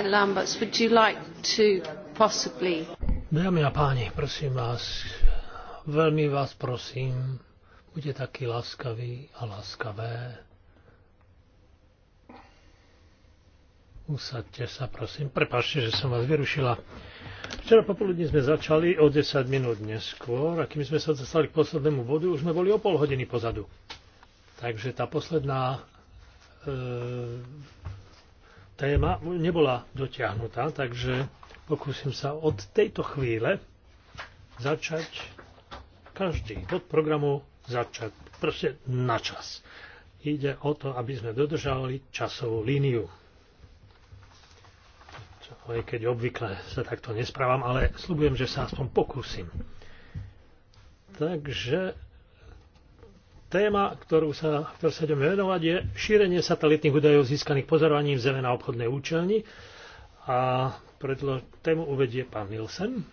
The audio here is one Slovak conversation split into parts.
Lamberts, would you like to possibly... Dámy a páni, prosím vás, veľmi vás prosím, buďte takí láskaví a láskavé. Usaďte sa, prosím. Prepašte, že som vás vyrušila. Včera popoludní sme začali o 10 minút neskôr a kým sme sa dostali k poslednému bodu, už sme boli o pol hodiny pozadu. Takže tá posledná e, téma nebola dotiahnutá, takže pokúsim sa od tejto chvíle začať každý bod programu začať proste na čas. Ide o to, aby sme dodržali časovú líniu. Aj keď obvykle sa takto nesprávam, ale slúbujem, že sa aspoň pokúsim. Takže Téma, ktorú sa, ktorú sa ideme venovať, je šírenie satelitných údajov získaných pozorovaním Zeme na obchodnej účelni. A predlo- tému uvedie pán Nielsen.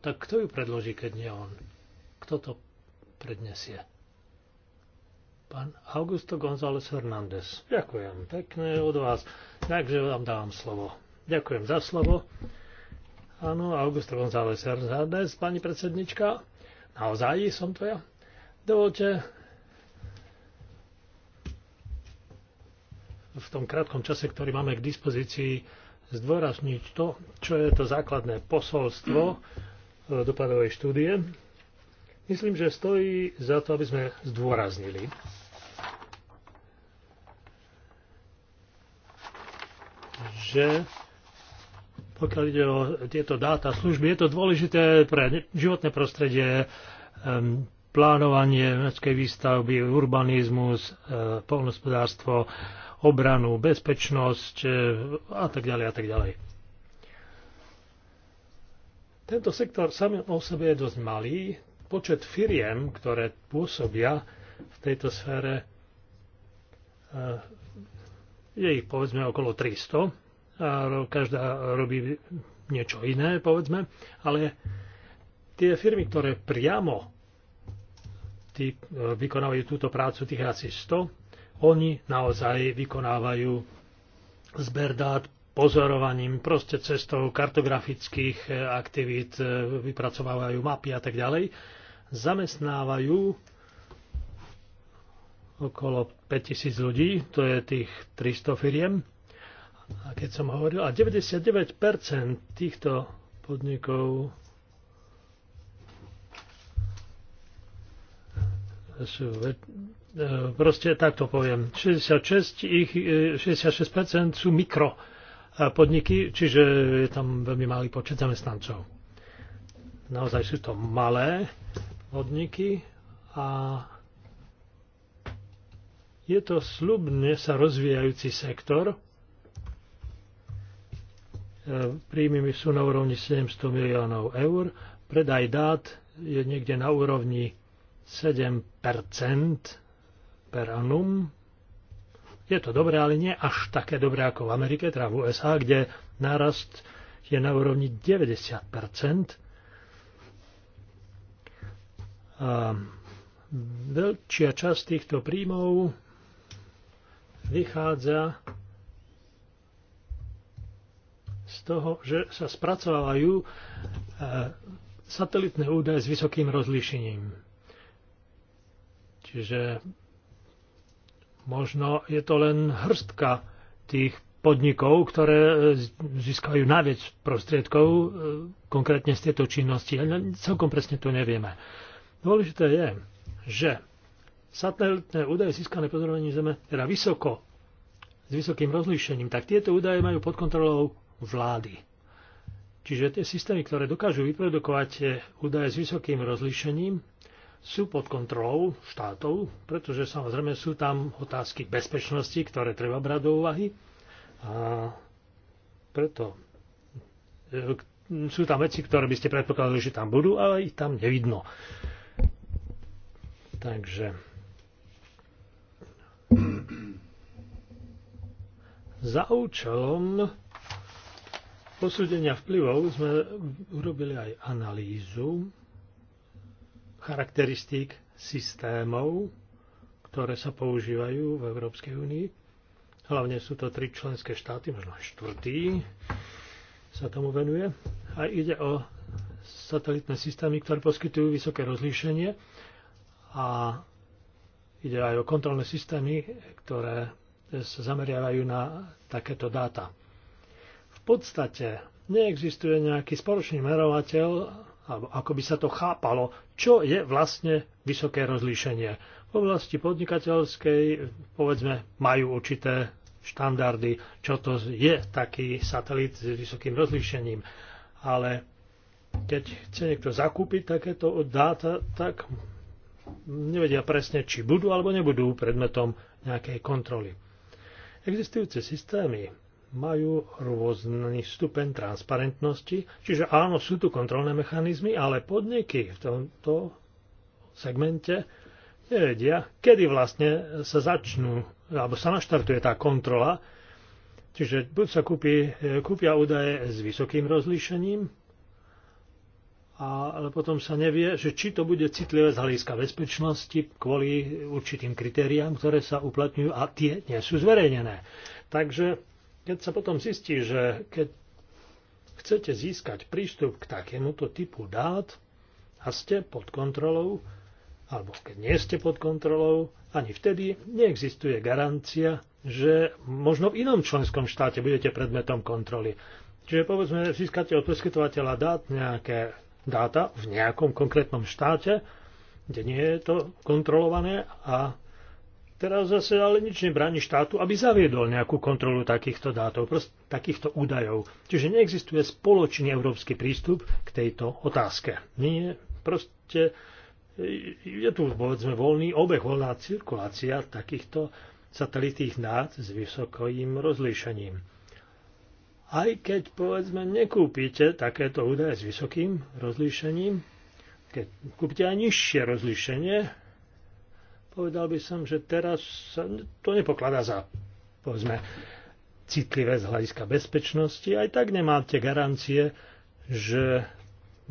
Tak kto ju predloží, keď nie on? Kto to prednesie? Pán Augusto González Hernández. Ďakujem pekne od vás. Takže vám dávam slovo. Ďakujem za slovo. Áno, Augusto González Hernández, pani predsednička. Naozaj som to ja? Dovolte v tom krátkom čase, ktorý máme k dispozícii, zdôrazniť to, čo je to základné posolstvo eh, dopadovej štúdie. Myslím, že stojí za to, aby sme zdôraznili. že pokiaľ ide o tieto dáta služby, je to dôležité pre životné prostredie, plánovanie mestskej výstavby, urbanizmus, e, polnospodárstvo, obranu, bezpečnosť e, a tak ďalej a tak ďalej. Tento sektor sám o sebe je dosť malý. Počet firiem, ktoré pôsobia v tejto sfére, e, je ich povedzme okolo 300. A každá robí niečo iné, povedzme, ale tie firmy, ktoré priamo tí e, vykonávajú túto prácu, tých asi 100, oni naozaj vykonávajú zber dát pozorovaním, proste cestou kartografických e, aktivít, e, vypracovávajú mapy a tak ďalej. Zamestnávajú okolo 5000 ľudí, to je tých 300 firiem. A keď som hovoril, a 99% týchto podnikov sú e, proste takto poviem, 66, ich, 66% e, sú mikro podniky, čiže je tam veľmi malý počet zamestnancov. Naozaj sú to malé podniky a je to slubne sa rozvíjajúci sektor. E, príjmy sú na úrovni 700 miliónov eur, predaj dát je niekde na úrovni 7 per annum. Je to dobré, ale nie až také dobré ako v Amerike, teda v USA, kde nárast je na úrovni 90 A veľčia časť týchto príjmov vychádza z toho, že sa spracovávajú e, satelitné údaje s vysokým rozlíšením. Čiže možno je to len hrstka tých podnikov, ktoré e, získajú najviac prostriedkov e, konkrétne z tejto činnosti. Ja celkom presne to nevieme. Dôležité je, že satelitné údaje získané pozorovaní Zeme, teda vysoko, s vysokým rozlíšením, tak tieto údaje majú pod kontrolou vlády. Čiže tie systémy, ktoré dokážu vyprodukovať e, údaje s vysokým rozlíšením, sú pod kontrolou štátov, pretože samozrejme sú tam otázky bezpečnosti, ktoré treba brať do úvahy. A preto e, sú tam veci, ktoré by ste predpokladali, že tam budú, ale ich tam nevidno. Takže za účelom posúdenia vplyvov sme urobili aj analýzu charakteristík systémov, ktoré sa používajú v Európskej únii. Hlavne sú to tri členské štáty, možno aj štvrtý sa tomu venuje. A ide o satelitné systémy, ktoré poskytujú vysoké rozlíšenie a ide aj o kontrolné systémy, ktoré sa zameriavajú na takéto dáta. V podstate neexistuje nejaký spoločný merovateľ alebo ako by sa to chápalo, čo je vlastne vysoké rozlíšenie. V oblasti podnikateľskej, povedzme, majú určité štandardy, čo to je taký satelit s vysokým rozlíšením. Ale keď chce niekto zakúpiť takéto dáta, tak nevedia presne, či budú alebo nebudú predmetom nejakej kontroly. Existujúce systémy majú rôzny stupeň transparentnosti, čiže áno, sú tu kontrolné mechanizmy, ale podniky v tomto segmente nevedia, kedy vlastne sa začnú, alebo sa naštartuje tá kontrola. Čiže buď sa kúpi, kúpia údaje s vysokým rozlíšením, ale potom sa nevie, že či to bude citlivé z hľadiska bezpečnosti kvôli určitým kritériám, ktoré sa uplatňujú a tie nie sú zverejnené. Takže keď sa potom zistí, že keď chcete získať prístup k takémuto typu dát a ste pod kontrolou, alebo keď nie ste pod kontrolou, ani vtedy neexistuje garancia, že možno v inom členskom štáte budete predmetom kontroly. Čiže povedzme, získate od poskytovateľa dát nejaké dáta v nejakom konkrétnom štáte, kde nie je to kontrolované a Teraz zase ale nič nebráni štátu, aby zaviedol nejakú kontrolu takýchto dátov, prost, takýchto údajov. Čiže neexistuje spoločný európsky prístup k tejto otázke. Nie, proste e, je tu povedzme voľný obeh, voľná cirkulácia takýchto satelitých dát s vysokým rozlíšením. Aj keď povedzme nekúpite takéto údaje s vysokým rozlíšením, keď kúpite aj nižšie rozlíšenie, Povedal by som, že teraz sa to nepokladá za, povedzme, citlivé z hľadiska bezpečnosti. Aj tak nemáte garancie, že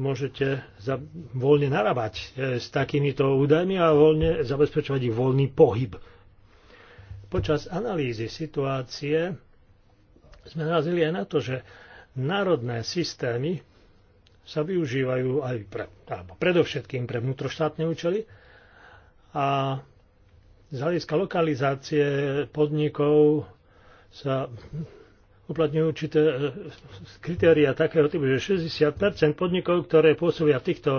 môžete za, voľne narábať e, s takýmito údajmi a voľne zabezpečovať ich voľný pohyb. Počas analýzy situácie sme narazili aj na to, že národné systémy sa využívajú aj pre, alebo predovšetkým pre vnútroštátne účely a z hľadiska lokalizácie podnikov sa uplatňujú určité eh, kritéria takého typu, že 60 podnikov, ktoré pôsobia v, týchto,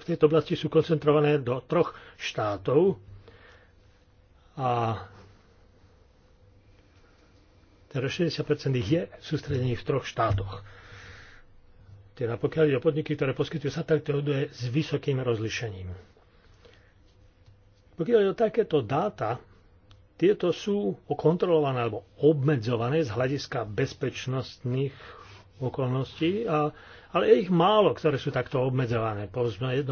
v tejto oblasti, sú koncentrované do troch štátov. A teda 60 ich je sústredených v troch štátoch. Teda pokiaľ ide o podniky, ktoré poskytujú satelitové údaje s vysokým rozlišením. Pokiaľ je o takéto dáta, tieto sú kontrolované alebo obmedzované z hľadiska bezpečnostných okolností, a, ale je ich málo, ktoré sú takto obmedzované, povedzme 1%.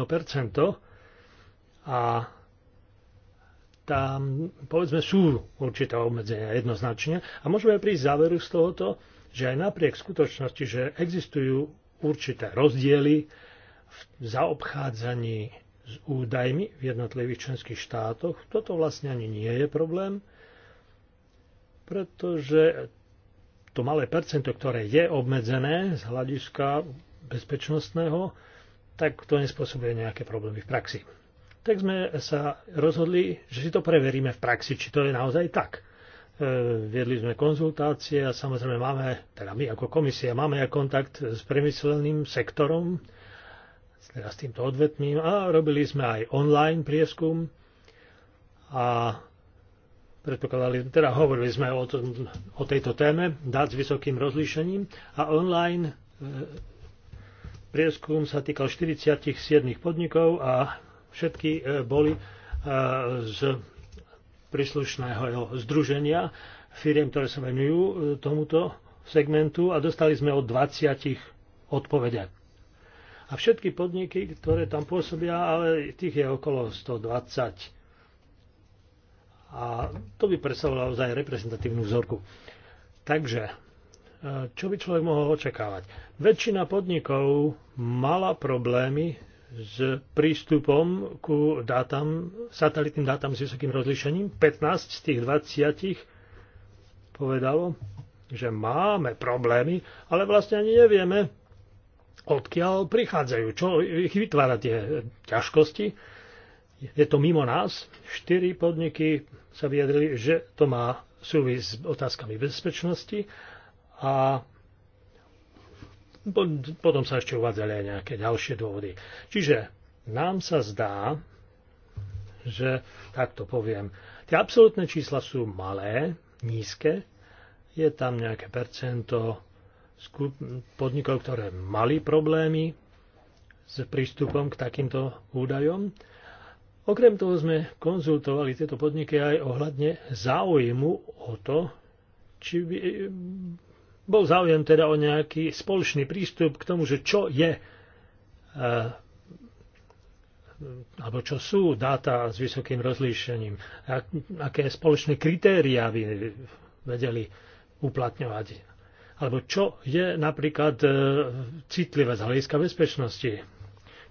A tam, povedzme, sú určité obmedzenia jednoznačne. A môžeme prísť záveru z tohoto, že aj napriek skutočnosti, že existujú určité rozdiely v zaobchádzaní s údajmi v jednotlivých členských štátoch. Toto vlastne ani nie je problém, pretože to malé percento, ktoré je obmedzené z hľadiska bezpečnostného, tak to nespôsobuje nejaké problémy v praxi. Tak sme sa rozhodli, že si to preveríme v praxi, či to je naozaj tak. E, viedli sme konzultácie a samozrejme máme, teda my ako komisia máme aj kontakt s priemyselným sektorom, teda s týmto odvetným a robili sme aj online prieskum a predpokladali, teda hovorili sme o, tom, o tejto téme, dát s vysokým rozlíšením a online e, prieskum sa týkal 47 podnikov a všetky e, boli e, z príslušného združenia firiem, ktoré sa venujú tomuto segmentu a dostali sme od 20 odpovede. A všetky podniky, ktoré tam pôsobia, ale tých je okolo 120. A to by predstavovalo naozaj reprezentatívnu vzorku. Takže, e, čo by človek mohol očakávať? Väčšina podnikov mala problémy s prístupom ku dátam, satelitným dátam s vysokým rozlíšením. 15 z tých 20 povedalo, že máme problémy, ale vlastne ani nevieme, odkiaľ prichádzajú, čo ich vytvára tie ťažkosti. Je to mimo nás. Štyri podniky sa vyjadrili, že to má súvisť s otázkami bezpečnosti a potom sa ešte uvádzali aj nejaké ďalšie dôvody. Čiže nám sa zdá, že takto poviem, tie absolútne čísla sú malé, nízke, je tam nejaké percento podnikov, ktoré mali problémy s prístupom k takýmto údajom. Okrem toho sme konzultovali tieto podniky aj ohľadne záujmu o to, či by e, bol záujem teda o nejaký spoločný prístup k tomu, že čo je e, alebo čo sú dáta s vysokým rozlíšením, aké spoločné kritéria by vedeli uplatňovať alebo čo je napríklad e, citlivé z hľadiska bezpečnosti.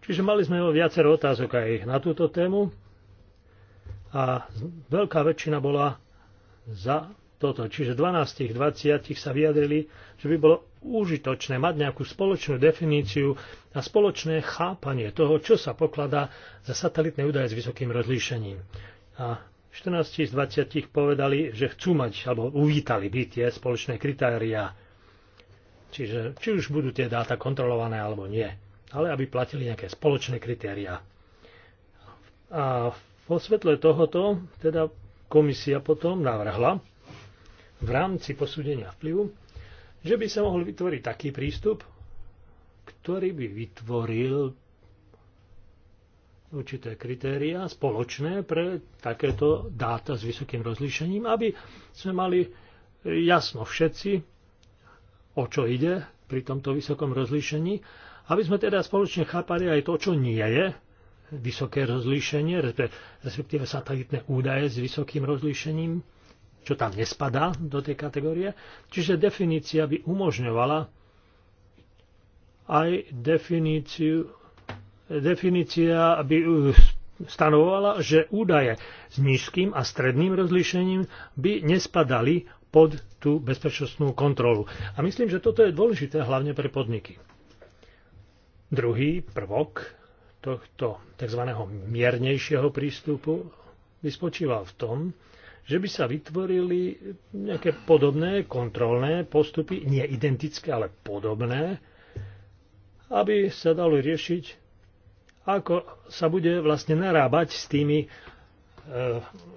Čiže mali sme viacero otázok aj na túto tému a veľká väčšina bola za toto. Čiže 12 20 sa vyjadrili, že by bolo užitočné mať nejakú spoločnú definíciu a spoločné chápanie toho, čo sa pokladá za satelitné údaje s vysokým rozlíšením. A 14 z 20 povedali, že chcú mať, alebo uvítali by tie spoločné kritériá Čiže či už budú tie dáta kontrolované alebo nie, ale aby platili nejaké spoločné kritériá. A vo svetle tohoto teda komisia potom navrhla v rámci posúdenia vplyvu, že by sa mohol vytvoriť taký prístup, ktorý by vytvoril určité kritéria spoločné pre takéto dáta s vysokým rozlíšením, aby sme mali jasno všetci, o čo ide pri tomto vysokom rozlíšení, aby sme teda spoločne chápali aj to, čo nie je vysoké rozlíšenie, respektíve satelitné údaje s vysokým rozlíšením, čo tam nespadá do tej kategórie. Čiže definícia by umožňovala aj definíciu, definícia by uh, stanovovala, že údaje s nízkym a stredným rozlíšením by nespadali pod tú bezpečnostnú kontrolu. A myslím, že toto je dôležité hlavne pre podniky. Druhý prvok tohto tzv. miernejšieho prístupu by spočíval v tom, že by sa vytvorili nejaké podobné kontrolné postupy, nie identické, ale podobné, aby sa dalo riešiť, ako sa bude vlastne narábať s tými e,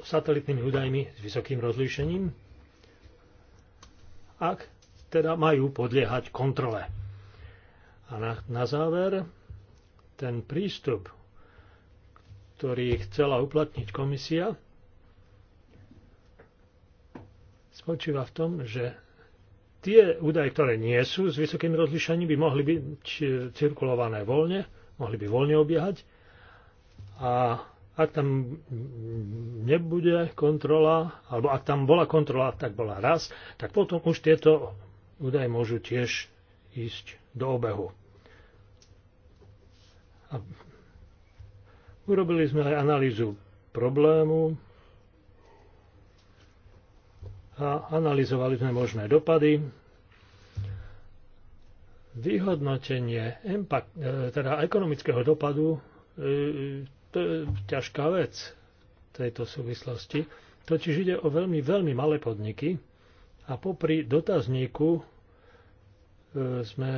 satelitnými údajmi s vysokým rozlíšením, ak teda majú podliehať kontrole. A na, na záver, ten prístup, ktorý chcela uplatniť komisia, spočíva v tom, že tie údaje, ktoré nie sú s vysokým rozlišením, by mohli byť cirkulované voľne, mohli by voľne obiehať a ak tam nebude kontrola, alebo ak tam bola kontrola, tak bola raz, tak potom už tieto údaje môžu tiež ísť do obehu. A urobili sme aj analýzu problému a analyzovali sme možné dopady vyhodnotenie e, teda ekonomického dopadu e, to je ťažká vec v tejto súvislosti. Totiž ide o veľmi, veľmi malé podniky a popri dotazníku e, sme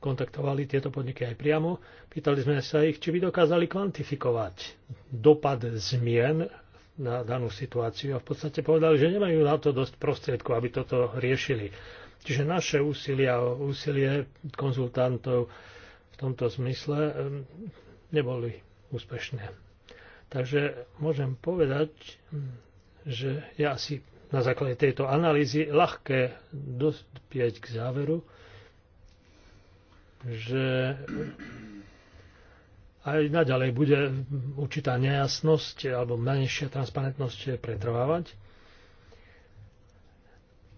kontaktovali tieto podniky aj priamo. Pýtali sme sa ich, či by dokázali kvantifikovať dopad zmien na danú situáciu a v podstate povedali, že nemajú na to dosť prostriedkov, aby toto riešili. Čiže naše úsilie a úsilie konzultantov v tomto zmysle neboli úspešné. Takže môžem povedať, že je asi na základe tejto analýzy ľahké dospieť k záveru, že aj naďalej bude určitá nejasnosť alebo menšia transparentnosť pretrvávať.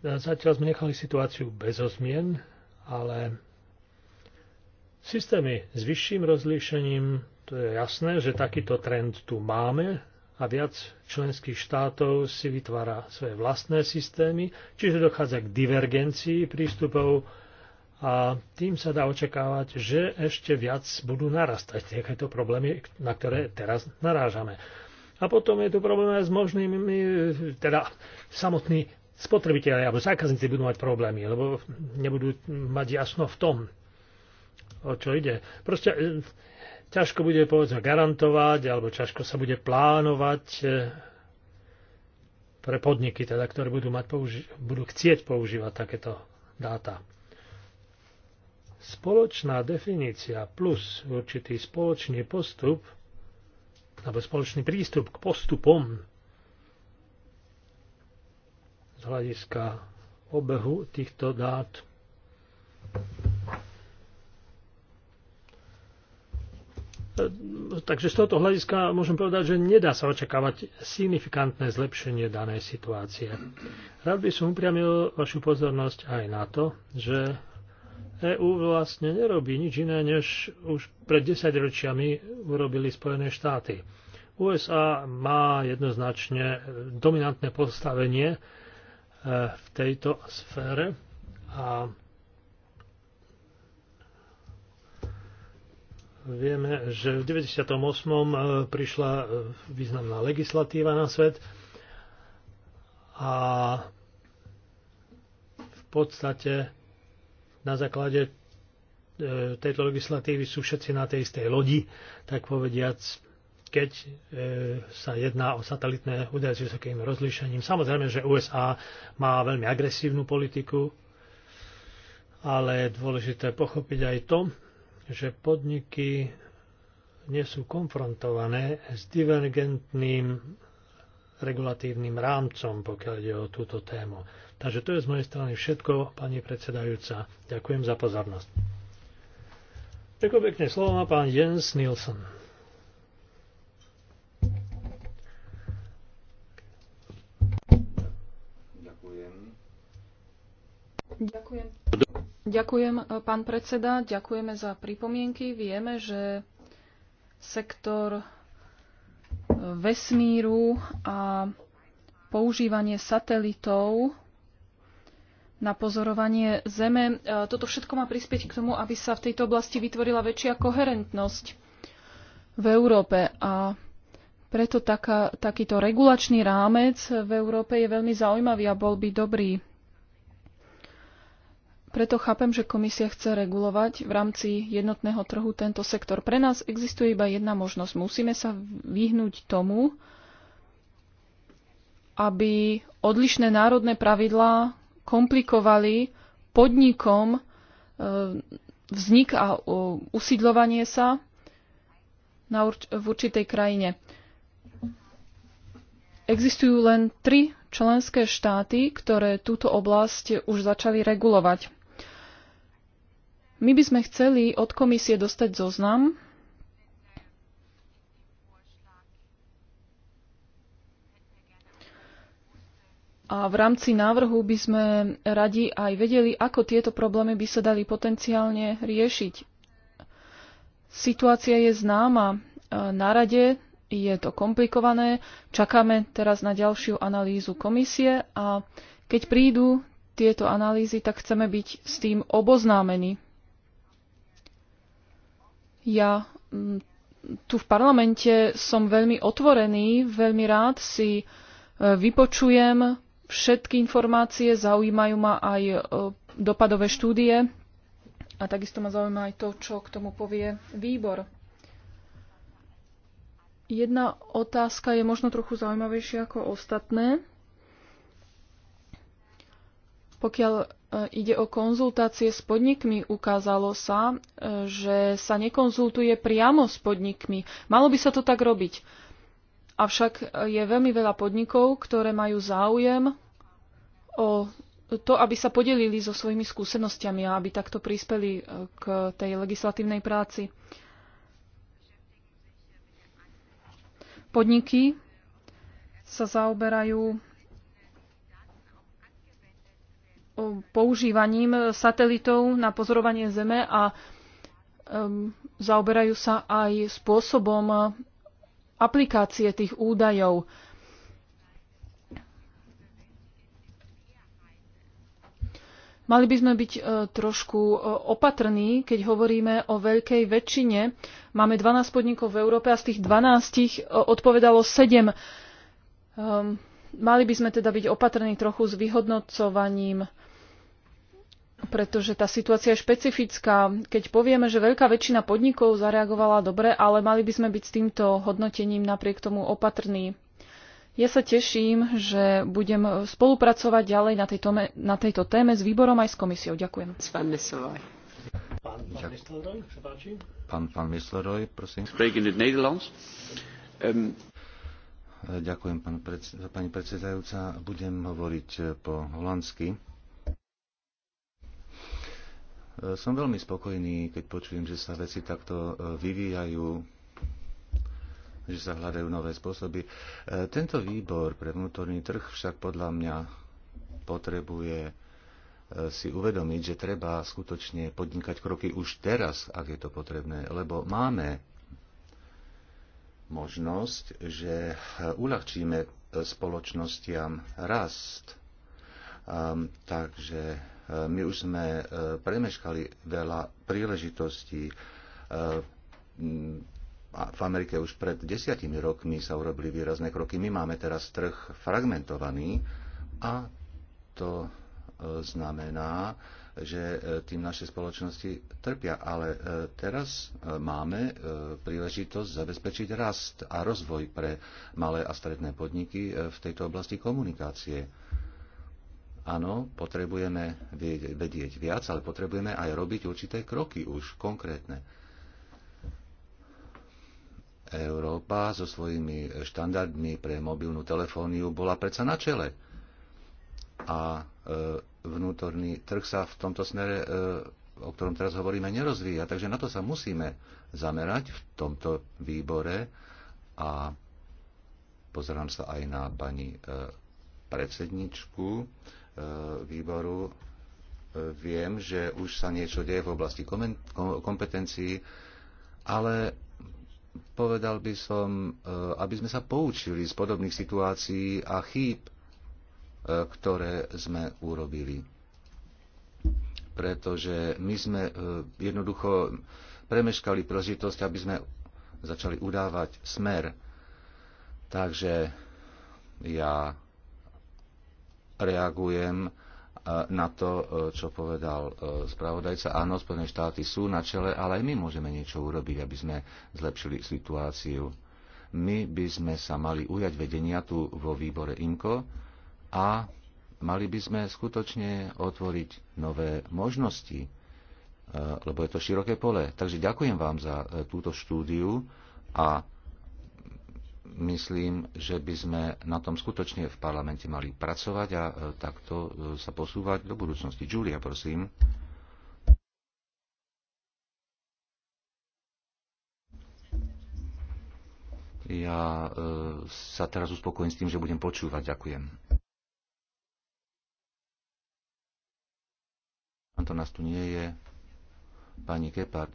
Zatiaľ sme nechali situáciu bez ozmien, ale systémy s vyšším rozlíšením to je jasné, že takýto trend tu máme a viac členských štátov si vytvára svoje vlastné systémy, čiže dochádza k divergencii prístupov a tým sa dá očakávať, že ešte viac budú narastať takéto problémy, na ktoré teraz narážame. A potom je tu problém aj s možnými, teda samotní spotrebitelia alebo zákazníci budú mať problémy, lebo nebudú mať jasno v tom, o čo ide. Proste ťažko bude povedzme garantovať, alebo ťažko sa bude plánovať eh, pre podniky, teda, ktoré budú, mať použi- budú chcieť používať takéto dáta. Spoločná definícia plus určitý spoločný postup alebo spoločný prístup k postupom z hľadiska obehu týchto dát E, takže z tohoto hľadiska môžem povedať, že nedá sa očakávať signifikantné zlepšenie danej situácie. Rád by som upriamil vašu pozornosť aj na to, že EÚ vlastne nerobí nič iné, než už pred desaťročiami urobili Spojené štáty. USA má jednoznačne dominantné postavenie e, v tejto sfére a vieme, že v 98. E, prišla e, významná legislatíva na svet a v podstate na základe e, tejto legislatívy sú všetci na tej istej lodi, tak povediac, keď sa jedná o satelitné údaje s vysokým rozlíšením. Samozrejme, že USA má veľmi agresívnu politiku, ale je dôležité pochopiť aj to, že podniky nie sú konfrontované s divergentným regulatívnym rámcom, pokiaľ ide o túto tému. Takže to je z mojej strany všetko, pani predsedajúca. Ďakujem za pozornosť. Ďakujem pekne slovo má pán Jens Nilsson. Ďakujem. Ďakujem. Ďakujem, e, pán predseda. Ďakujeme za pripomienky. Vieme, že sektor e, vesmíru a používanie satelitov na pozorovanie Zeme. E, toto všetko má prispieť k tomu, aby sa v tejto oblasti vytvorila väčšia koherentnosť v Európe. A preto taká, takýto regulačný rámec v Európe je veľmi zaujímavý a bol by dobrý preto chápem, že komisia chce regulovať v rámci jednotného trhu tento sektor. Pre nás existuje iba jedna možnosť. Musíme sa vyhnúť tomu, aby odlišné národné pravidlá komplikovali podnikom e, vznik a e, usídľovanie sa v určitej krajine. Existujú len tri členské štáty, ktoré túto oblasť už začali regulovať. My by sme chceli od komisie dostať zoznam A v rámci návrhu by sme radi aj vedeli, ako tieto problémy by sa dali potenciálne riešiť. Situácia je známa. E, na rade je to komplikované. Čakáme teraz na ďalšiu analýzu komisie a keď prídu tieto analýzy, tak chceme byť s tým oboznámení. Ja mm, tu v parlamente som veľmi otvorený, veľmi rád si e, vypočujem všetky informácie, zaujímajú ma aj e, dopadové štúdie a takisto ma zaujíma aj to, čo k tomu povie výbor. Jedna otázka je možno trochu zaujímavejšia ako ostatné. Pokiaľ e, ide o konzultácie s podnikmi, ukázalo sa, e, že sa nekonzultuje priamo s podnikmi. Malo by sa to tak robiť. Avšak e, je veľmi veľa podnikov, ktoré majú záujem o to, aby sa podelili so svojimi skúsenostiami a aby takto prispeli k tej legislatívnej práci. Podniky sa zaoberajú používaním satelitov na pozorovanie Zeme a zaoberajú sa aj spôsobom aplikácie tých údajov. Mali by sme byť e, trošku e, opatrní, keď hovoríme o veľkej väčšine. Máme 12 podnikov v Európe a z tých 12 e, odpovedalo 7. Mali by sme teda byť opatrní trochu s vyhodnocovaním pretože tá situácia je špecifická. Keď povieme, že veľká väčšina podnikov zareagovala dobre, ale mali by sme byť s týmto hodnotením napriek tomu opatrní. Ja sa teším, že budem spolupracovať ďalej na tejto, na tejto téme s výborom aj s komisiou. Ďakujem. Pán Pán, pán prosím. Um, Ďakujem, pán pred, pani predsedajúca. Budem hovoriť po holandsky. E, som veľmi spokojný, keď počujem, že sa veci takto e, vyvíjajú, že sa hľadajú nové spôsoby. E, tento výbor pre vnútorný trh však podľa mňa potrebuje si uvedomiť, že treba skutočne podnikať kroky už teraz, ak je to potrebné, lebo máme možnosť, že uľahčíme spoločnostiam rast. Um, takže my už sme e, premeškali veľa príležitostí. E, v Amerike už pred desiatimi rokmi sa urobili výrazné kroky. My máme teraz trh fragmentovaný a to e, znamená, že tým naše spoločnosti trpia. Ale teraz máme príležitosť zabezpečiť rast a rozvoj pre malé a stredné podniky v tejto oblasti komunikácie. Áno, potrebujeme vedieť viac, ale potrebujeme aj robiť určité kroky už konkrétne. Európa so svojimi štandardmi pre mobilnú telefóniu bola predsa na čele. A e, vnútorný trh sa v tomto smere, e, o ktorom teraz hovoríme, nerozvíja. Takže na to sa musíme zamerať v tomto výbore a pozerám sa aj na pani e, predsedničku E, výboru e, viem, že už sa niečo deje v oblasti kompetencií, ale povedal by som, e, aby sme sa poučili z podobných situácií a chýb, ktoré sme urobili. Pretože my sme jednoducho premeškali príležitosť, aby sme začali udávať smer. Takže ja reagujem e, na to, e, čo povedal e, spravodajca. Áno, Spojené štáty sú na čele, ale aj my môžeme niečo urobiť, aby sme zlepšili situáciu. My by sme sa mali ujať vedenia tu vo výbore IMKO a mali by sme skutočne otvoriť nové možnosti, lebo je to široké pole. Takže ďakujem vám za túto štúdiu a myslím, že by sme na tom skutočne v parlamente mali pracovať a e, takto e, sa posúvať do budúcnosti. Julia, prosím. Ja e, sa teraz uspokojím s tým, že budem počúvať. Ďakujem. Antonas tu nie je. Pani Gepard.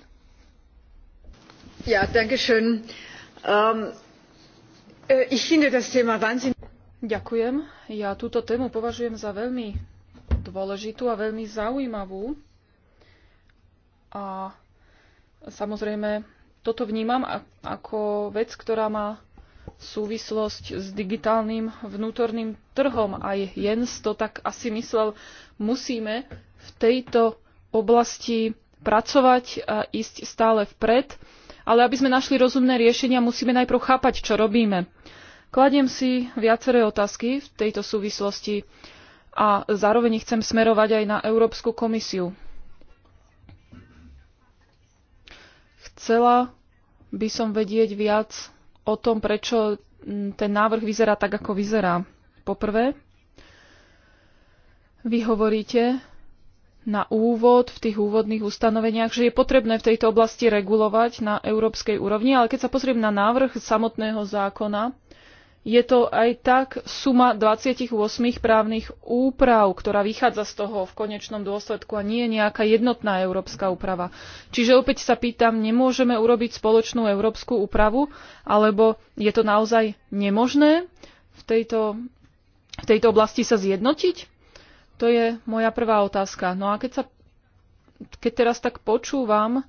Ja, danke schön. Um... Äh, Ďakujem. Ja túto tému považujem za veľmi dôležitú a veľmi zaujímavú. A samozrejme, toto vnímam ako vec, ktorá má súvislosť s digitálnym vnútorným trhom. Aj Jens to tak asi myslel, musíme v tejto oblasti pracovať a ísť stále vpred ale aby sme našli rozumné riešenia, musíme najprv chápať, čo robíme. Kladiem si viaceré otázky v tejto súvislosti a zároveň ich chcem smerovať aj na Európsku komisiu. Chcela by som vedieť viac o tom, prečo ten návrh vyzerá tak, ako vyzerá. Poprvé, vy hovoríte, na úvod v tých úvodných ustanoveniach, že je potrebné v tejto oblasti regulovať na európskej úrovni, ale keď sa pozriem na návrh samotného zákona, je to aj tak suma 28 právnych úprav, ktorá vychádza z toho v konečnom dôsledku a nie je nejaká jednotná európska úprava. Čiže opäť sa pýtam, nemôžeme urobiť spoločnú európsku úpravu, alebo je to naozaj nemožné v tejto, v tejto oblasti sa zjednotiť? To je moja prvá otázka. No a keď, sa, keď teraz tak počúvam,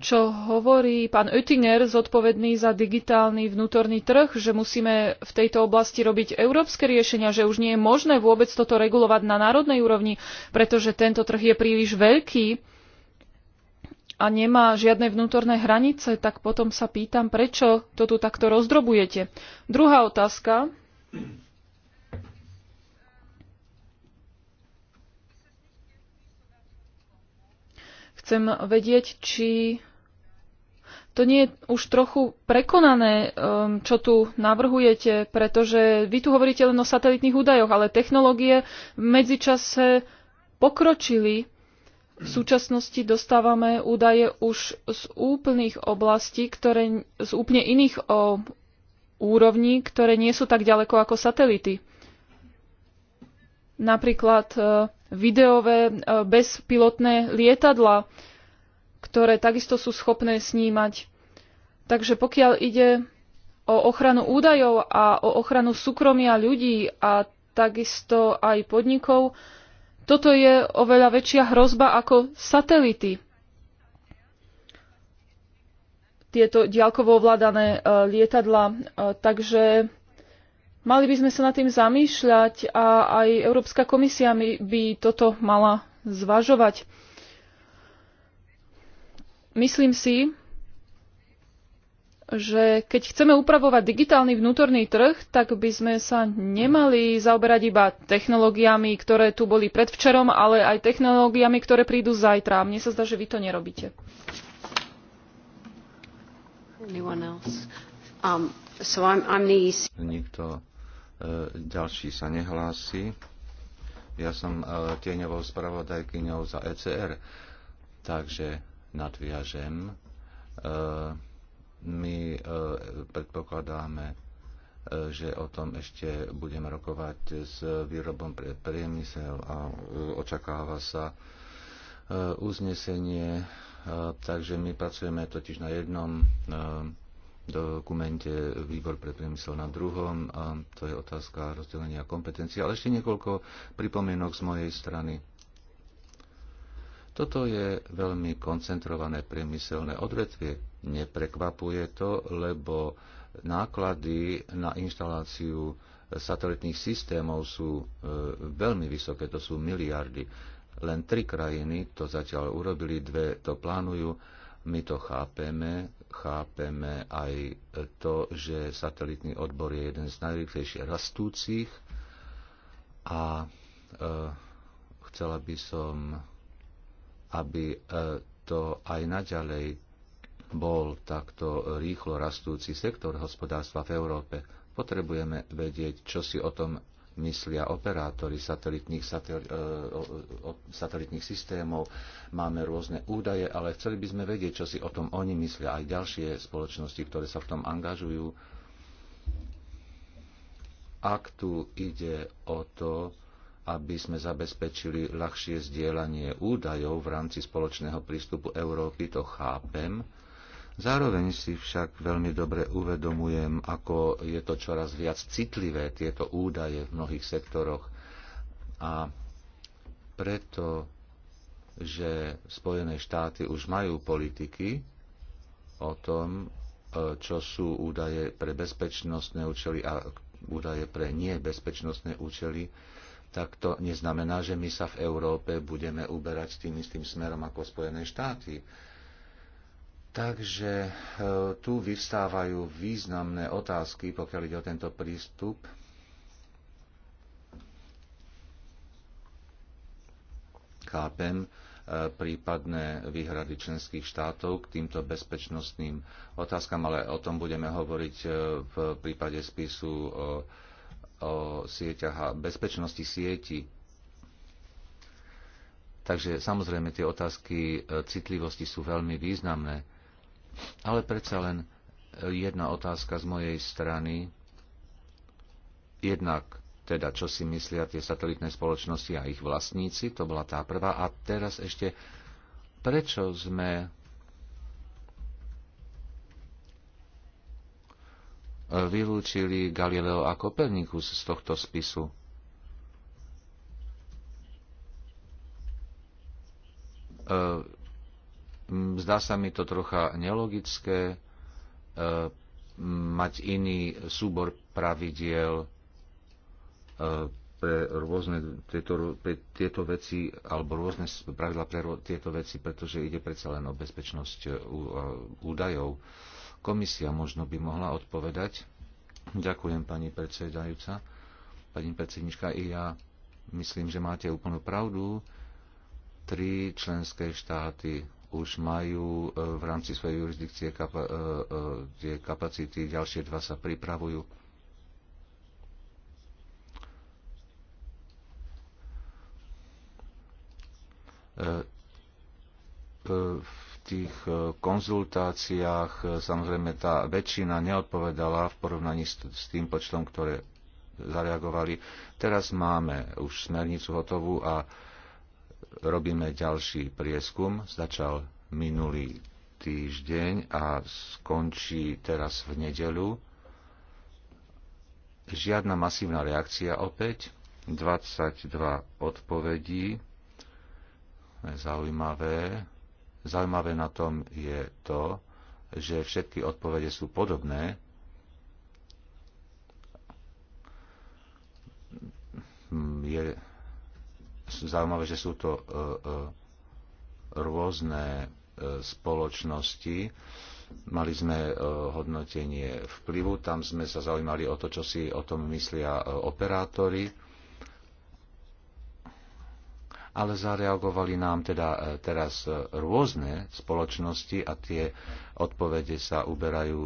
čo hovorí pán Oettinger, zodpovedný za digitálny vnútorný trh, že musíme v tejto oblasti robiť európske riešenia, že už nie je možné vôbec toto regulovať na národnej úrovni, pretože tento trh je príliš veľký a nemá žiadne vnútorné hranice, tak potom sa pýtam, prečo to tu takto rozdrobujete. Druhá otázka. Chcem vedieť, či to nie je už trochu prekonané, um, čo tu navrhujete, pretože vy tu hovoríte len o satelitných údajoch, ale technológie v medzičase pokročili. V súčasnosti dostávame údaje už z úplných oblastí, ktoré, z úplne iných o, úrovní, ktoré nie sú tak ďaleko ako satelity. Napríklad uh, videové e, bezpilotné lietadla, ktoré takisto sú schopné snímať. Takže pokiaľ ide o ochranu údajov a o ochranu súkromia ľudí a takisto aj podnikov, toto je oveľa väčšia hrozba ako satelity. Tieto diaľkovo ovládané e, lietadla. E, takže Mali by sme sa nad tým zamýšľať a aj Európska komisia by toto mala zvažovať. Myslím si, že keď chceme upravovať digitálny vnútorný trh, tak by sme sa nemali zaoberať iba technológiami, ktoré tu boli predvčerom, ale aj technológiami, ktoré prídu zajtra. Mne sa zdá, že vy to nerobíte. Um, e Nikto E, ďalší sa nehlási. Ja som e, tieňovou spravodajkyňou za ECR, takže nadviažem. E, my predpokladáme, že o tom ešte budeme rokovať s výrobom pre priemysel a očakáva sa uznesenie, takže my pracujeme totiž na jednom dokumente výbor pre priemysel na druhom, a to je otázka rozdelenia kompetencií, ale ešte niekoľko pripomienok z mojej strany. Toto je veľmi koncentrované priemyselné odvetvie. Neprekvapuje to, lebo náklady na inštaláciu satelitných systémov sú e, veľmi vysoké, to sú miliardy. Len tri krajiny to zatiaľ urobili, dve to plánujú. My to chápeme, chápeme aj to, že satelitný odbor je jeden z najrychlejšie rastúcich a e, chcela by som, aby e, to aj naďalej bol takto rýchlo rastúci sektor hospodárstva v Európe. Potrebujeme vedieť, čo si o tom myslia operátori satelitných, satel, e, satelitných systémov. Máme rôzne údaje, ale chceli by sme vedieť, čo si o tom oni myslia, aj ďalšie spoločnosti, ktoré sa v tom angažujú. Ak tu ide o to, aby sme zabezpečili ľahšie zdieľanie údajov v rámci spoločného prístupu Európy, to chápem, Zároveň si však veľmi dobre uvedomujem, ako je to čoraz viac citlivé tieto údaje v mnohých sektoroch. A preto, že Spojené štáty už majú politiky o tom, e, čo sú údaje pre bezpečnostné účely a údaje pre nebezpečnostné účely, tak to neznamená, že my sa v Európe budeme uberať tým istým smerom ako Spojené štáty Takže e, tu vyvstávajú významné otázky, pokiaľ ide o tento prístup. Chápem e, prípadné výhrady členských štátov k týmto bezpečnostným otázkam, ale o tom budeme hovoriť e, v prípade spisu o, o sieťach a bezpečnosti sieti Takže samozrejme tie otázky citlivosti sú veľmi významné. Ale predsa len e, jedna otázka z mojej strany. Jednak teda, čo si myslia tie satelitné spoločnosti a ich vlastníci, to bola tá prvá. A teraz ešte, prečo sme vylúčili Galileo a Kopernikus z tohto spisu? E Zdá sa mi to trocha nelogické e, mať iný súbor pravidiel e, pre rôzne tieto, pre tieto veci alebo rôzne pravidla pre tieto veci, pretože ide predsa len o bezpečnosť e, údajov. Komisia možno by mohla odpovedať. Ďakujem, pani predsedajúca. Pani predsednička, i ja myslím, že máte úplnú pravdu. Tri členské štáty už majú e, v rámci svojej jurisdikcie kapa, e, e, tie kapacity, ďalšie dva sa pripravujú. V tých konzultáciách samozrejme tá väčšina neodpovedala v porovnaní s tým počtom, ktoré zareagovali. Teraz máme už smernicu hotovú a robíme ďalší prieskum. Začal minulý týždeň a skončí teraz v nedeľu. Žiadna masívna reakcia opäť. 22 odpovedí. Zaujímavé. Zaujímavé na tom je to, že všetky odpovede sú podobné. Je zaujímavé, že sú to e, e, rôzne e, spoločnosti. Mali sme hodnotenie vplyvu, tam sme sa zaujímali o to, čo si o tom myslia operátori, ale zareagovali nám teda teraz rôzne spoločnosti a tie odpovede sa uberajú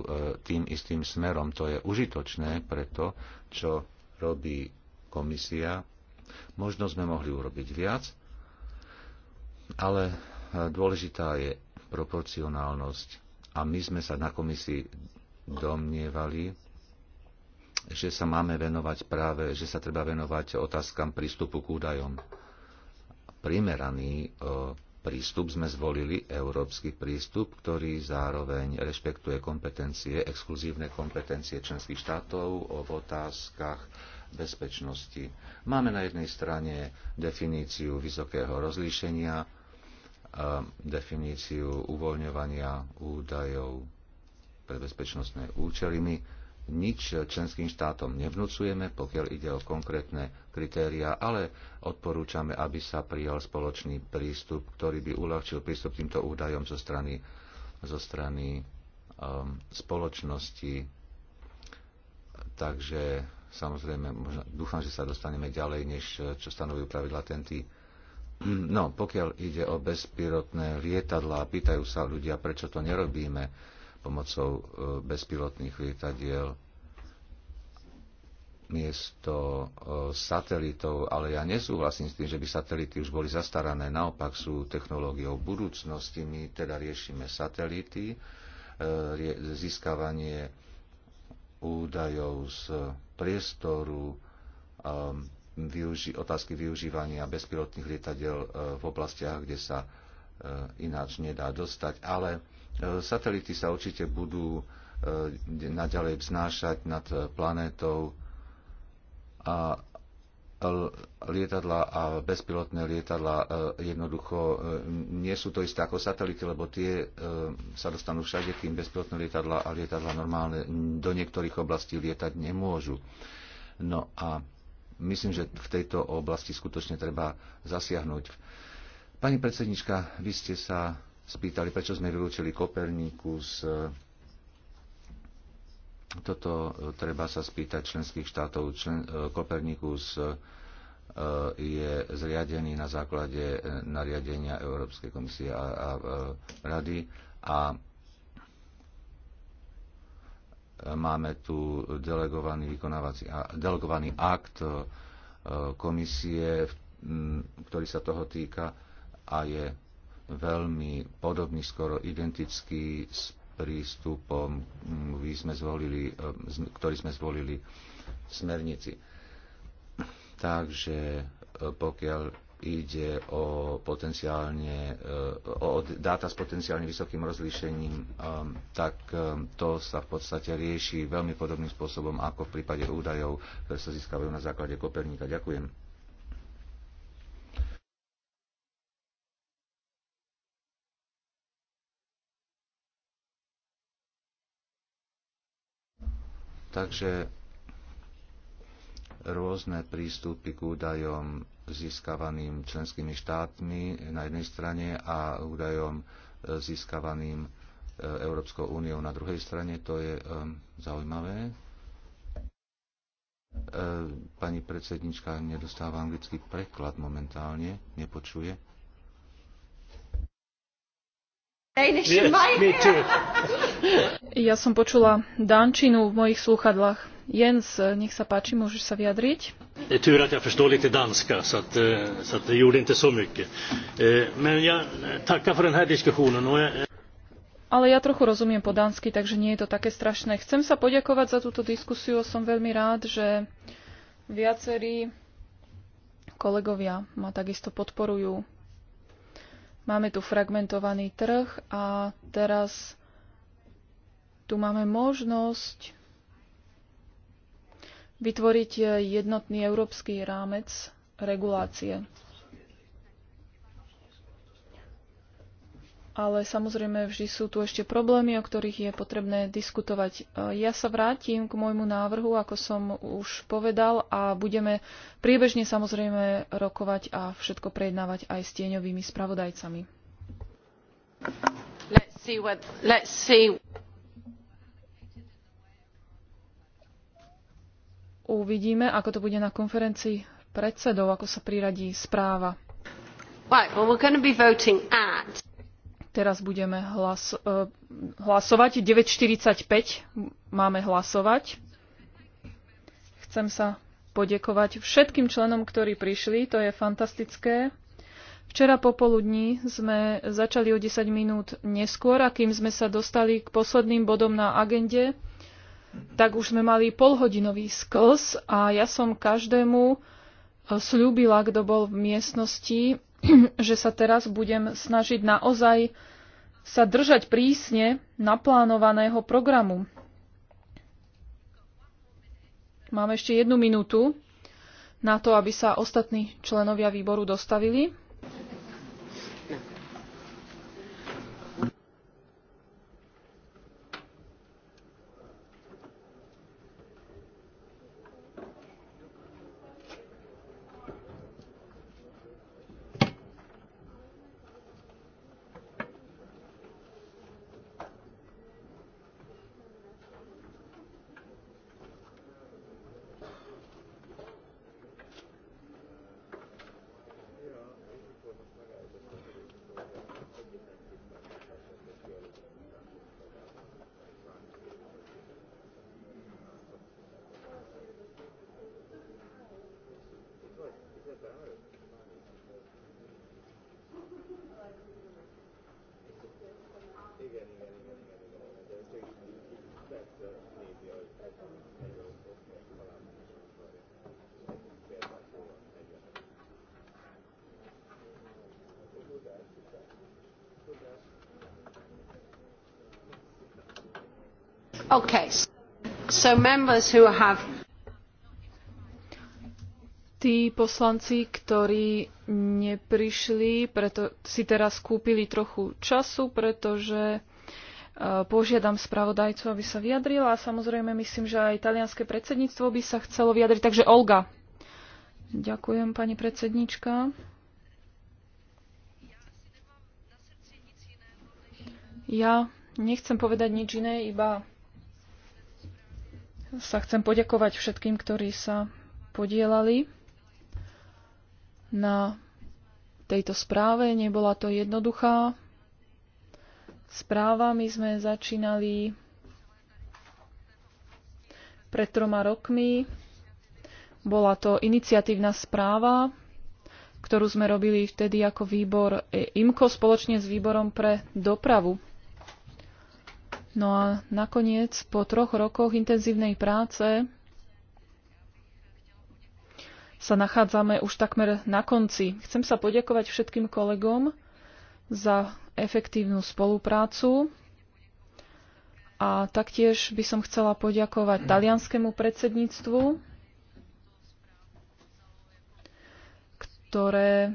tým istým smerom. To je užitočné pre to, čo robí komisia Možno sme mohli urobiť viac, ale e, dôležitá je proporcionálnosť. A my sme sa na komisii domnievali, že sa máme venovať práve, že sa treba venovať otázkam prístupu k údajom. Primeraný e, prístup sme zvolili, európsky prístup, ktorý zároveň rešpektuje kompetencie, exkluzívne kompetencie členských štátov v otázkach bezpečnosti. Máme na jednej strane definíciu vysokého rozlíšenia, definíciu uvoľňovania údajov pre bezpečnostné účely. My nič členským štátom nevnúcujeme, pokiaľ ide o konkrétne kritéria, ale odporúčame, aby sa prijal spoločný prístup, ktorý by uľahčil prístup týmto údajom zo strany, zo strany um, spoločnosti. Takže Samozrejme, možno, dúfam, že sa dostaneme ďalej, než eh, čo stanovujú pravidla TNT. No, pokiaľ ide o bezpilotné lietadlá, pýtajú sa ľudia, prečo to nerobíme pomocou eh, bezpilotných lietadiel miesto eh, satelitov, ale ja nesúhlasím s tým, že by satelity už boli zastarané. Naopak sú technológiou budúcnosti. My teda riešime satelity, získavanie údajov z priestoru, um, využi- otázky využívania bezpilotných lietadiel uh, v oblastiach, kde sa uh, ináč nedá dostať. Ale uh, satelity sa určite budú naďalej vznášať nad planétou a lietadla a bezpilotné lietadla e, jednoducho e, nie sú to isté ako satelity, lebo tie e, sa dostanú všade, kým bezpilotné lietadla a lietadla normálne do niektorých oblastí lietať nemôžu. No a myslím, že v tejto oblasti skutočne treba zasiahnuť. Pani predsednička, vy ste sa spýtali, prečo sme vylúčili Koperníku z toto e, treba sa spýtať členských štátov. Člen, e, Kopernikus e, je zriadený na základe nariadenia Európskej komisie a, a, a rady a máme tu delegovaný vykonávací delegovaný akt komisie, ktorý sa toho týka a je veľmi podobný, skoro identický s prístupom, mm, sme zvolili, e, ktorý sme zvolili v smernici. Takže e, pokiaľ ide o, potenciálne, e, o dáta s potenciálne vysokým rozlíšením, tak to sa v podstate rieši veľmi podobným spôsobom ako v prípade údajov, ktoré sa získavajú na základe Koperníka. Ďakujem. Takže rôzne prístupy k údajom získavaným členskými štátmi na jednej strane a údajom e, získavaným e, Európskou úniou na druhej strane. To je e, zaujímavé. Pani predsednička nedostáva anglický preklad momentálne, nepočuje. Ja som počula dančinu v mojich slúchadlách. Jens, nech sa páči, môžeš sa vyjadriť? Det är tur att jag förstår lite danska, så, att, eh, så att det gjorde inte så mycket. Eh, men jag tackar för den här diskussionen. Och jag... Eh, Ale ja trochu rozumiem po dánsky, takže nie je to také strašné. Chcem sa poďakovať za túto diskusiu. Som veľmi rád, že viacerí kolegovia ma takisto podporujú Máme tu fragmentovaný trh a teraz tu máme možnosť vytvoriť jednotný európsky rámec regulácie. ale samozrejme vždy sú tu ešte problémy, o ktorých je potrebné diskutovať. E, ja sa vrátim k môjmu návrhu, ako som už povedal, a budeme priebežne samozrejme rokovať a všetko prejednávať aj s tieňovými spravodajcami. Let's see what, let's see. Uvidíme, ako to bude na konferencii predsedov, ako sa priradí správa. Right, well, we're going to be voting at Teraz budeme hlas, e, hlasovať. 9.45 máme hlasovať. Chcem sa podekovať všetkým členom, ktorí prišli. To je fantastické. Včera popoludní sme začali o 10 minút neskôr a kým sme sa dostali k posledným bodom na agende, tak už sme mali polhodinový sklz a ja som každému e, slúbila, kto bol v miestnosti, že sa teraz budem snažiť naozaj sa držať prísne naplánovaného programu. Mám ešte jednu minútu na to, aby sa ostatní členovia výboru dostavili. Okay. So members who have tí poslanci, ktorí neprišli, preto si teraz kúpili trochu času, pretože e, požiadam spravodajcu, aby sa vyjadrila a samozrejme myslím, že aj talianské predsedníctvo by sa chcelo vyjadriť. Takže Olga. Ďakujem, pani predsednička. Ja nechcem povedať nič iné, iba sa chcem poďakovať všetkým, ktorí sa podielali na tejto správe. Nebola to jednoduchá správa. My sme začínali pred troma rokmi. Bola to iniciatívna správa, ktorú sme robili vtedy ako výbor e IMKO spoločne s výborom pre dopravu. No a nakoniec, po troch rokoch intenzívnej práce, sa nachádzame už takmer na konci. Chcem sa poďakovať všetkým kolegom za efektívnu spoluprácu a taktiež by som chcela poďakovať talianskému predsedníctvu, ktoré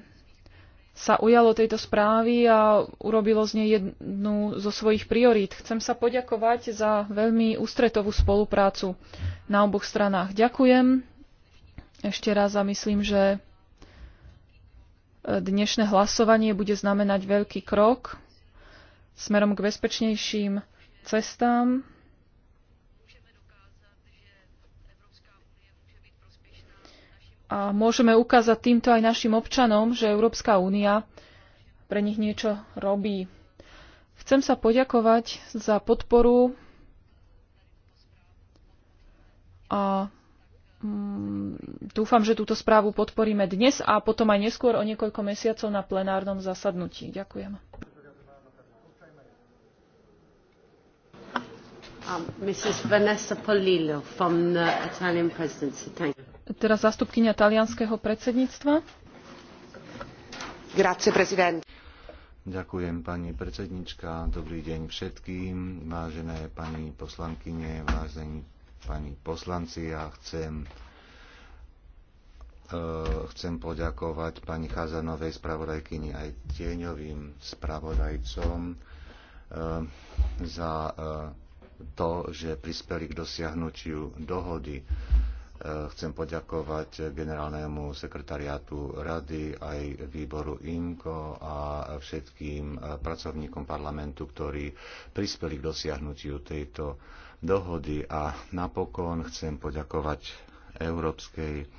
sa ujalo tejto správy a urobilo z nej jednu zo svojich priorít. Chcem sa poďakovať za veľmi ústretovú spoluprácu na oboch stranách. Ďakujem. Ešte raz a myslím, že dnešné hlasovanie bude znamenať veľký krok smerom k bezpečnejším cestám A môžeme ukázať týmto aj našim občanom, že Európska únia pre nich niečo robí. Chcem sa poďakovať za podporu a mm, dúfam, že túto správu podporíme dnes a potom aj neskôr o niekoľko mesiacov na plenárnom zasadnutí. Ďakujem. Um, Mrs. Vanessa Polillo from the Italian presidency. Thank you teraz zastupkynia talianského predsedníctva. Grazie, prezident. Ďakujem pani predsednička, dobrý deň všetkým, vážené pani poslankyne, vážení pani poslanci, ja chcem e, chcem poďakovať pani Chazanovej spravodajkyni aj tieňovým spravodajcom e, za e, to, že prispeli k dosiahnutiu dohody. Chcem poďakovať generálnemu sekretariátu rady, aj výboru INKO a všetkým pracovníkom parlamentu, ktorí prispeli k dosiahnutiu tejto dohody. A napokon chcem poďakovať Európskej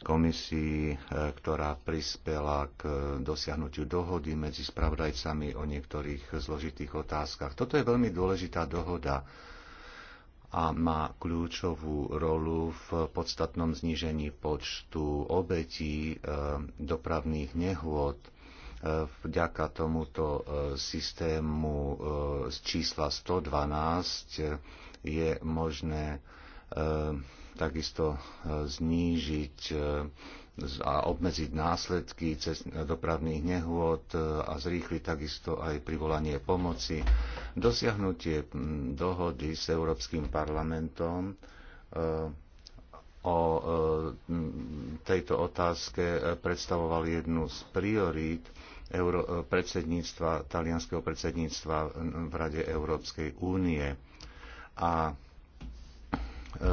komisii, ktorá prispela k dosiahnutiu dohody medzi spravodajcami o niektorých zložitých otázkach. Toto je veľmi dôležitá dohoda a má kľúčovú rolu v podstatnom znížení počtu obetí e, dopravných nehôd. E, vďaka tomuto e, systému z čísla 112 je možné takisto znížiť a obmedziť následky cez dopravných nehôd e, a zrýchliť takisto aj privolanie pomoci. Dosiahnutie dohody s Európskym parlamentom e, o e, tejto otázke predstavoval jednu z priorít Euro- predsedníctva, talianského predsedníctva v Rade Európskej únie. A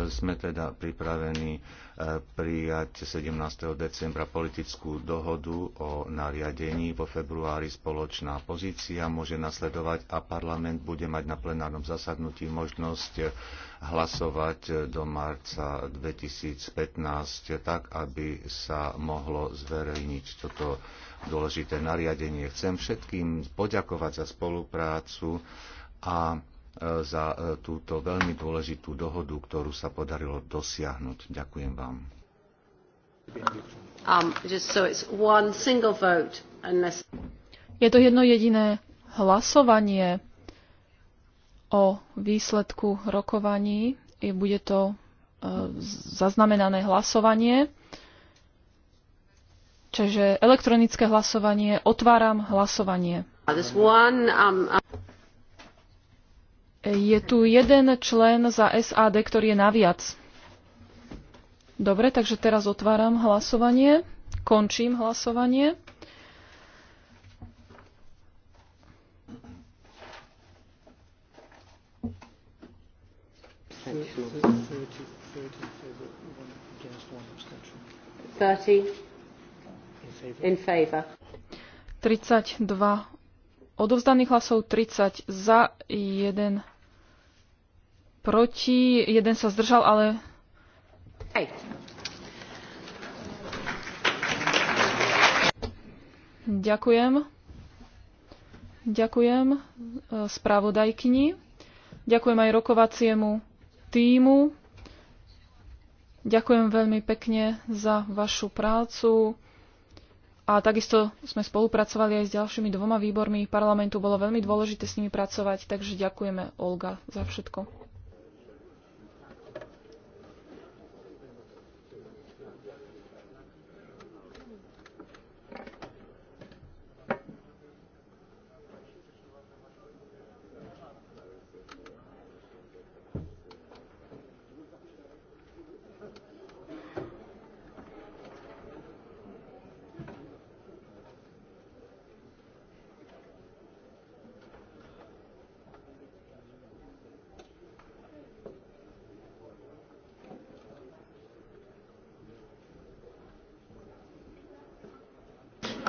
sme teda pripravení prijať 17. decembra politickú dohodu o nariadení. Vo februári spoločná pozícia môže nasledovať a parlament bude mať na plenárnom zasadnutí možnosť hlasovať do marca 2015 tak, aby sa mohlo zverejniť toto dôležité nariadenie. Chcem všetkým poďakovať za spoluprácu a E, za e, túto veľmi dôležitú dohodu, ktorú sa podarilo dosiahnuť. Ďakujem vám. Um, so unless... Je to jedno jediné hlasovanie o výsledku rokovaní. Bude to e, zaznamenané hlasovanie. Čiže elektronické hlasovanie. Otváram hlasovanie. Je tu jeden člen za SAD, ktorý je naviac. Dobre, takže teraz otváram hlasovanie. Končím hlasovanie. Thirty in favor. 32 odovzdaných hlasov 30 za, 1 proti, 1 sa zdržal, ale... Hej. Ďakujem. Ďakujem e, spravodajkyni. Ďakujem aj rokovaciemu týmu. Ďakujem veľmi pekne za vašu prácu. A takisto sme spolupracovali aj s ďalšími dvoma výbormi parlamentu. Bolo veľmi dôležité s nimi pracovať, takže ďakujeme Olga za všetko.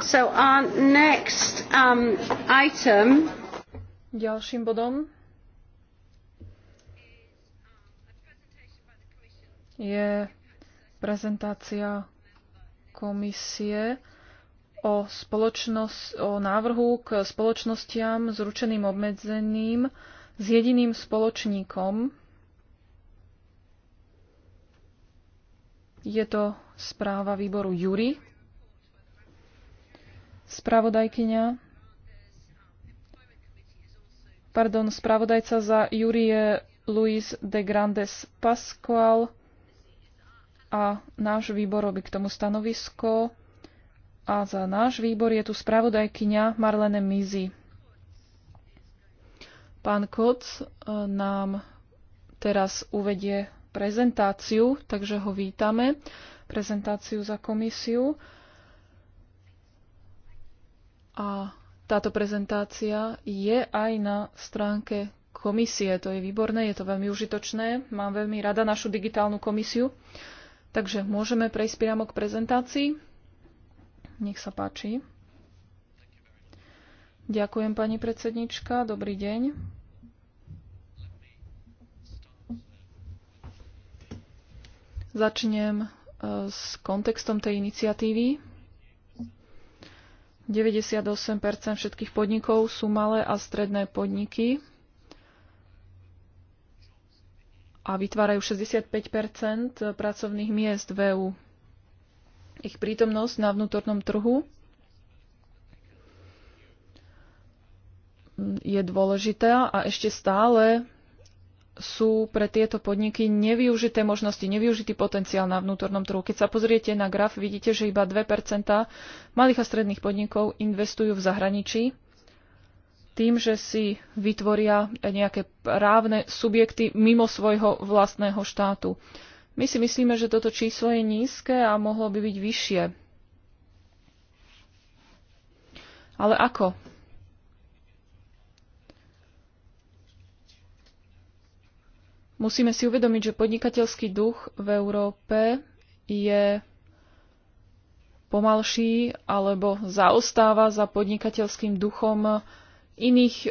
So our next um, item Ďalším bodom je prezentácia komisie o, spoločnosť, o návrhu k spoločnostiam s ručeným obmedzeným s jediným spoločníkom. Je to správa výboru Jury. Spravodajkyňa pardon, spravodajca za Jurie Luis de Grandes Pascual a náš výbor robí k tomu stanovisko a za náš výbor je tu spravodajkyňa Marlene Mizi. Pán Koc eh, nám teraz uvedie prezentáciu, takže ho vítame, prezentáciu za komisiu. A táto prezentácia je aj na stránke komisie. To je výborné, je to veľmi užitočné. Mám veľmi rada našu digitálnu komisiu. Takže môžeme prejsť priamo k prezentácii. Nech sa páči. Ďakujem, pani predsednička. Dobrý deň. Začnem eh, s kontextom tej iniciatívy. 98 všetkých podnikov sú malé a stredné podniky a vytvárajú 65 pracovných miest v EÚ. Ich prítomnosť na vnútornom trhu je dôležitá a ešte stále sú pre tieto podniky nevyužité možnosti, nevyužitý potenciál na vnútornom trhu. Keď sa pozriete na graf, vidíte, že iba 2 malých a stredných podnikov investujú v zahraničí tým, že si vytvoria nejaké právne subjekty mimo svojho vlastného štátu. My si myslíme, že toto číslo je nízke a mohlo by byť vyššie. Ale ako Musíme si uvedomiť, že podnikateľský duch v Európe je pomalší alebo zaostáva za podnikateľským duchom iných e,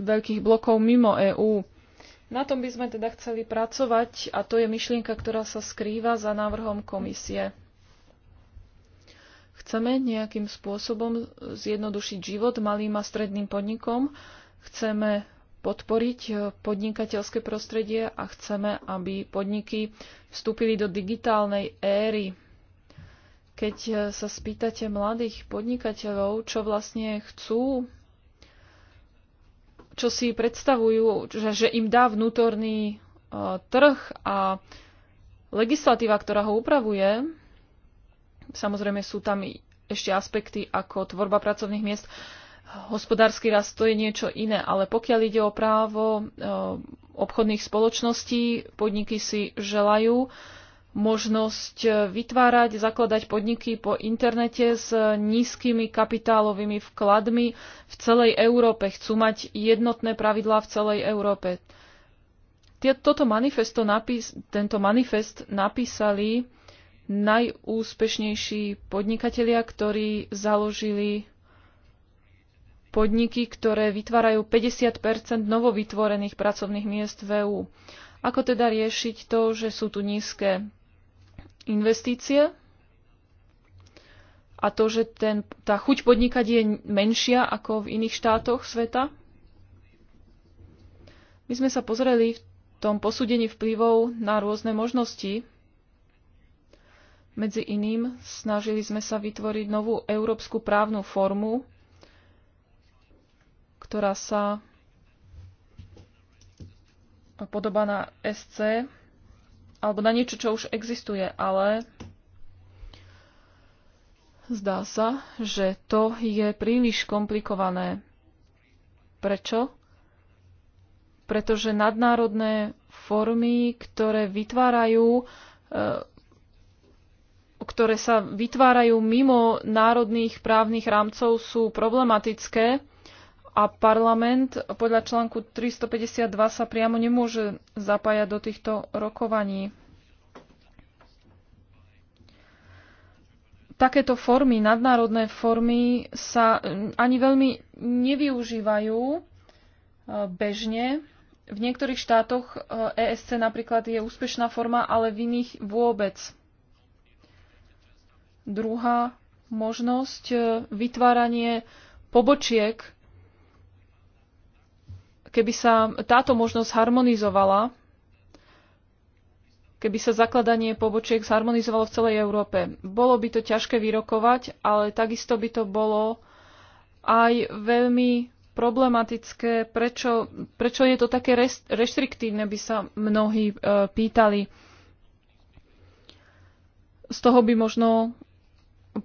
veľkých blokov mimo EÚ. Na tom by sme teda chceli pracovať a to je myšlienka, ktorá sa skrýva za návrhom komisie. Chceme nejakým spôsobom zjednodušiť život malým a stredným podnikom, chceme podporiť eh, podnikateľské prostredie a chceme, aby podniky vstúpili do digitálnej éry. Keď eh, sa spýtate mladých podnikateľov, čo vlastne chcú, čo si predstavujú, že, že im dá vnútorný uh, trh a legislatíva, ktorá ho upravuje, samozrejme sú tam ešte aspekty ako tvorba pracovných miest, uh, hospodársky rast to je niečo iné, ale pokiaľ ide o právo e, obchodných spoločností, podniky si želajú možnosť e, vytvárať, zakladať podniky po internete s nízkymi kapitálovými vkladmi v celej Európe. Chcú mať jednotné pravidlá v celej Európe. Toto manifesto napis- tento manifest napísali najúspešnejší podnikatelia, ktorí založili podniky, ktoré vytvárajú 50 novovytvorených pracovných miest v EÚ. Ako teda riešiť to, že sú tu nízke investície a to, že ten, tá chuť podnikať je menšia ako v iných štátoch sveta? My sme sa pozreli v tom posúdení vplyvov na rôzne možnosti. Medzi iným snažili sme sa vytvoriť novú európsku právnu formu, ktorá sa podobá na SC alebo na niečo, čo už existuje, ale zdá sa, že to je príliš komplikované. Prečo? Pretože nadnárodné formy, ktoré vytvárajú e, ktoré sa vytvárajú mimo národných právnych rámcov, sú problematické a parlament podľa článku 352 sa priamo nemôže zapájať do týchto rokovaní. Takéto formy, nadnárodné formy sa mm, ani veľmi nevyužívajú e, bežne. V niektorých štátoch ESC e napríklad je úspešná forma, ale v iných vôbec. Druhá možnosť, e, vytváranie pobočiek keby sa táto možnosť harmonizovala, keby sa zakladanie pobočiek zharmonizovalo v celej Európe. Bolo by to ťažké vyrokovať, ale takisto by to bolo aj veľmi problematické, prečo, prečo je to také reštriktívne, by sa mnohí e, pýtali. Z toho by možno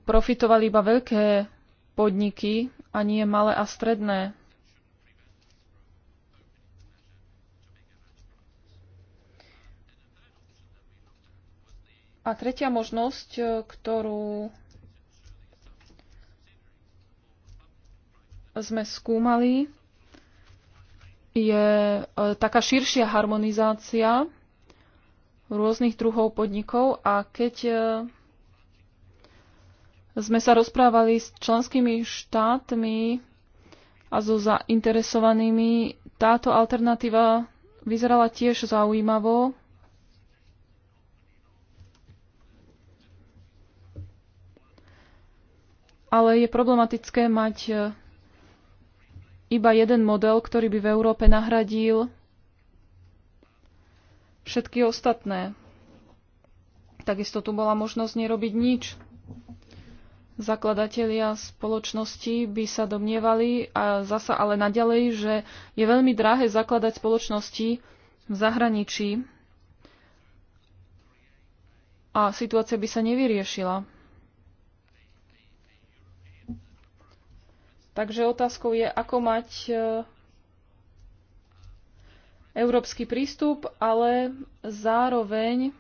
profitovali iba veľké podniky a nie malé a stredné A tretia možnosť, e, ktorú sme skúmali, je e, taká širšia harmonizácia rôznych druhov podnikov a keď e, sme sa rozprávali s členskými štátmi a so zainteresovanými, táto alternatíva vyzerala tiež zaujímavo. ale je problematické mať e, iba jeden model, ktorý by v Európe nahradil všetky ostatné. Takisto tu bola možnosť nerobiť nič. Zakladatelia spoločnosti by sa domnievali, a zasa ale naďalej, že je veľmi drahé zakladať spoločnosti v zahraničí a situácia by sa nevyriešila. Takže otázkou je, ako mať e, európsky prístup, ale zároveň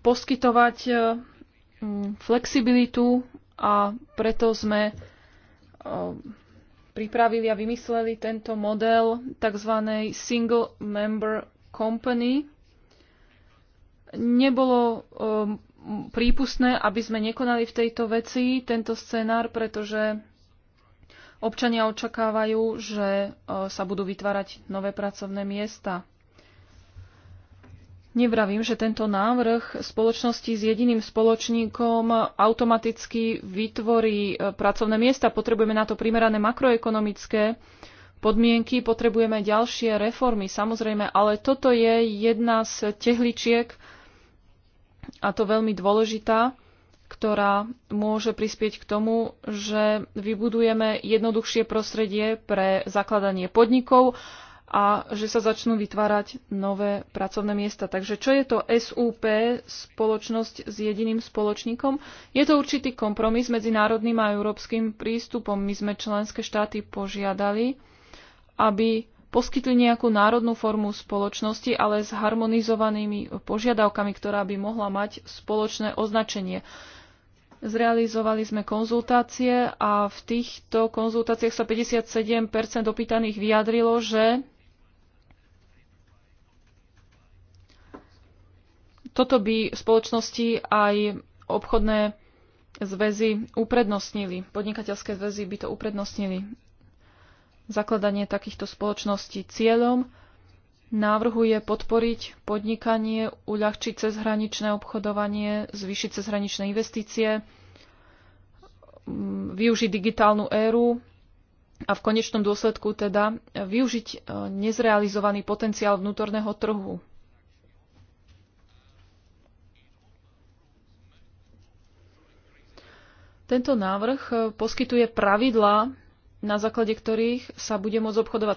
poskytovať e, flexibilitu a preto sme e, pripravili a vymysleli tento model tzv. single member company, nebolo um, prípustné, aby sme nekonali v tejto veci tento scenár, pretože občania očakávajú, že uh, sa budú vytvárať nové pracovné miesta. Nevravím, že tento návrh spoločnosti s jediným spoločníkom automaticky vytvorí uh, pracovné miesta. Potrebujeme na to primerané makroekonomické podmienky, potrebujeme ďalšie reformy, samozrejme, ale toto je jedna z tehličiek, a to veľmi dôležitá, ktorá môže prispieť k tomu, že vybudujeme jednoduchšie prostredie pre zakladanie podnikov a že sa začnú vytvárať nové pracovné miesta. Takže čo je to SUP, spoločnosť s jediným spoločníkom? Je to určitý kompromis medzi národným a európskym prístupom. My sme členské štáty požiadali, aby poskytli nejakú národnú formu spoločnosti, ale s harmonizovanými požiadavkami, ktorá by mohla mať spoločné označenie. Zrealizovali sme konzultácie a v týchto konzultáciách sa 57 opýtaných vyjadrilo, že toto by spoločnosti aj obchodné zväzy uprednostnili, podnikateľské zväzy by to uprednostnili zakladanie takýchto spoločností. Cieľom návrhu je podporiť podnikanie, uľahčiť cezhraničné obchodovanie, zvýšiť cezhraničné investície, mm, využiť digitálnu éru a v konečnom dôsledku teda využiť e, nezrealizovaný potenciál vnútorného trhu. Tento návrh e, poskytuje pravidlá na základe ktorých sa bude môcť obchodovať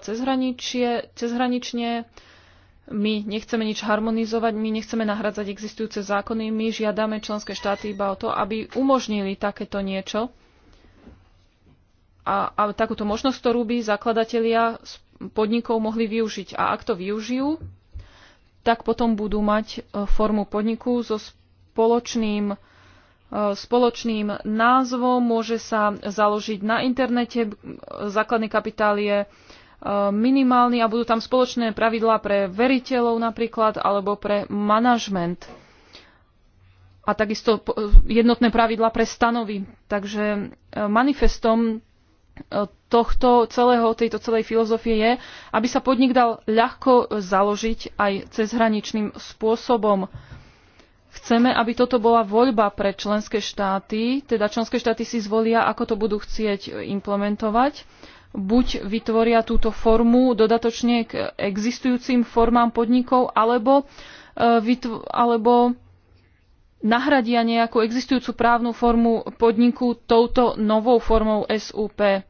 cezhranične. My nechceme nič harmonizovať, my nechceme nahradzať existujúce zákony, my žiadame členské štáty iba o to, aby umožnili takéto niečo a, a takúto možnosť, ktorú by zakladatelia podnikov mohli využiť. A ak to využijú, tak potom budú mať e, formu podniku so spoločným spoločným názvom, môže sa založiť na internete, základný kapitál je e, minimálny a budú tam spoločné pravidlá pre veriteľov napríklad alebo pre manažment a takisto jednotné pravidlá pre stanovy. Takže e, manifestom e, tohto celého, tejto celej filozofie je, aby sa podnik dal ľahko založiť aj cezhraničným spôsobom. Chceme, aby toto bola voľba pre členské štáty, teda členské štáty si zvolia, ako to budú chcieť implementovať. Buď vytvoria túto formu dodatočne k existujúcim formám podnikov, alebo, e, alebo nahradia nejakú existujúcu právnu formu podniku touto novou formou SUP.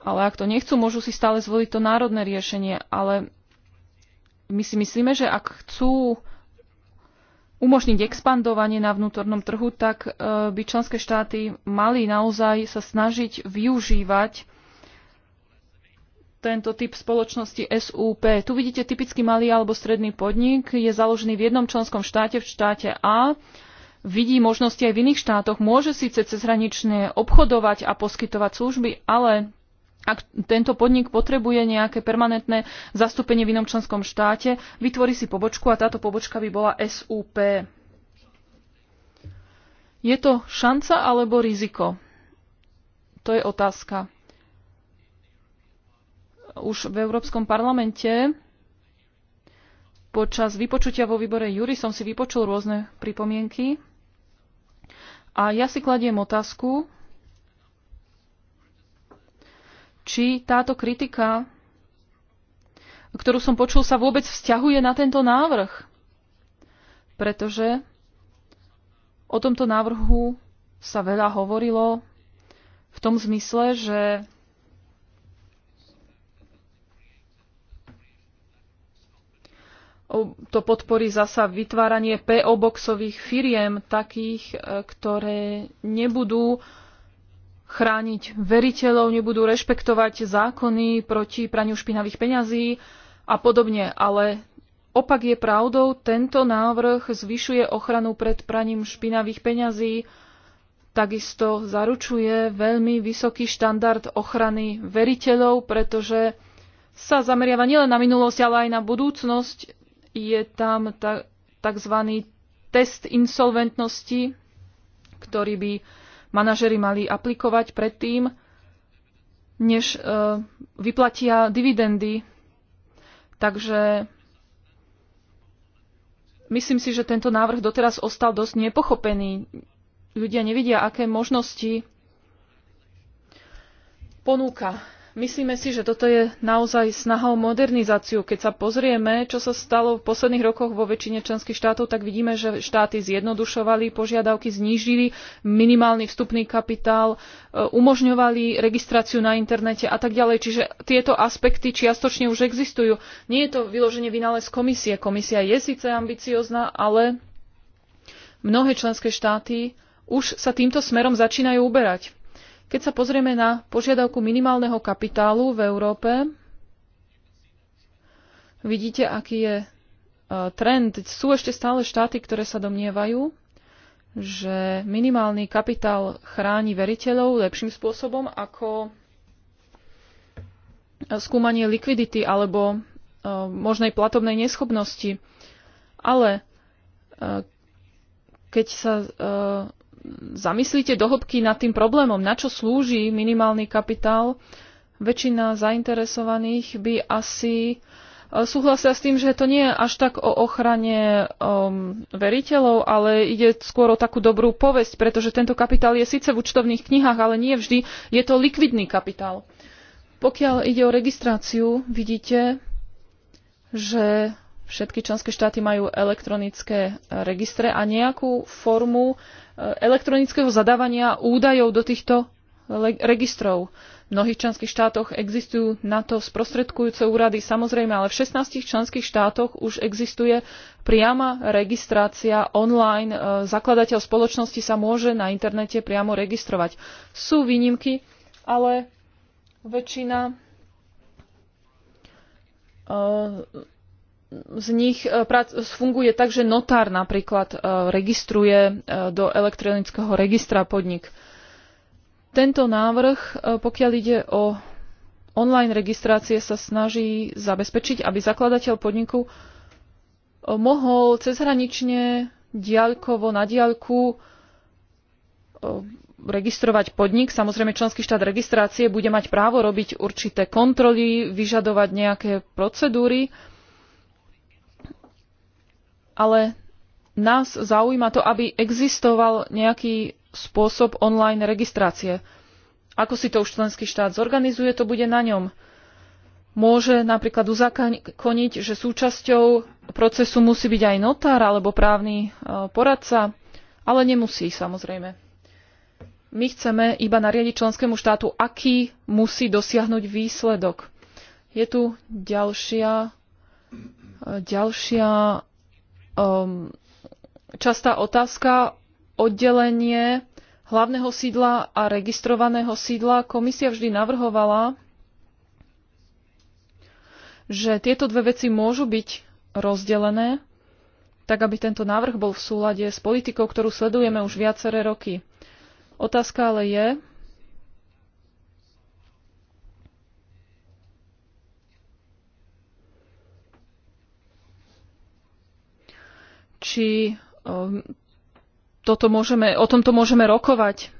Ale ak to nechcú, môžu si stále zvoliť to národné riešenie. Ale my si myslíme, že ak chcú umožniť expandovanie na vnútornom trhu, tak e, by členské štáty mali naozaj sa snažiť využívať tento typ spoločnosti SUP. Tu vidíte typicky malý alebo stredný podnik, je založený v jednom členskom štáte, v štáte A, vidí možnosti aj v iných štátoch, môže síce cezhranične obchodovať a poskytovať služby, ale ak tento podnik potrebuje nejaké permanentné zastúpenie v inom členskom štáte, vytvorí si pobočku a táto pobočka by bola SUP. Je to šanca alebo riziko? To je otázka. Už v Európskom parlamente počas vypočutia vo výbore Júri som si vypočul rôzne pripomienky a ja si kladiem otázku, či táto kritika, ktorú som počul, sa vôbec vzťahuje na tento návrh. Pretože o tomto návrhu sa veľa hovorilo v tom zmysle, že to podporí zasa vytváranie PO boxových firiem, takých, e, ktoré nebudú uh, chrániť veriteľov, nebudú rešpektovať zákony proti praniu špinavých peňazí a podobne. Ale opak je pravdou, tento návrh zvyšuje ochranu pred praním špinavých peňazí, takisto zaručuje veľmi vysoký štandard ochrany veriteľov, pretože sa zameriava nielen na minulosť, ale aj na budúcnosť. Je tam tzv. test insolventnosti, ktorý by manažery mali aplikovať predtým, než e, vyplatia dividendy. Takže myslím si, že tento návrh doteraz ostal dosť nepochopený. Ľudia nevidia, aké možnosti ponúka Myslíme si, že toto je naozaj snaha o modernizáciu. Keď sa pozrieme, čo sa stalo v posledných rokoch vo väčšine členských štátov, tak vidíme, že štáty zjednodušovali požiadavky, znížili minimálny vstupný kapitál, e, umožňovali registráciu na internete a tak ďalej. Čiže tieto aspekty čiastočne už existujú. Nie je to vyloženie vynález komisie. Komisia je síce ambiciózna, ale mnohé členské štáty už sa týmto smerom začínajú uberať. Keď sa pozrieme na požiadavku minimálneho kapitálu v Európe, vidíte, aký je e, trend. Sú ešte stále štáty, ktoré sa domnievajú, že minimálny kapitál chráni veriteľov lepším spôsobom ako e, skúmanie likvidity alebo e, možnej platobnej neschopnosti. Ale keď sa zamyslíte dohobky nad tým problémom, na čo slúži minimálny kapitál. Väčšina zainteresovaných by asi e, súhlasia s tým, že to nie je až tak o ochrane um, veriteľov, ale ide skôr o takú dobrú povesť, pretože tento kapitál je síce v účtovných knihách, ale nie vždy je to likvidný kapitál. Pokiaľ ide o registráciu, vidíte, že Všetky členské štáty majú elektronické e, registre a nejakú formu e, elektronického zadávania údajov do týchto registrov. V mnohých členských štátoch existujú na to sprostredkujúce úrady, samozrejme, ale v 16 členských štátoch už existuje priama registrácia online. E, zakladateľ spoločnosti sa môže na internete priamo registrovať. Sú výnimky, ale väčšina z nich e, funguje tak, že notár napríklad e, registruje e, do elektronického registra podnik. Tento návrh, pokiaľ ide o online registrácie, sa snaží zabezpečiť, aby zakladateľ podniku mohol cezhranične, diaľkovo, na diaľku registrovať podnik. Samozrejme, členský štát registrácie bude mať právo robiť určité kontroly, vyžadovať nejaké procedúry, ale nás zaujíma to, aby existoval nejaký spôsob online registrácie. Ako si to už členský štát zorganizuje, to bude na ňom. Môže napríklad uzakoniť, že súčasťou procesu musí byť aj notár alebo právny e, poradca, ale nemusí samozrejme. My chceme iba nariadiť členskému štátu, aký musí dosiahnuť výsledok. Je tu ďalšia, e, ďalšia um, častá otázka oddelenie hlavného sídla a registrovaného sídla. Komisia vždy navrhovala, že tieto dve veci môžu byť rozdelené, tak aby tento návrh bol v súlade s politikou, ktorú sledujeme už viaceré roky. Otázka ale je, či um, toto môžeme, o tomto môžeme rokovať.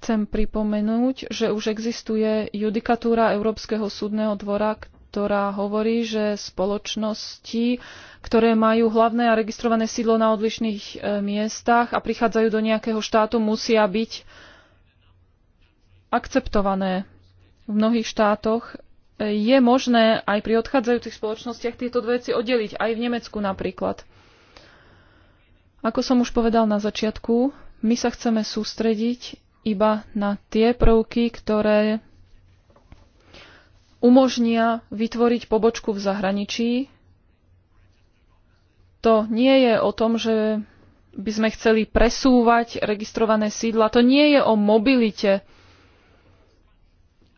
Chcem pripomenúť, že už existuje judikatúra Európskeho súdneho dvora, ktorá hovorí, že spoločnosti, ktoré majú hlavné a registrované sídlo na odlišných e, miestach a prichádzajú do nejakého štátu, musia byť akceptované. V mnohých štátoch je možné aj pri odchádzajúcich spoločnostiach tieto dve veci oddeliť, aj v Nemecku napríklad. Ako som už povedal na začiatku, my sa chceme sústrediť iba na tie prvky, ktoré umožnia vytvoriť pobočku v zahraničí. To nie je o tom, že by sme chceli presúvať registrované sídla. To nie je o mobilite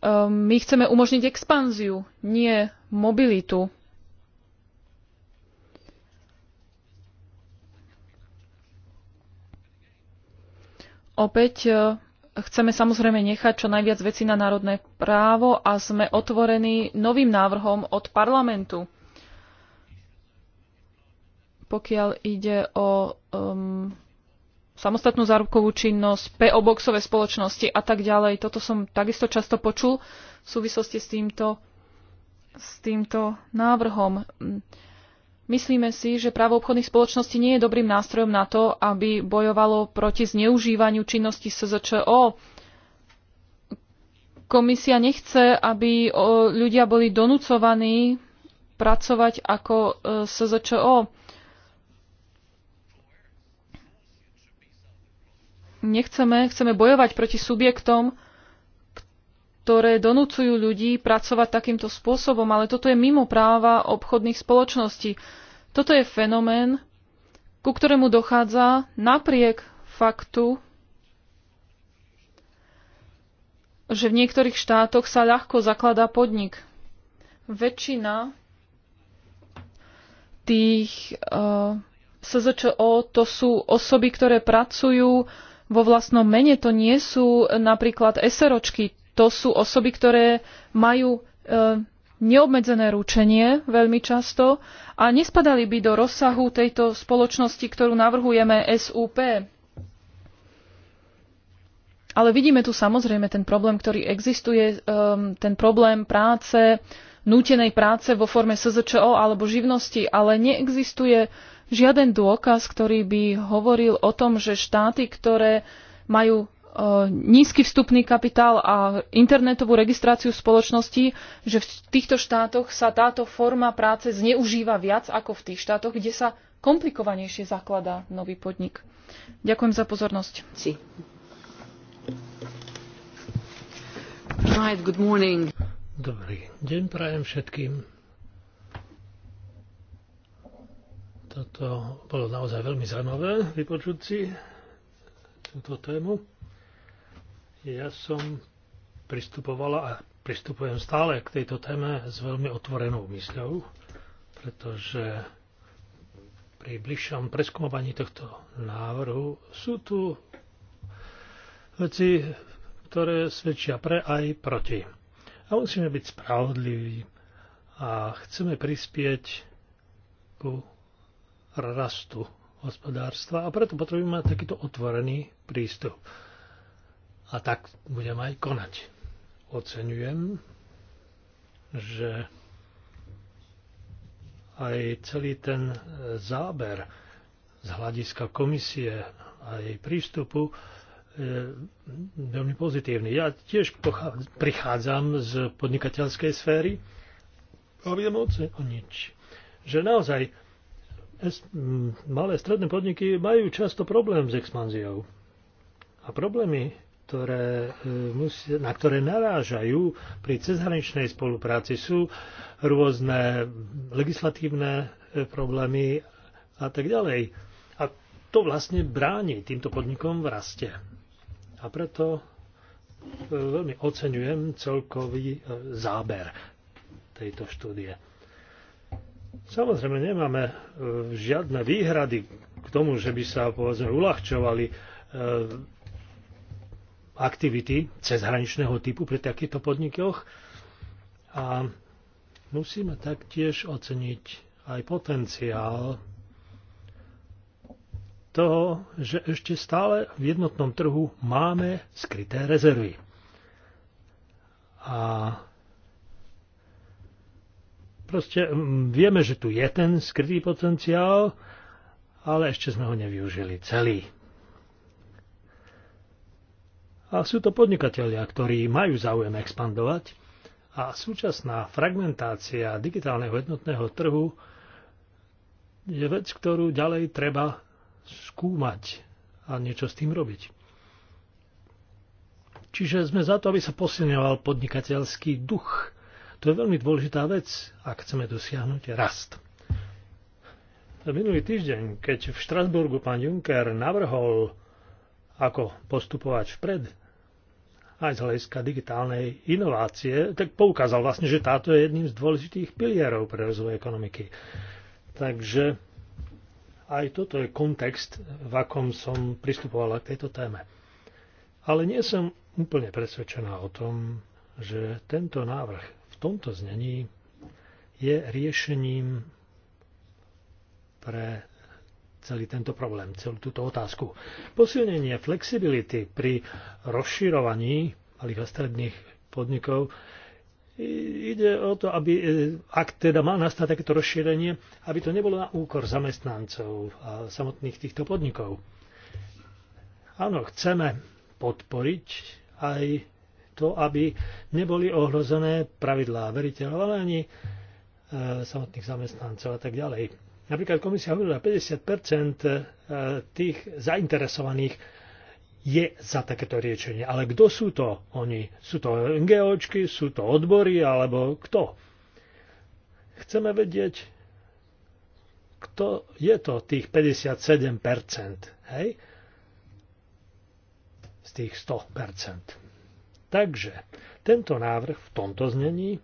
Ehm, my chceme umožniť expanziu, nie mobilitu. Opäť e, chceme samozrejme nechať čo najviac veci na národné právo a sme otvorení novým návrhom od parlamentu. Pokiaľ ide o um, samostatnú zárubkovú činnosť, PO-boxové spoločnosti a tak ďalej. Toto som takisto často počul v súvislosti s týmto, s týmto návrhom. Myslíme si, že právo obchodných spoločností nie je dobrým nástrojom na to, aby bojovalo proti zneužívaniu činnosti SZČO. Komisia nechce, aby ľudia boli donúcovaní pracovať ako e, SZČO nechceme, chceme bojovať proti subjektom, ktoré donúcujú ľudí pracovať takýmto spôsobom, ale toto je mimo práva obchodných spoločností. Toto je fenomén, ku ktorému dochádza napriek faktu, že v niektorých štátoch sa ľahko zakladá podnik. Väčšina tých uh, eh, SZČO to sú osoby, ktoré pracujú uh, vo vlastnom mene. To nie sú napríklad SROčky, to sú osoby, ktoré majú e, neobmedzené ručenie veľmi často a nespadali by do rozsahu tejto spoločnosti, ktorú navrhujeme SUP. Ale vidíme tu samozrejme ten problém, ktorý existuje, e, ten problém práce, nútenej práce vo forme SZČO alebo živnosti, ale neexistuje žiaden dôkaz, ktorý by hovoril o tom, že štáty, ktoré majú e, nízky vstupný kapitál a internetovú registráciu spoločnosti, že v týchto štátoch sa táto forma práce zneužíva viac ako v tých štátoch, kde sa komplikovanejšie zakladá nový podnik. Ďakujem za pozornosť. Si. Right, good morning. Dobrý deň prajem všetkým. Toto bolo naozaj veľmi zaujímavé vypočuť si túto tému. Ja som pristupovala a pristupujem stále k tejto téme s veľmi otvorenou mysľou, pretože pri bližšom preskúmovaní tohto návrhu sú tu veci, ktoré svedčia pre aj proti. A musíme byť spravodliví a chceme prispieť ku rastu hospodárstva a preto potrebujeme mať takýto otvorený prístup. A tak budem aj konať. Oceňujem, že aj celý ten záber z hľadiska komisie a jej prístupu je veľmi pozitívny. Ja tiež prichádzam z podnikateľskej sféry a viem oceniť, že naozaj malé stredné podniky majú často problém s expanziou. A problémy, ktoré, e, na ktoré narážajú pri cezhraničnej spolupráci, sú rôzne legislatívne e, problémy a tak ďalej. A to vlastne bráni týmto podnikom v raste. A preto e, veľmi oceňujem celkový záber tejto štúdie. Samozrejme, nemáme e, žiadne výhrady k tomu, že by sa povedzme uľahčovali e, aktivity cezhraničného typu pri takýchto podnikoch a musíme taktiež oceniť aj potenciál toho, že ešte stále v jednotnom trhu máme skryté rezervy. A Proste mm, vieme, že tu je ten skrytý potenciál, ale ešte sme ho nevyužili celý. A sú to podnikatelia, ktorí majú záujem expandovať a súčasná fragmentácia digitálneho jednotného trhu je vec, ktorú ďalej treba skúmať a niečo s tým robiť. Čiže sme za to, aby sa posilňoval podnikateľský duch to je veľmi dôležitá vec, ak chceme dosiahnuť rast. Minulý týždeň, keď v Štrasburgu pán Juncker navrhol, ako postupovať vpred, aj z hľadiska digitálnej inovácie, tak poukázal vlastne, že táto je jedným z dôležitých pilierov pre rozvoj ekonomiky. Takže aj toto je kontext, v akom som pristupovala k tejto téme. Ale nie som úplne presvedčená o tom, že tento návrh tomto znení je riešením pre celý tento problém, celú túto otázku. Posilnenie flexibility pri rozširovaní malých a stredných podnikov ide o to, aby, e, ak teda má nastať takéto rozšírenie, aby to nebolo na úkor zamestnancov a samotných týchto podnikov. Áno, chceme podporiť aj to, aby neboli ohrozené pravidlá veriteľov, ale ani e, samotných zamestnancov a tak ďalej. Napríklad komisia hovorila, 50 e, tých zainteresovaných je za takéto riečenie. Ale kto sú to oni? Sú to NGOčky, sú to odbory, alebo kto? Chceme vedieť, kto je to tých 57%, hej? Z tých 100%. Takže tento návrh v tomto znení,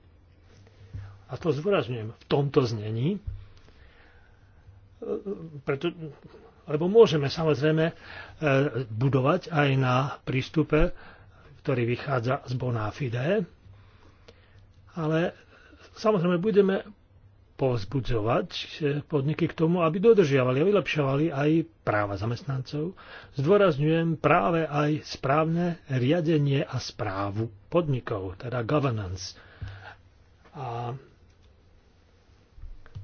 a to zvorazňujem v tomto znení, e, preto, lebo môžeme samozrejme e, budovať aj na prístupe, ktorý vychádza z Bonafide, ale samozrejme budeme povzbudzovať podniky k tomu, aby dodržiavali a vylepšovali aj práva zamestnancov. Zdôrazňujem práve aj správne riadenie a správu podnikov, teda governance. A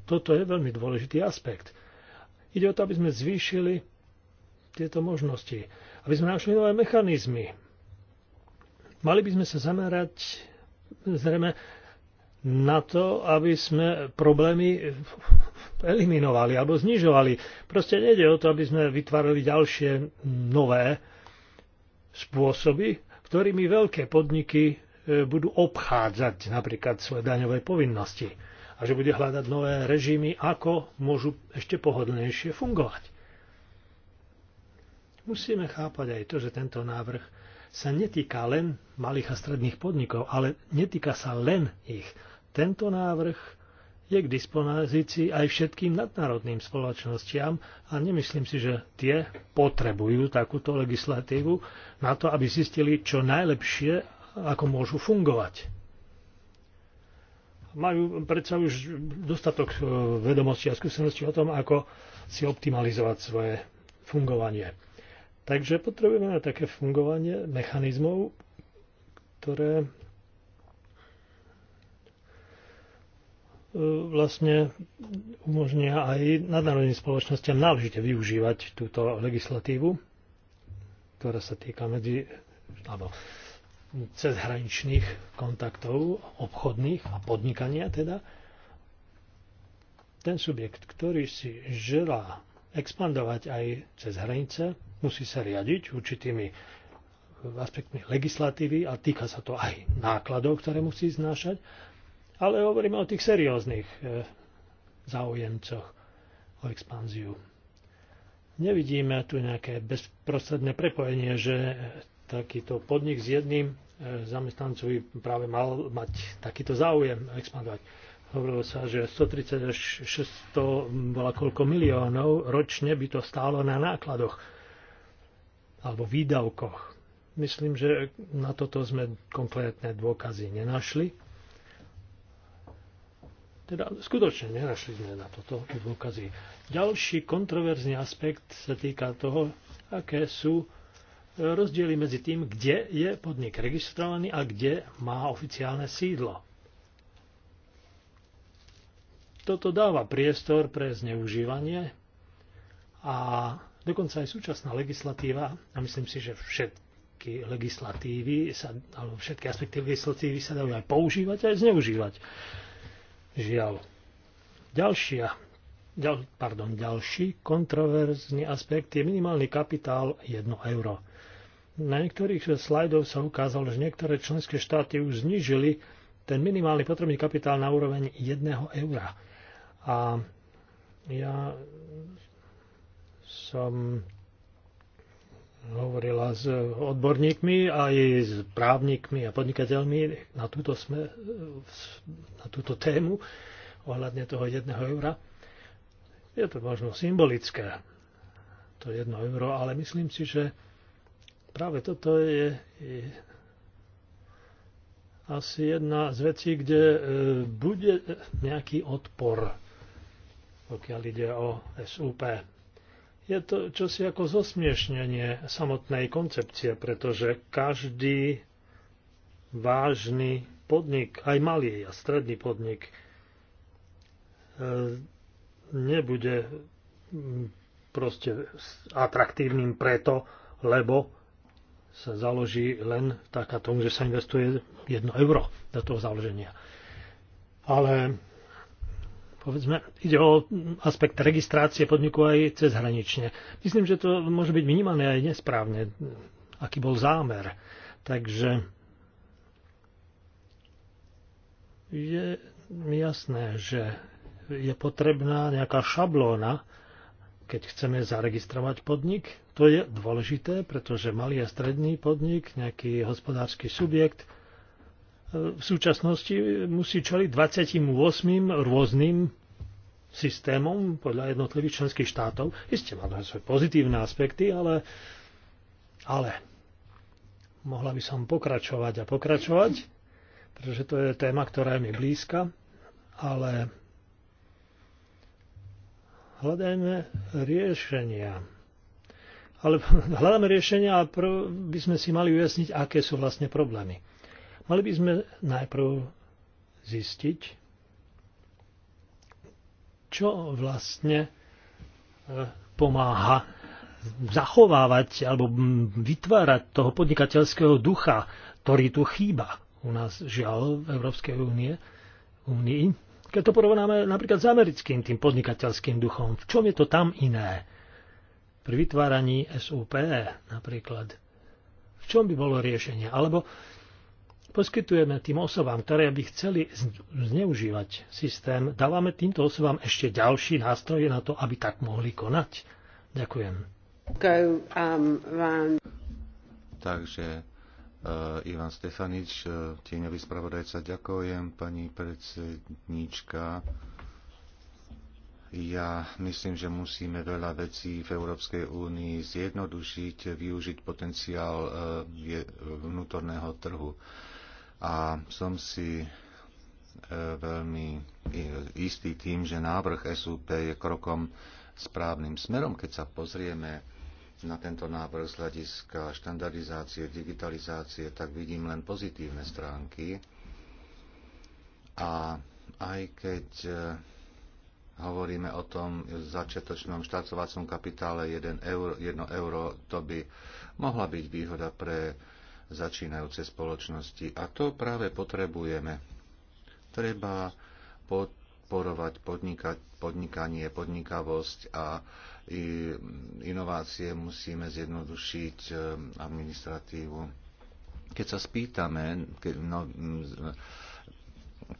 toto je veľmi dôležitý aspekt. Ide o to, aby sme zvýšili tieto možnosti, aby sme našli nové mechanizmy. Mali by sme sa zamerať zrejme na to, aby sme problémy eliminovali alebo znižovali. Proste nejde o to, aby sme vytvárali ďalšie nové spôsoby, ktorými veľké podniky e, budú obchádzať napríklad svoje daňové povinnosti a že bude hľadať nové režimy, ako môžu ešte pohodlnejšie fungovať. Musíme chápať aj to, že tento návrh sa netýka len malých a stredných podnikov, ale netýka sa len ich. Tento návrh je k dispozícii aj všetkým nadnárodným spoločnostiam a nemyslím si, že tie potrebujú takúto legislatívu na to, aby zistili čo najlepšie, ako môžu fungovať. Majú predsa už dostatok e, vedomostí a skúseností o tom, ako si optimalizovať svoje fungovanie. Takže potrebujeme také fungovanie mechanizmov, ktoré E, vlastne umožnia aj nadnárodným spoločnostiam náležite využívať túto legislatívu, ktorá sa týka medzi, alebo cezhraničných kontaktov obchodných a podnikania teda. Ten subjekt, ktorý si želá expandovať aj cez hranice, musí sa riadiť určitými aspektmi legislatívy a týka sa to aj nákladov, ktoré musí znášať ale hovoríme o tých serióznych e, záujemcoch o expanziu. Nevidíme tu nejaké bezprostredné prepojenie, že takýto podnik s jedným e, zamestnancom by práve mal mať takýto záujem expandovať. Hovorilo sa, že 130 až 600 bola koľko miliónov ročne by to stálo na nákladoch alebo výdavkoch. Myslím, že na toto sme konkrétne dôkazy nenašli teda skutočne nenašli sme na toto dôkazy. Ďalší kontroverzný aspekt sa týka toho, aké sú e, rozdiely medzi tým, kde je podnik registrovaný a kde má oficiálne sídlo. Toto dáva priestor pre zneužívanie a dokonca aj súčasná legislatíva, a myslím si, že všetky legislatívy, sa, alebo všetky aspekty legislatívy sa dajú aj používať, aj zneužívať. Žiaľ. Ďalšia, ďal, pardon, ďalší kontroverzný aspekt je minimálny kapitál 1 euro. Na niektorých slajdoch sa ukázalo, že niektoré členské štáty už znižili ten minimálny potrebný kapitál na úroveň 1 eura. A ja som hovorila s odborníkmi, aj s právnikmi a podnikateľmi na túto, sme, na túto tému ohľadne toho jedného eura. Je to možno symbolické, to jedno euro, ale myslím si, že práve toto je, je asi jedna z vecí, kde e, bude nejaký odpor, pokiaľ ide o SUP je to čosi ako zosmiešnenie samotnej koncepcie, pretože každý vážny podnik, aj malý a stredný podnik, e, nebude mm, proste atraktívnym preto, lebo sa založí len taká tomu, že sa investuje jedno euro do toho založenia. Ale povedzme, ide o aspekt registrácie podniku aj cezhranične. Myslím, že to môže byť minimálne aj nesprávne, aký bol zámer. Takže je jasné, že je potrebná nejaká šablóna, keď chceme zaregistrovať podnik. To je dôležité, pretože malý a stredný podnik, nejaký hospodársky subjekt, v súčasnosti musí čeliť 28 rôznym systémom podľa jednotlivých členských štátov. Isté má svoje pozitívne aspekty, ale, ale mohla by som pokračovať a pokračovať, pretože to je téma, ktorá je mi blízka, ale hľadajme riešenia. Ale hľadáme riešenia a prv by sme si mali ujasniť, aké sú vlastne problémy. Mali by sme najprv zistiť, čo vlastne e, pomáha zachovávať alebo vytvárať toho podnikateľského ducha, ktorý tu chýba u nás, žiaľ, v Európskej únie, únii. Keď to porovnáme napríklad s americkým tým podnikateľským duchom, v čom je to tam iné? Pri vytváraní SUP e napríklad. V čom by bolo riešenie? Alebo poskytujeme tým osobám, ktoré by chceli zneužívať systém, dávame týmto osobám ešte ďalší nástroje na to, aby tak mohli konať. Ďakujem. Go, um, Takže uh, Ivan Stefanič, uh, tieňový spravodajca, ďakujem pani predsedníčka. Ja myslím, že musíme veľa vecí v Európskej únii zjednodušiť, využiť potenciál uh, vnútorného trhu. Uh, a som si e, veľmi e, istý tým, že návrh SUP je krokom správnym smerom, keď sa pozrieme na tento návrh z hľadiska štandardizácie, digitalizácie, tak vidím len pozitívne stránky. A aj keď e, hovoríme o tom začiatočnom štartovacom kapitále 1 euro, 1 euro, to by mohla byť výhoda pre začínajúce spoločnosti. A to práve potrebujeme. Treba podporovať podnika- podnikanie, podnikavosť a inovácie. Musíme zjednodušiť e, administratívu. Keď sa spýtame, keď, no,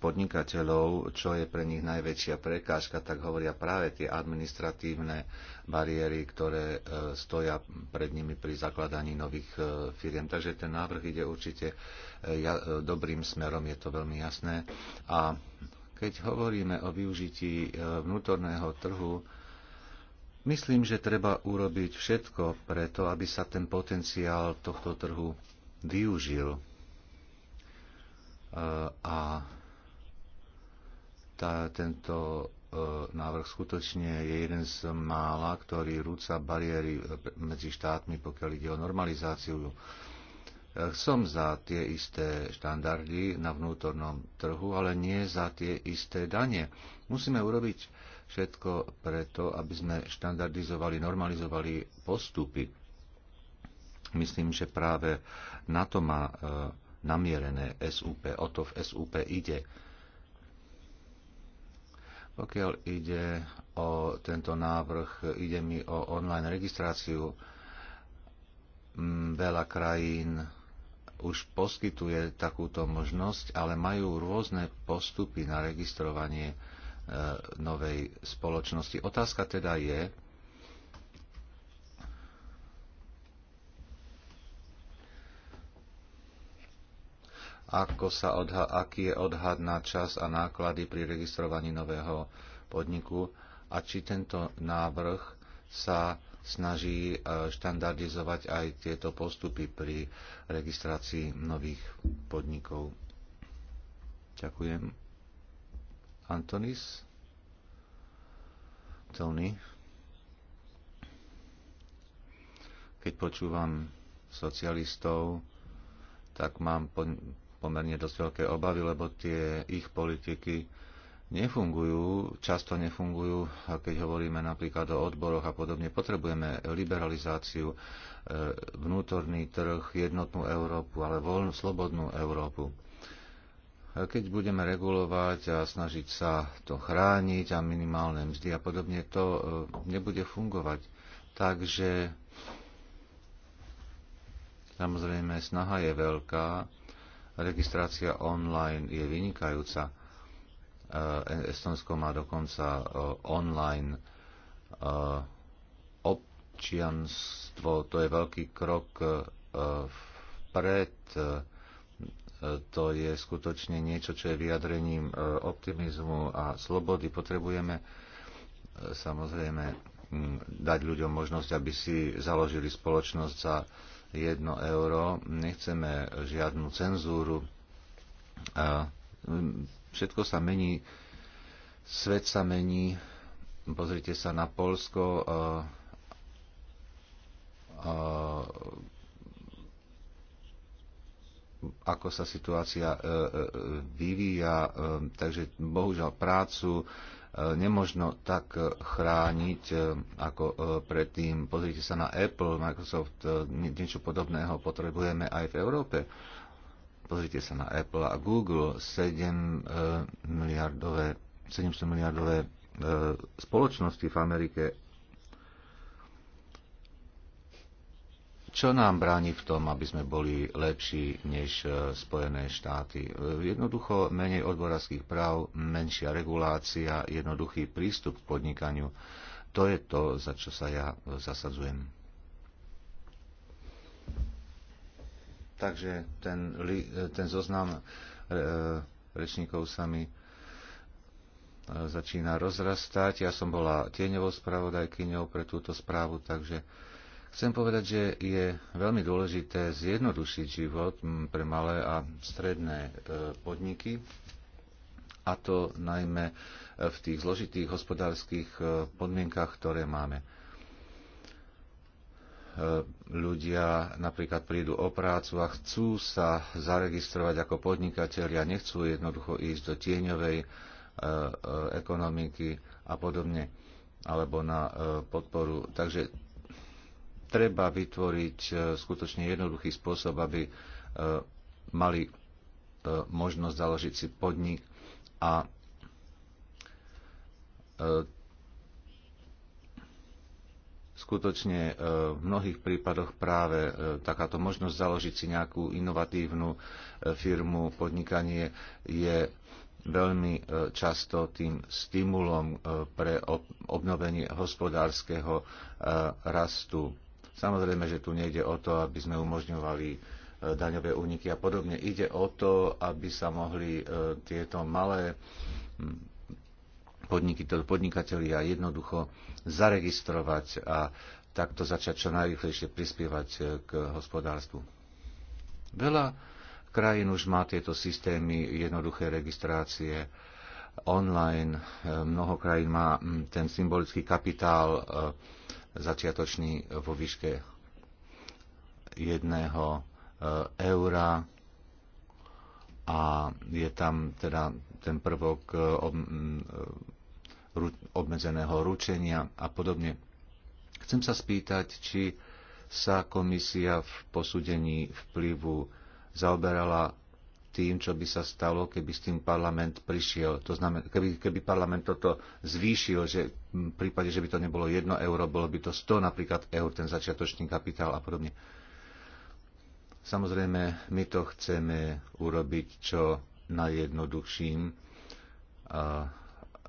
podnikateľov, čo je pre nich najväčšia prekážka, tak hovoria práve tie administratívne bariéry, ktoré e, stoja pred nimi pri zakladaní nových e, firiem. Takže ten návrh ide určite e, dobrým smerom, je to veľmi jasné. A keď hovoríme o využití vnútorného trhu, myslím, že treba urobiť všetko preto, aby sa ten potenciál tohto trhu využil a tá, tento e, návrh skutočne je jeden z mála, ktorý rúca bariéry e, medzi štátmi, pokiaľ ide o normalizáciu. E, som za tie isté štandardy na vnútornom trhu, ale nie za tie isté dane. Musíme urobiť všetko preto, aby sme štandardizovali, normalizovali postupy. Myslím, že práve na to má namierené SUP, o to v SUP ide pokiaľ ide o tento návrh, ide mi o online registráciu. Mm, veľa krajín už poskytuje takúto možnosť, ale majú rôzne postupy na registrovanie e, novej spoločnosti. Otázka teda je, ako sa odha- aký je odhad na čas a náklady pri registrovaní nového podniku a či tento návrh sa snaží e, štandardizovať aj tieto postupy pri registrácii nových podnikov. Ďakujem. Antonis? Tony? Keď počúvam socialistov, tak mám pomerne dosť veľké obavy, lebo tie ich politiky nefungujú, často nefungujú, keď hovoríme napríklad o odboroch a podobne. Potrebujeme liberalizáciu, e, vnútorný trh, jednotnú Európu, ale voľnú, slobodnú Európu. Keď budeme regulovať a snažiť sa to chrániť a minimálne mzdy a podobne, to e, nebude fungovať. Takže samozrejme snaha je veľká, Registrácia online je vynikajúca. E, Estonsko má dokonca e, online e, občianstvo. To je veľký krok vpred. To je skutočne niečo, čo je vyjadrením optimizmu a slobody. Potrebujeme samozrejme dať ľuďom možnosť, aby si založili spoločnosť za jedno euro, nechceme žiadnu cenzúru. A všetko sa mení, svet sa mení, pozrite sa na Polsko, a, a, ako sa situácia e, e, e, vyvíja, takže bohužiaľ prácu, nemožno tak e, chrániť e, ako e, predtým. Pozrite sa na Apple, Microsoft, niečo podobného potrebujeme aj v Európe. Pozrite sa na Apple a Google, 7 miliardové, 700 miliardové spoločnosti v Amerike Čo nám bráni v tom, aby sme boli lepší než e, Spojené štáty? E, jednoducho menej odborárských práv, menšia regulácia, jednoduchý prístup k podnikaniu. To je to, za čo sa ja e, zasadzujem. Takže ten, ten zoznam rečníkov sa mi začína rozrastať. Ja som bola tieňovou spravodajkyňou pre túto správu, takže Chcem povedať, že je veľmi dôležité zjednodušiť život pre malé a stredné e, podniky, a to najmä e, v tých zložitých hospodárskych e, podmienkach, ktoré máme. Ľudia napríklad prídu o prácu a chcú sa zaregistrovať ako podnikatelia, nechcú jednoducho ísť do tieňovej ekonomiky a podobne alebo na podporu. Takže treba vytvoriť e, skutočne jednoduchý spôsob, aby e, mali e, možnosť založiť si podnik a skutočne v mnohých prípadoch práve takáto možnosť založiť si nejakú inovatívnu firmu, podnikanie je veľmi často tým stimulom pre obnovenie hospodárskeho rastu. Samozrejme, že tu nejde o to, aby sme umožňovali e, daňové úniky a podobne. Ide o to, aby sa mohli e, tieto malé hm, podniky, podnikatelia jednoducho zaregistrovať a takto začať čo najrychlejšie prispievať e, k hospodárstvu. Veľa krajín už má tieto systémy jednoduché registrácie online. Mnoho krajín má hm, ten symbolický kapitál začiatočný vo výške jedného e, eura a je tam teda ten prvok e, e, obmedzeného ručenia a podobne. Chcem sa spýtať, či sa komisia v posúdení vplyvu zaoberala tým, čo by sa stalo, keby s tým parlament prišiel. To znamená, keby, keby parlament toto zvýšil, že v prípade, že by to nebolo 1 euro, bolo by to 100 napríklad eur, ten začiatočný kapitál a podobne. Samozrejme, my to chceme urobiť čo najjednoduchším. A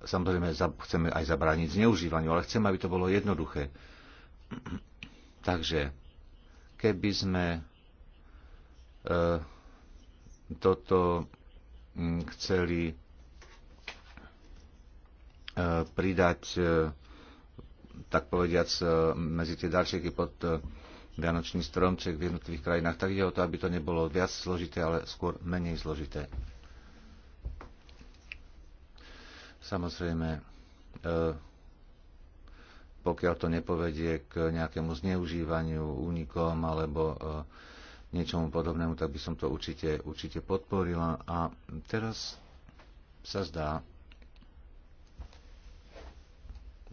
samozrejme, chceme aj zabrániť zneužívaniu, ale chceme, aby to bolo jednoduché. Takže, keby sme e, toto mm, chceli e, pridať, e, tak povediac, e, medzi tie darčeky pod Vianočný stromček v jednotlivých krajinách. Tak ide o to, aby to nebolo viac zložité, ale skôr menej zložité. Samozrejme, pokiaľ to nepovedie k nejakému zneužívaniu, únikom alebo niečomu podobnému, tak by som to určite, určite podporila. A teraz sa zdá,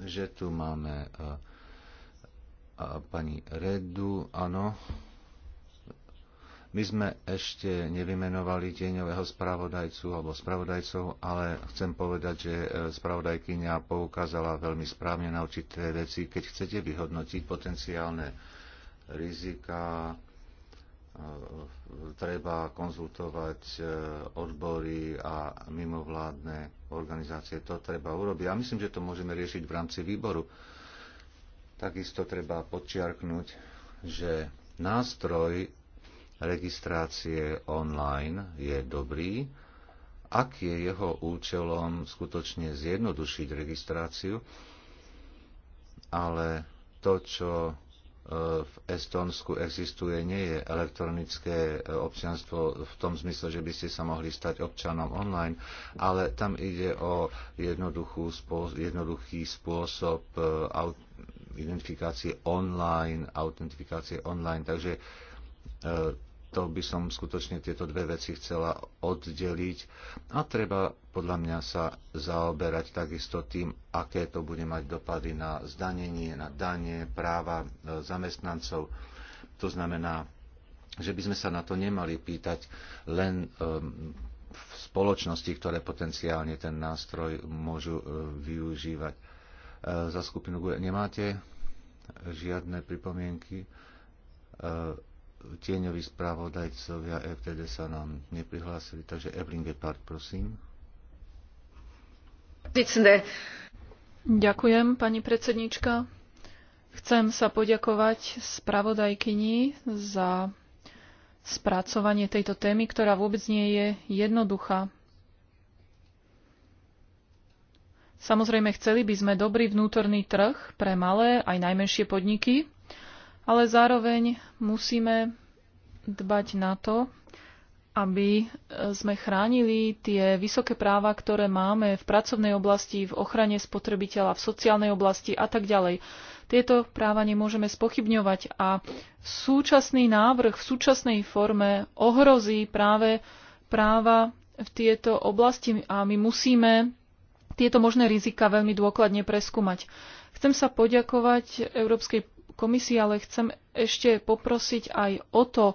že tu máme a, a pani Redu, áno. My sme ešte nevymenovali tieňového spravodajcu alebo spravodajcov, ale chcem povedať, že e, spravodajkyňa poukázala veľmi správne na určité veci. Keď chcete vyhodnotiť potenciálne rizika, treba konzultovať e, odbory a mimovládne organizácie. To treba urobiť. a myslím, že to môžeme riešiť v rámci výboru. Takisto treba podčiarknúť, že nástroj registrácie online je dobrý, ak je jeho účelom skutočne zjednodušiť registráciu, ale to, čo v Estonsku existuje, nie je elektronické e, občianstvo v tom zmysle, že by ste sa mohli stať občanom online, ale tam ide o jednoduchý spôsob e, identifikácie online, autentifikácie online. Takže e, to by som skutočne tieto dve veci chcela oddeliť a treba podľa mňa sa zaoberať takisto tým, aké to bude mať dopady na zdanenie, na danie, práva e, zamestnancov. To znamená, že by sme sa na to nemali pýtať len e, v spoločnosti, ktoré potenciálne ten nástroj môžu e, využívať. Za skupinu nemáte žiadne pripomienky? tieňoví správodajcovia FTD sa nám neprihlásili, takže Evelyn Gepard, prosím. Ďakujem, pani predsednička. Chcem sa poďakovať spravodajkyni za spracovanie tejto témy, ktorá vôbec nie je jednoduchá. Samozrejme, chceli by sme dobrý vnútorný trh pre malé aj najmenšie podniky, ale zároveň musíme dbať na to, aby e, sme chránili tie vysoké práva, ktoré máme v pracovnej oblasti, v ochrane spotrebiteľa, v sociálnej oblasti a tak ďalej. Tieto práva nemôžeme spochybňovať a súčasný návrh v súčasnej forme ohrozí práve práva v tieto oblasti a my musíme tieto možné rizika veľmi dôkladne preskúmať. Chcem sa poďakovať Európskej komisii, ale chcem ešte poprosiť aj o to,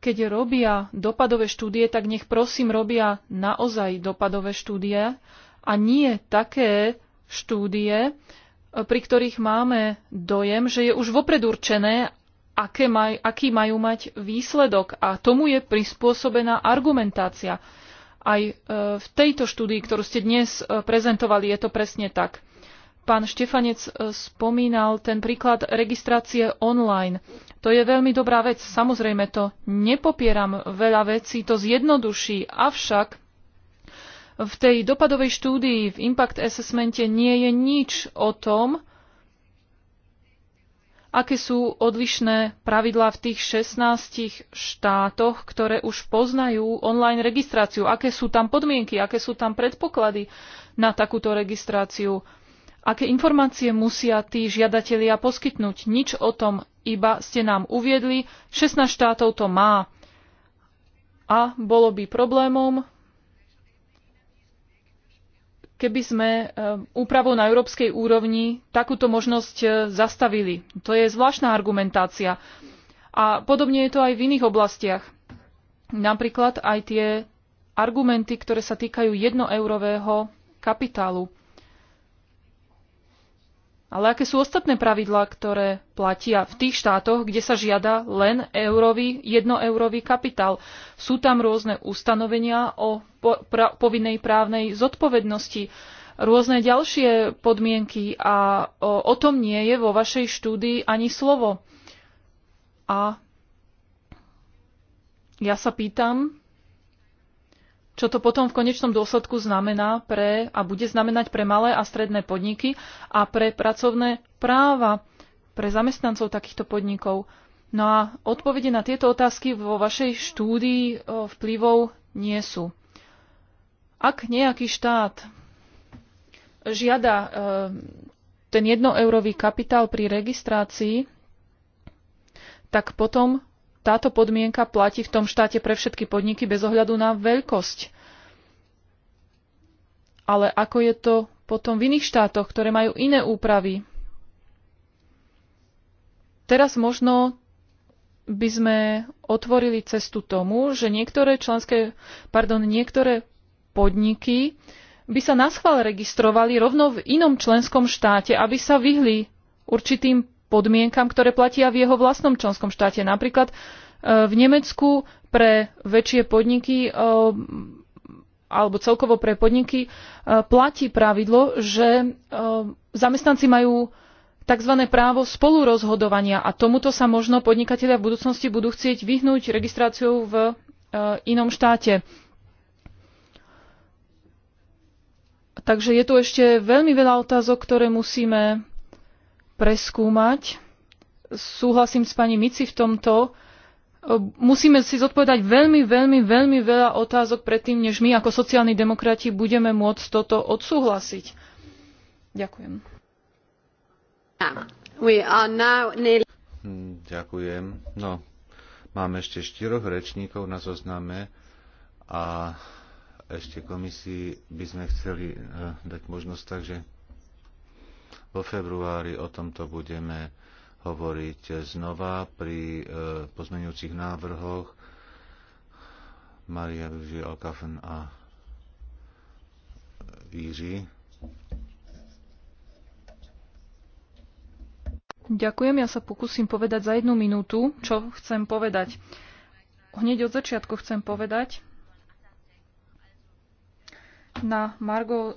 keď robia dopadové štúdie, tak nech prosím robia naozaj dopadové štúdie a nie také štúdie, pri ktorých máme dojem, že je už vopred určené, aké maj, aký majú mať výsledok a tomu je prispôsobená argumentácia. Aj e, v tejto štúdii, ktorú ste dnes e, prezentovali, je to presne tak pán Štefanec e, spomínal ten príklad registrácie online. To je veľmi dobrá vec. Samozrejme to nepopieram veľa vecí, to zjednoduší. Avšak v tej dopadovej štúdii v Impact Assessmente nie je nič o tom, aké sú odlišné pravidlá v tých 16 štátoch, ktoré už poznajú online registráciu, aké sú tam podmienky, aké sú tam predpoklady na takúto registráciu aké informácie musia tí žiadatelia poskytnúť. Nič o tom, iba ste nám uviedli, 16 štátov to má. A bolo by problémom, keby sme e, úpravou na európskej úrovni takúto možnosť e, zastavili. To je zvláštna argumentácia. A podobne je to aj v iných oblastiach. Napríklad aj tie argumenty, ktoré sa týkajú jednoeurového kapitálu. Ale aké sú ostatné pravidlá, ktoré platia v tých štátoch, kde sa žiada len eurový, jednoeurový kapitál? Sú tam rôzne ustanovenia o po, pra, povinnej právnej zodpovednosti, rôzne ďalšie podmienky a o, o tom nie je vo vašej štúdii ani slovo. A ja sa pýtam, čo to potom v konečnom dôsledku znamená pre, a bude znamenať pre malé a stredné podniky a pre pracovné práva pre zamestnancov takýchto podnikov. No a odpovede na tieto otázky vo vašej štúdii e, vplyvov nie sú. Ak nejaký štát žiada e, ten jednoeurový kapitál pri registrácii, tak potom táto podmienka platí v tom štáte pre všetky podniky bez ohľadu na veľkosť. Ale ako je to potom v iných štátoch, ktoré majú iné úpravy? Teraz možno by sme otvorili cestu tomu, že niektoré členské, pardon, niektoré podniky by sa na schvál registrovali rovno v inom členskom štáte, aby sa vyhli určitým podmienkam, ktoré platia v jeho vlastnom členskom štáte. Napríklad e, v Nemecku pre väčšie podniky e, alebo celkovo pre podniky e, platí pravidlo, že zamestnanci majú tzv. právo spolurozhodovania a tomuto sa možno podnikatelia v budúcnosti budú chcieť vyhnúť registráciou v inom štáte. Takže je tu ešte veľmi veľa otázok, ktoré musíme preskúmať. Súhlasím s pani Mici v tomto. Musíme si zodpovedať veľmi, veľmi, veľmi veľa otázok predtým, než my ako sociálni demokrati budeme môcť toto odsúhlasiť. Ďakujem. Ah, hmm, ďakujem. No, máme ešte štyroch rečníkov na zozname a ešte komisii by sme chceli eh, dať možnosť, takže vo februári o tomto budeme hovoriť znova pri e, pozmeňujúcich návrhoch. Maria Virži Alkafen a Jiří. Ďakujem, ja sa pokúsim povedať za jednu minútu, čo chcem povedať. Hneď od začiatku chcem povedať na Margo e,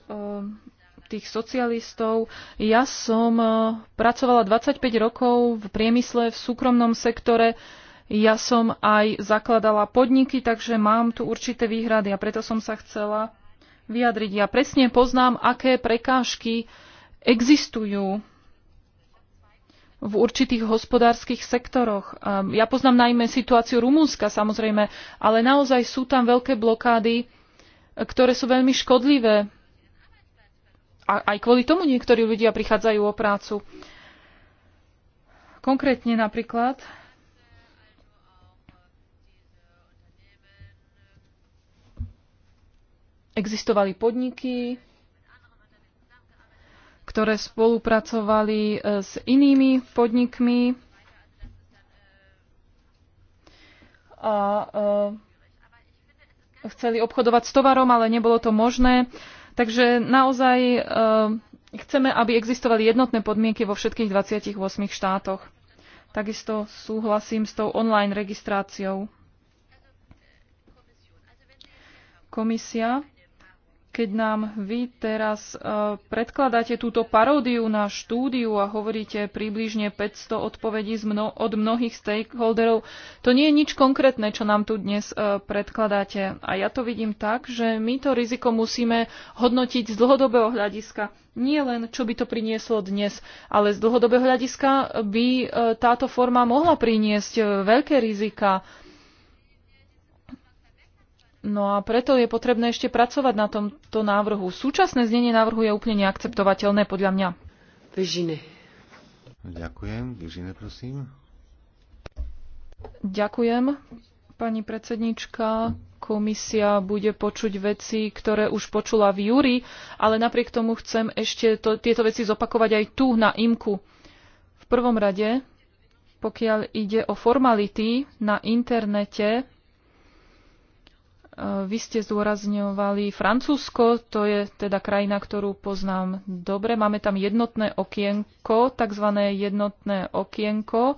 tých socialistov. Ja som e, pracovala 25 rokov v priemysle, v súkromnom sektore. Ja som aj zakladala podniky, takže mám tu určité výhrady a preto som sa chcela vyjadriť. Ja presne poznám, aké prekážky existujú v určitých hospodárskych sektoroch. E, ja poznám najmä situáciu Rumúnska samozrejme, ale naozaj sú tam veľké blokády, e, ktoré sú veľmi škodlivé a aj kvôli tomu niektorí ľudia prichádzajú o prácu. Konkrétne napríklad existovali podniky, ktoré spolupracovali e, s inými podnikmi a e, chceli obchodovať s tovarom, ale nebolo to možné Takže naozaj e, chceme, aby existovali jednotné podmienky vo všetkých 28 štátoch. Takisto súhlasím s tou online registráciou. Komisia keď nám vy teraz e, predkladáte túto paródiu na štúdiu a hovoríte približne 500 odpovedí od mnohých stakeholderov, to nie je nič konkrétne, čo nám tu dnes e, predkladáte. A ja to vidím tak, že my to riziko musíme hodnotiť z dlhodobého hľadiska. Nie len, čo by to prinieslo dnes, ale z dlhodobého hľadiska by e, táto forma mohla priniesť veľké rizika No a preto je potrebné ešte pracovať na tomto návrhu. Súčasné znenie návrhu je úplne neakceptovateľné podľa mňa. Vyžine. Ďakujem. Vyžine, prosím. Ďakujem, pani predsednička. Komisia bude počuť veci, ktoré už počula v júri, ale napriek tomu chcem ešte to, tieto veci zopakovať aj tu na IMKU. V prvom rade, pokiaľ ide o formality na internete, vy ste zdôrazňovali Francúzsko, to je teda krajina, ktorú poznám dobre. Máme tam jednotné okienko, takzvané jednotné okienko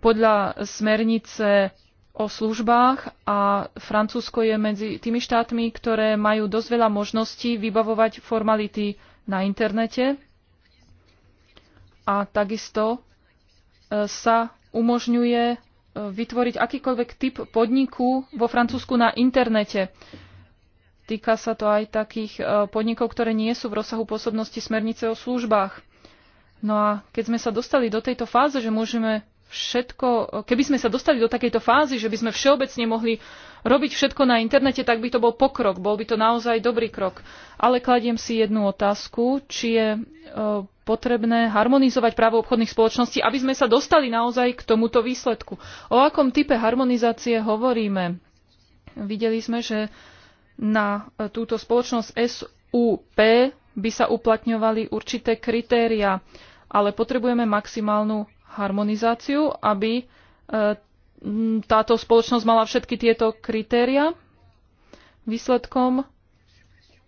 podľa smernice o službách a Francúzsko je medzi tými štátmi, ktoré majú dosť veľa možností vybavovať formality na internete a takisto e, sa umožňuje vytvoriť akýkoľvek typ podniku vo Francúzsku na internete. Týka sa to aj takých e, podnikov, ktoré nie sú v rozsahu pôsobnosti smernice o službách. No a keď sme sa dostali do tejto fáze, že môžeme všetko, keby sme sa dostali do takejto fázy, že by sme všeobecne mohli robiť všetko na internete, tak by to bol pokrok, bol by to naozaj dobrý krok. Ale kladiem si jednu otázku, či je e, potrebné harmonizovať právo obchodných spoločností, aby sme sa dostali naozaj k tomuto výsledku. O akom type harmonizácie hovoríme? Videli sme, že na e, túto spoločnosť SUP by sa uplatňovali určité kritéria, ale potrebujeme maximálnu harmonizáciu, aby e, táto spoločnosť mala všetky tieto kritéria. Výsledkom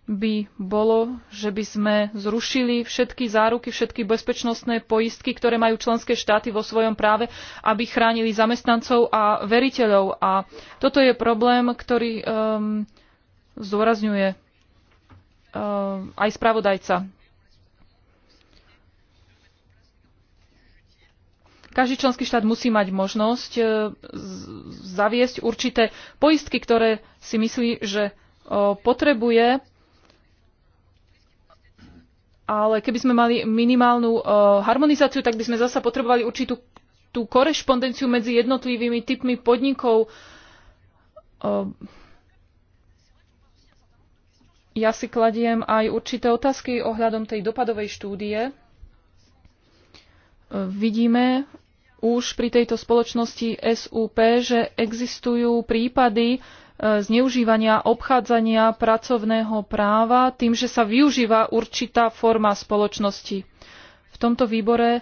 by bolo, že by sme zrušili všetky záruky, všetky bezpečnostné poistky, ktoré majú členské štáty vo svojom práve, aby chránili zamestnancov a veriteľov. A toto je problém, ktorý um, zdôrazňuje um, aj spravodajca. Každý členský štát musí mať možnosť e, zaviesť určité poistky, ktoré si myslí, že potrebuje. Ale keby sme mali minimálnu harmonizáciu, tak by sme zasa potrebovali určitú tú korešpondenciu medzi jednotlivými typmi podnikov. Ja si kladiem aj určité otázky ohľadom tej dopadovej štúdie. E, vidíme, už pri tejto spoločnosti SUP, že existujú prípady e, zneužívania, obchádzania pracovného práva tým, že sa využíva určitá forma spoločnosti. V tomto výbore e,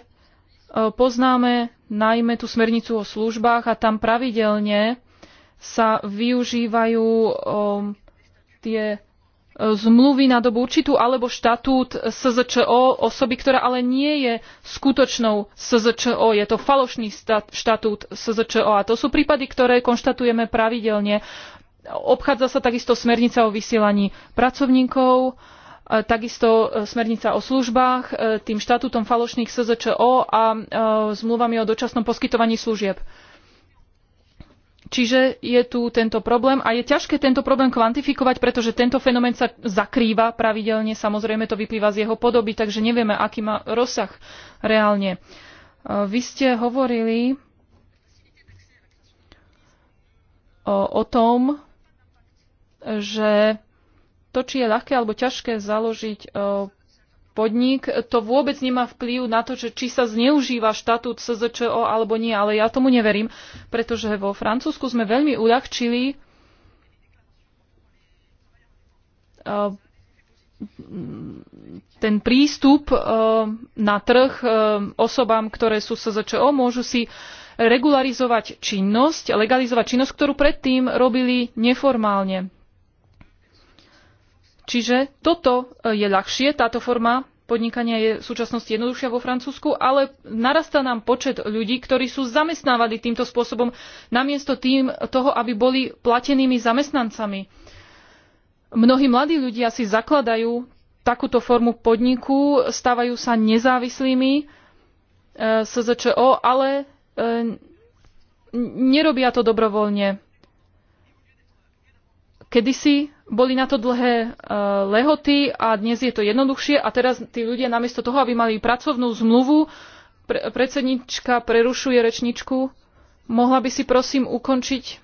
poznáme najmä tú smernicu o službách a tam pravidelne sa využívajú e, tie zmluvy na dobu určitú alebo štatút SZČO osoby, ktorá ale nie je skutočnou SZČO. Je to falošný štatút SZČO a to sú prípady, ktoré konštatujeme pravidelne. Obchádza sa takisto smernica o vysielaní pracovníkov, e, takisto e, smernica o službách, e, tým štatútom falošných SZČO a zmluvami o dočasnom poskytovaní služieb. Čiže je tu tento problém a je ťažké tento problém kvantifikovať, pretože tento fenomén sa zakrýva pravidelne, samozrejme to vyplýva z jeho podoby, takže nevieme, aký má rozsah reálne. E, vy ste hovorili o, o tom, že to, či je ľahké alebo ťažké založiť e, podnik, to vôbec nemá vplyv na to, že či sa zneužíva štatút SZČO alebo nie, ale ja tomu neverím, pretože vo Francúzsku sme veľmi uľahčili eh, ten prístup eh, na trh eh, osobám, ktoré sú SZČO, môžu si regularizovať činnosť, legalizovať činnosť, ktorú predtým robili neformálne. Čiže toto e, je ľahšie, táto forma podnikania je v súčasnosti jednoduchšia vo Francúzsku, ale narastá nám počet ľudí, ktorí sú zamestnávaní týmto spôsobom, namiesto tým toho, aby boli platenými zamestnancami. Mnohí mladí ľudia si zakladajú takúto formu podniku, stávajú sa nezávislými e, SZČO, ale e, nerobia to dobrovoľne. Kedysi boli na to dlhé uh, lehoty a dnes je to jednoduchšie a teraz tí ľudia namiesto toho, aby mali pracovnú zmluvu, pre, predsednička prerušuje rečničku. Mohla by si prosím ukončiť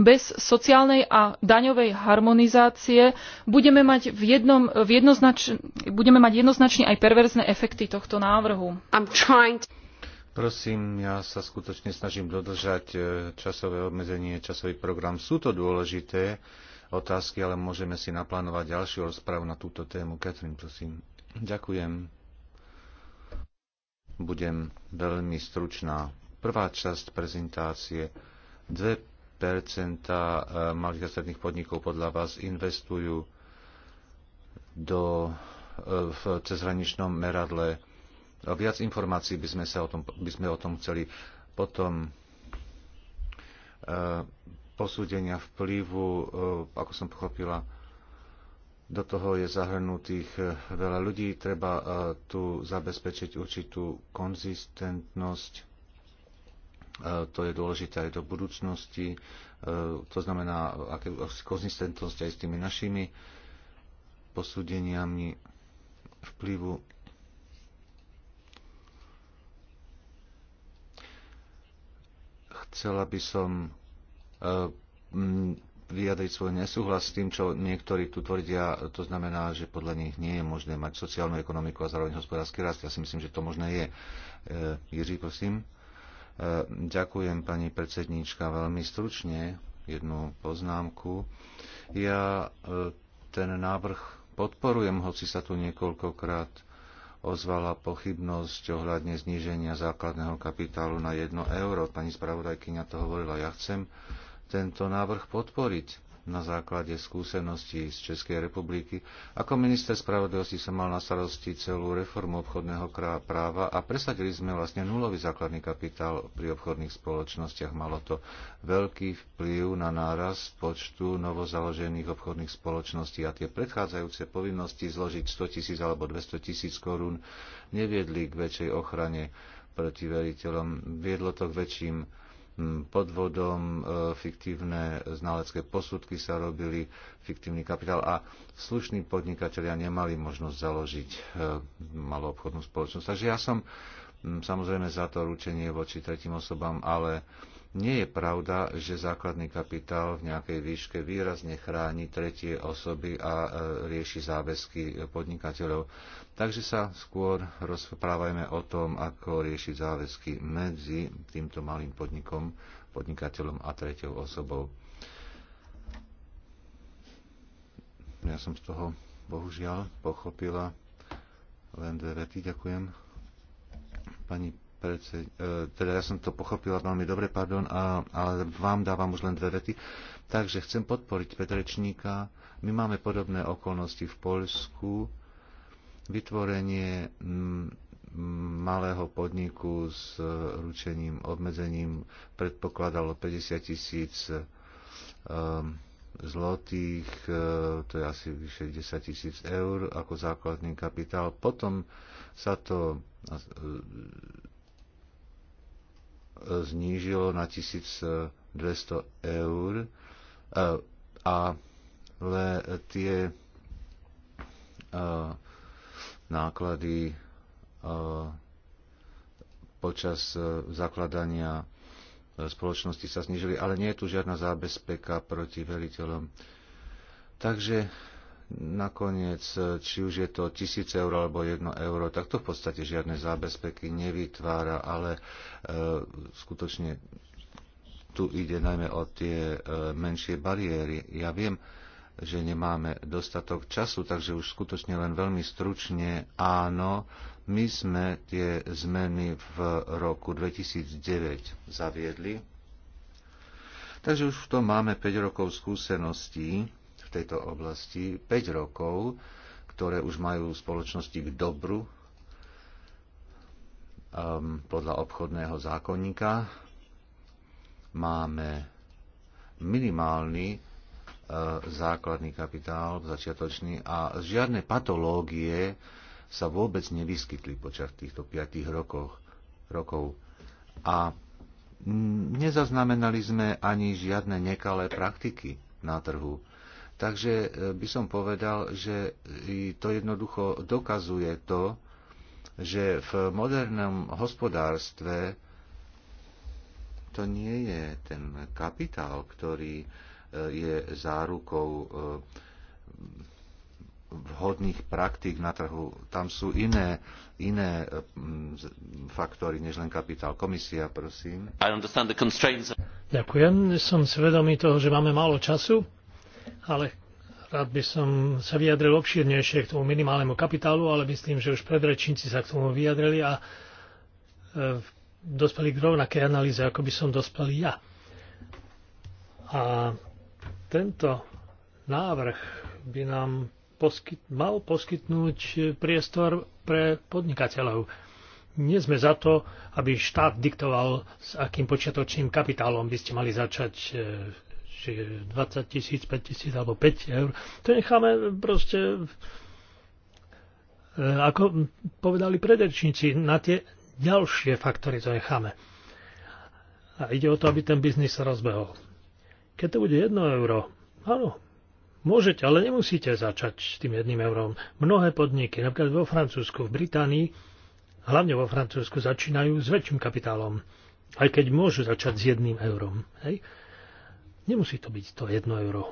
bez sociálnej a daňovej harmonizácie budeme mať, v jednom, v jednoznač, budeme mať jednoznačne aj perverzné efekty tohto návrhu. To... Prosím, ja sa skutočne snažím dodržať eh, časové obmedzenie, časový program. Sú to dôležité otázky, ale môžeme si naplánovať ďalšiu rozpravu na túto tému. Katrin, prosím. Ďakujem. Budem veľmi stručná. Prvá časť prezentácie. 2% e, malých a stredných podnikov podľa vás investujú do, e, v cezhraničnom meradle. E, viac informácií by sme, sa o tom, by sme o tom chceli. Potom posúdenia vplyvu, eh, ako som pochopila, do toho je zahrnutých eh, veľa ľudí. Treba eh, tu zabezpečiť určitú konzistentnosť. To je dôležité aj do budúcnosti. To znamená, aké konzistentnosť aj s tými našimi posúdeniami vplyvu. Chcela by som E, vyjadriť svoj nesúhlas s tým, čo niektorí tu tvrdia. To znamená, že podľa nich nie je možné mať sociálnu ekonomiku a zároveň hospodársky rast. Ja si myslím, že to možné je. E, Jiří, prosím. E, ďakujem, pani predsedníčka, veľmi stručne jednu poznámku. Ja ten návrh podporujem, hoci sa tu niekoľkokrát ozvala pochybnosť ohľadne zníženia základného kapitálu na 1 euro. Pani spravodajkyňa to hovorila, ja chcem tento návrh podporiť na základe skúseností z Českej republiky. Ako minister spravodlivosti som mal na starosti celú reformu obchodného práva a presadili sme vlastne nulový základný kapitál pri obchodných spoločnostiach. Malo to veľký vplyv na náraz počtu novozaložených obchodných spoločností a tie predchádzajúce povinnosti zložiť 100 tisíc alebo 200 tisíc korún neviedli k väčšej ochrane proti veriteľom. Viedlo to k väčším Hm, podvodom, e, fiktívne znalecké posudky sa robili, fiktívny kapitál a slušní podnikatelia nemali možnosť založiť e, malú obchodnú spoločnosť. Takže ja som hm, samozrejme za to ručenie voči tretím osobám, ale nie je pravda, že základný kapitál v nejakej výške výrazne chráni tretie osoby a e, rieši záväzky podnikateľov. Takže sa skôr rozprávajme o tom, ako riešiť záväzky medzi týmto malým podnikom, podnikateľom a tretiou osobou. Ja som z toho bohužiaľ pochopila len dve vety. Ďakujem. Pani predsed, e, teda ja som to pochopila veľmi dobre, pardon, a, ale vám dávam už len dve vety. Takže chcem podporiť Petrečníka. My máme podobné okolnosti v Poľsku. Vytvorenie malého podniku s e, ručením, obmedzením predpokladalo 50 tisíc e, zlotých, to je asi vyše 10 tisíc eur ako základný kapitál. Potom sa to znížilo na 1200 eur, e, le tie e, náklady e, počas zakladania spoločnosti sa znižili, ale nie je tu žiadna zábezpeka proti veliteľom. Takže nakoniec, či už je to 1000 eur alebo 1 euro, tak to v podstate žiadne zábezpeky nevytvára, ale e, skutočne tu ide najmä o tie e, menšie bariéry. Ja viem, že nemáme dostatok času, takže už skutočne len veľmi stručne áno, my sme tie zmeny v roku 2009 zaviedli. Takže už v tom máme 5 rokov skúseností v tejto oblasti 5 rokov, ktoré už majú spoločnosti k dobru um, podľa obchodného zákonníka. Máme minimálny uh, základný kapitál, začiatočný a žiadne patológie sa vôbec nevyskytli počas týchto 5 rokov, rokov. A nezaznamenali sme ani žiadne nekalé praktiky na trhu. Takže e, by som povedal, že to jednoducho dokazuje to, že v modernom hospodárstve to nie je ten kapitál, ktorý e, je zárukou e, vhodných praktík na trhu. Tam sú iné, iné mm, faktory než len kapitál. Komisia, prosím. Ďakujem. Som svedomý toho, že máme málo času ale rád by som sa vyjadril obšírnejšie k tomu minimálnemu kapitálu, ale myslím, že už predrečníci sa k tomu vyjadrili a e, dospeli k rovnakej analýze, ako by som dospel ja. A tento návrh by nám poskyt, mal poskytnúť priestor pre podnikateľov. Nie sme za to, aby štát diktoval, s akým počiatočným kapitálom by ste mali začať e, či 20 tisíc, 5 tisíc alebo 5 eur, to necháme proste, e, ako povedali predrečníci, na tie ďalšie faktory to necháme. A ide o to, aby ten biznis sa rozbehol. Keď to bude 1 euro, áno, môžete, ale nemusíte začať s tým 1 eurom. Mnohé podniky, napríklad vo Francúzsku, v Británii, hlavne vo Francúzsku, začínajú s väčším kapitálom aj keď môžu začať s jedným eurom. Hej? Nemusí to byť to 1 euro.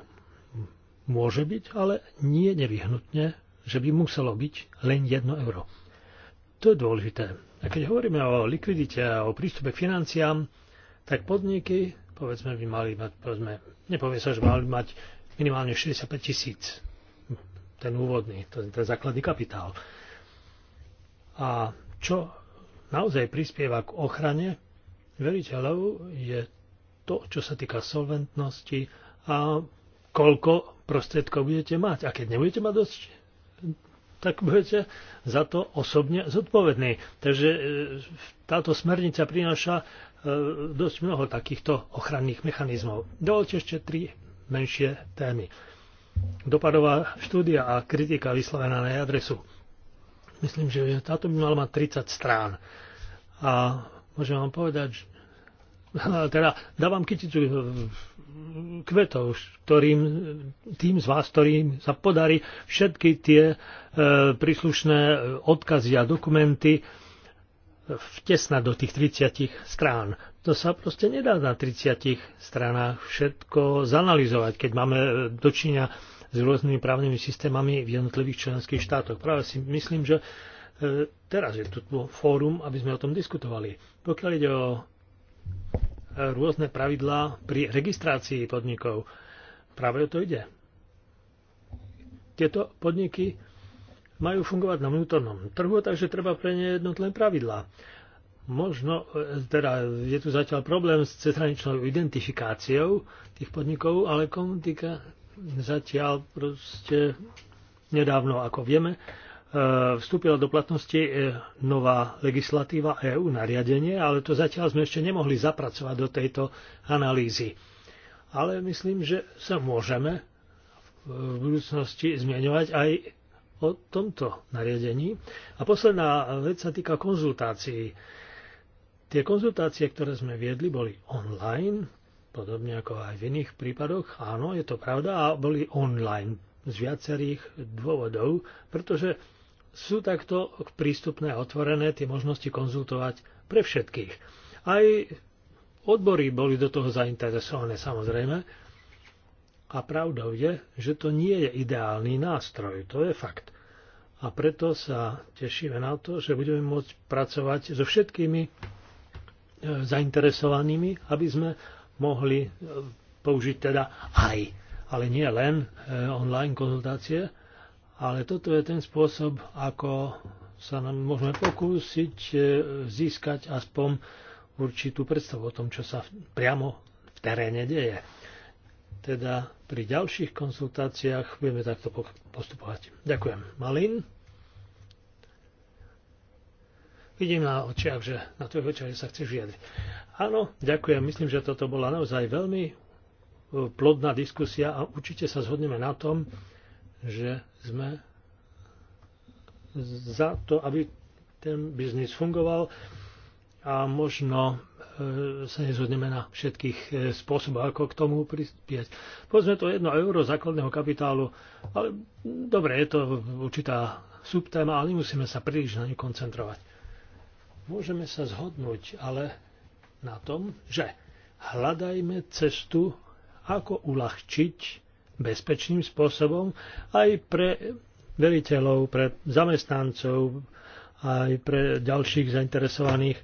Môže byť, ale nie nevyhnutne, že by muselo byť len 1 euro. To je dôležité. A keď hovoríme o likvidite a o prístupe k financiám, tak podniky, povedzme, by mali mať, povedzme, nepovie sa, že mali mať minimálne 65 tisíc. Ten úvodný, to ten základný kapitál. A čo naozaj prispieva k ochrane veriteľov je to, čo sa týka solventnosti a koľko prostriedkov budete mať. A keď nebudete mať dosť, tak budete za to osobne zodpovední. Takže e, táto smernica prináša e, dosť mnoho takýchto ochranných mechanizmov. Dovolte ešte tri menšie témy. Dopadová štúdia a kritika vyslovená na adresu. Myslím, že táto by mala mať 30 strán. A môžem vám povedať, teda dávam kyticu eh, kvetov, ktorým, tým z vás, ktorým sa podarí všetky tie e, príslušné odkazy a dokumenty eh, vtesnať do tých 30 strán. To sa proste nedá na 30 stranách všetko zanalizovať, keď máme dočinia s rôznymi právnymi systémami v jednotlivých členských štátoch. Práve si myslím, že teraz je tu fórum, aby sme o tom diskutovali. Pokiaľ ide o rôzne pravidlá pri registrácii podnikov. Práve o to ide. Tieto podniky majú fungovať na vnútornom trhu, takže treba pre ne jednotné pravidlá. Možno, e, teda je tu zatiaľ problém s cezhraničnou identifikáciou tých podnikov, ale komunika zatiaľ proste nedávno, ako vieme, vstúpila do platnosti e, nová legislatíva EÚ nariadenie, ale to zatiaľ sme ešte nemohli zapracovať do tejto analýzy. Ale myslím, že sa môžeme v budúcnosti zmieňovať aj o tomto nariadení. A posledná vec sa týka konzultácií. Tie konzultácie, ktoré sme viedli, boli online, podobne ako aj v iných prípadoch. Áno, je to pravda, a boli online z viacerých dôvodov, pretože sú takto prístupné a otvorené tie možnosti konzultovať pre všetkých. Aj odbory boli do toho zainteresované samozrejme. A pravdou je, že to nie je ideálny nástroj, to je fakt. A preto sa tešíme na to, že budeme môcť pracovať so všetkými e, zainteresovanými, aby sme mohli e, použiť teda aj, ale nie len e, online konzultácie, ale toto je ten spôsob, ako sa nám môžeme pokúsiť e, získať aspoň určitú predstavu o tom, čo sa priamo v teréne deje. Teda pri ďalších konsultáciách budeme takto postupovať. Ďakujem. Malin? Vidím na očiach, že na tvojich očiach sa chce žiadať. Áno, ďakujem. Myslím, že toto bola naozaj veľmi e, plodná diskusia a určite sa zhodneme na tom, že sme za to, aby ten biznis fungoval a možno e, sa nezhodneme na všetkých e, spôsoboch, ako k tomu prispieť. Povedzme to jedno euro základného kapitálu, ale dobre, je to určitá subtéma, ale nemusíme sa príliš na ňu koncentrovať. Môžeme sa zhodnúť ale na tom, že hľadajme cestu, ako uľahčiť bezpečným spôsobom aj pre veriteľov, pre zamestnancov, aj pre ďalších zainteresovaných e,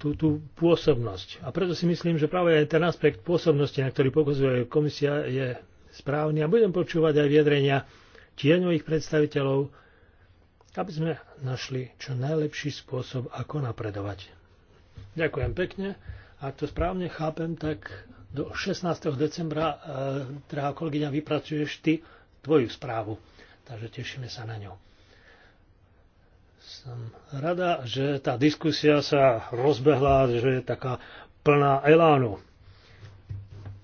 tú, tú pôsobnosť. A preto si myslím, že práve aj ten aspekt pôsobnosti, na ktorý pokazuje komisia, je správny. A budem počúvať aj viedrenia tieňových predstaviteľov, aby sme našli čo najlepší spôsob, ako napredovať. Ďakujem pekne. Ak to správne chápem, tak do 16. decembra, e, drahá kolegyňa, vypracuješ ty tvoju správu. Takže tešíme sa na ňu. Som rada, že tá diskusia sa rozbehla, že je taká plná elánu.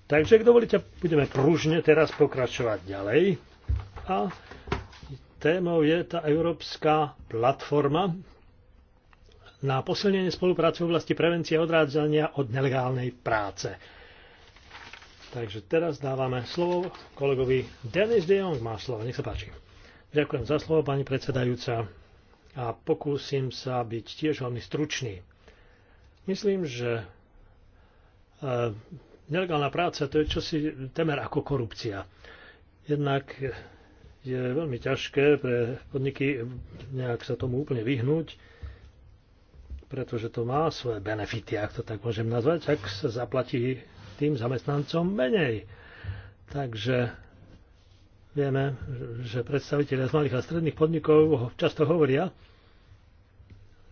Takže, ak dovolíte, budeme pružne teraz pokračovať ďalej. A témou je tá európska platforma na posilnenie spolupráce v oblasti prevencie a odrádzania od nelegálnej práce. Takže teraz dávame slovo kolegovi Denis de Jong. Má slovo, nech sa páči. Ďakujem za slovo, pani predsedajúca. A pokúsim sa byť tiež veľmi stručný. Myslím, že e, nelegálna práca to je čosi temer ako korupcia. Jednak je veľmi ťažké pre podniky nejak sa tomu úplne vyhnúť, pretože to má svoje benefity, ak to tak môžem nazvať, ak sa zaplatí tým zamestnancom menej. Takže vieme, že predstaviteľia z malých a stredných podnikov často hovoria,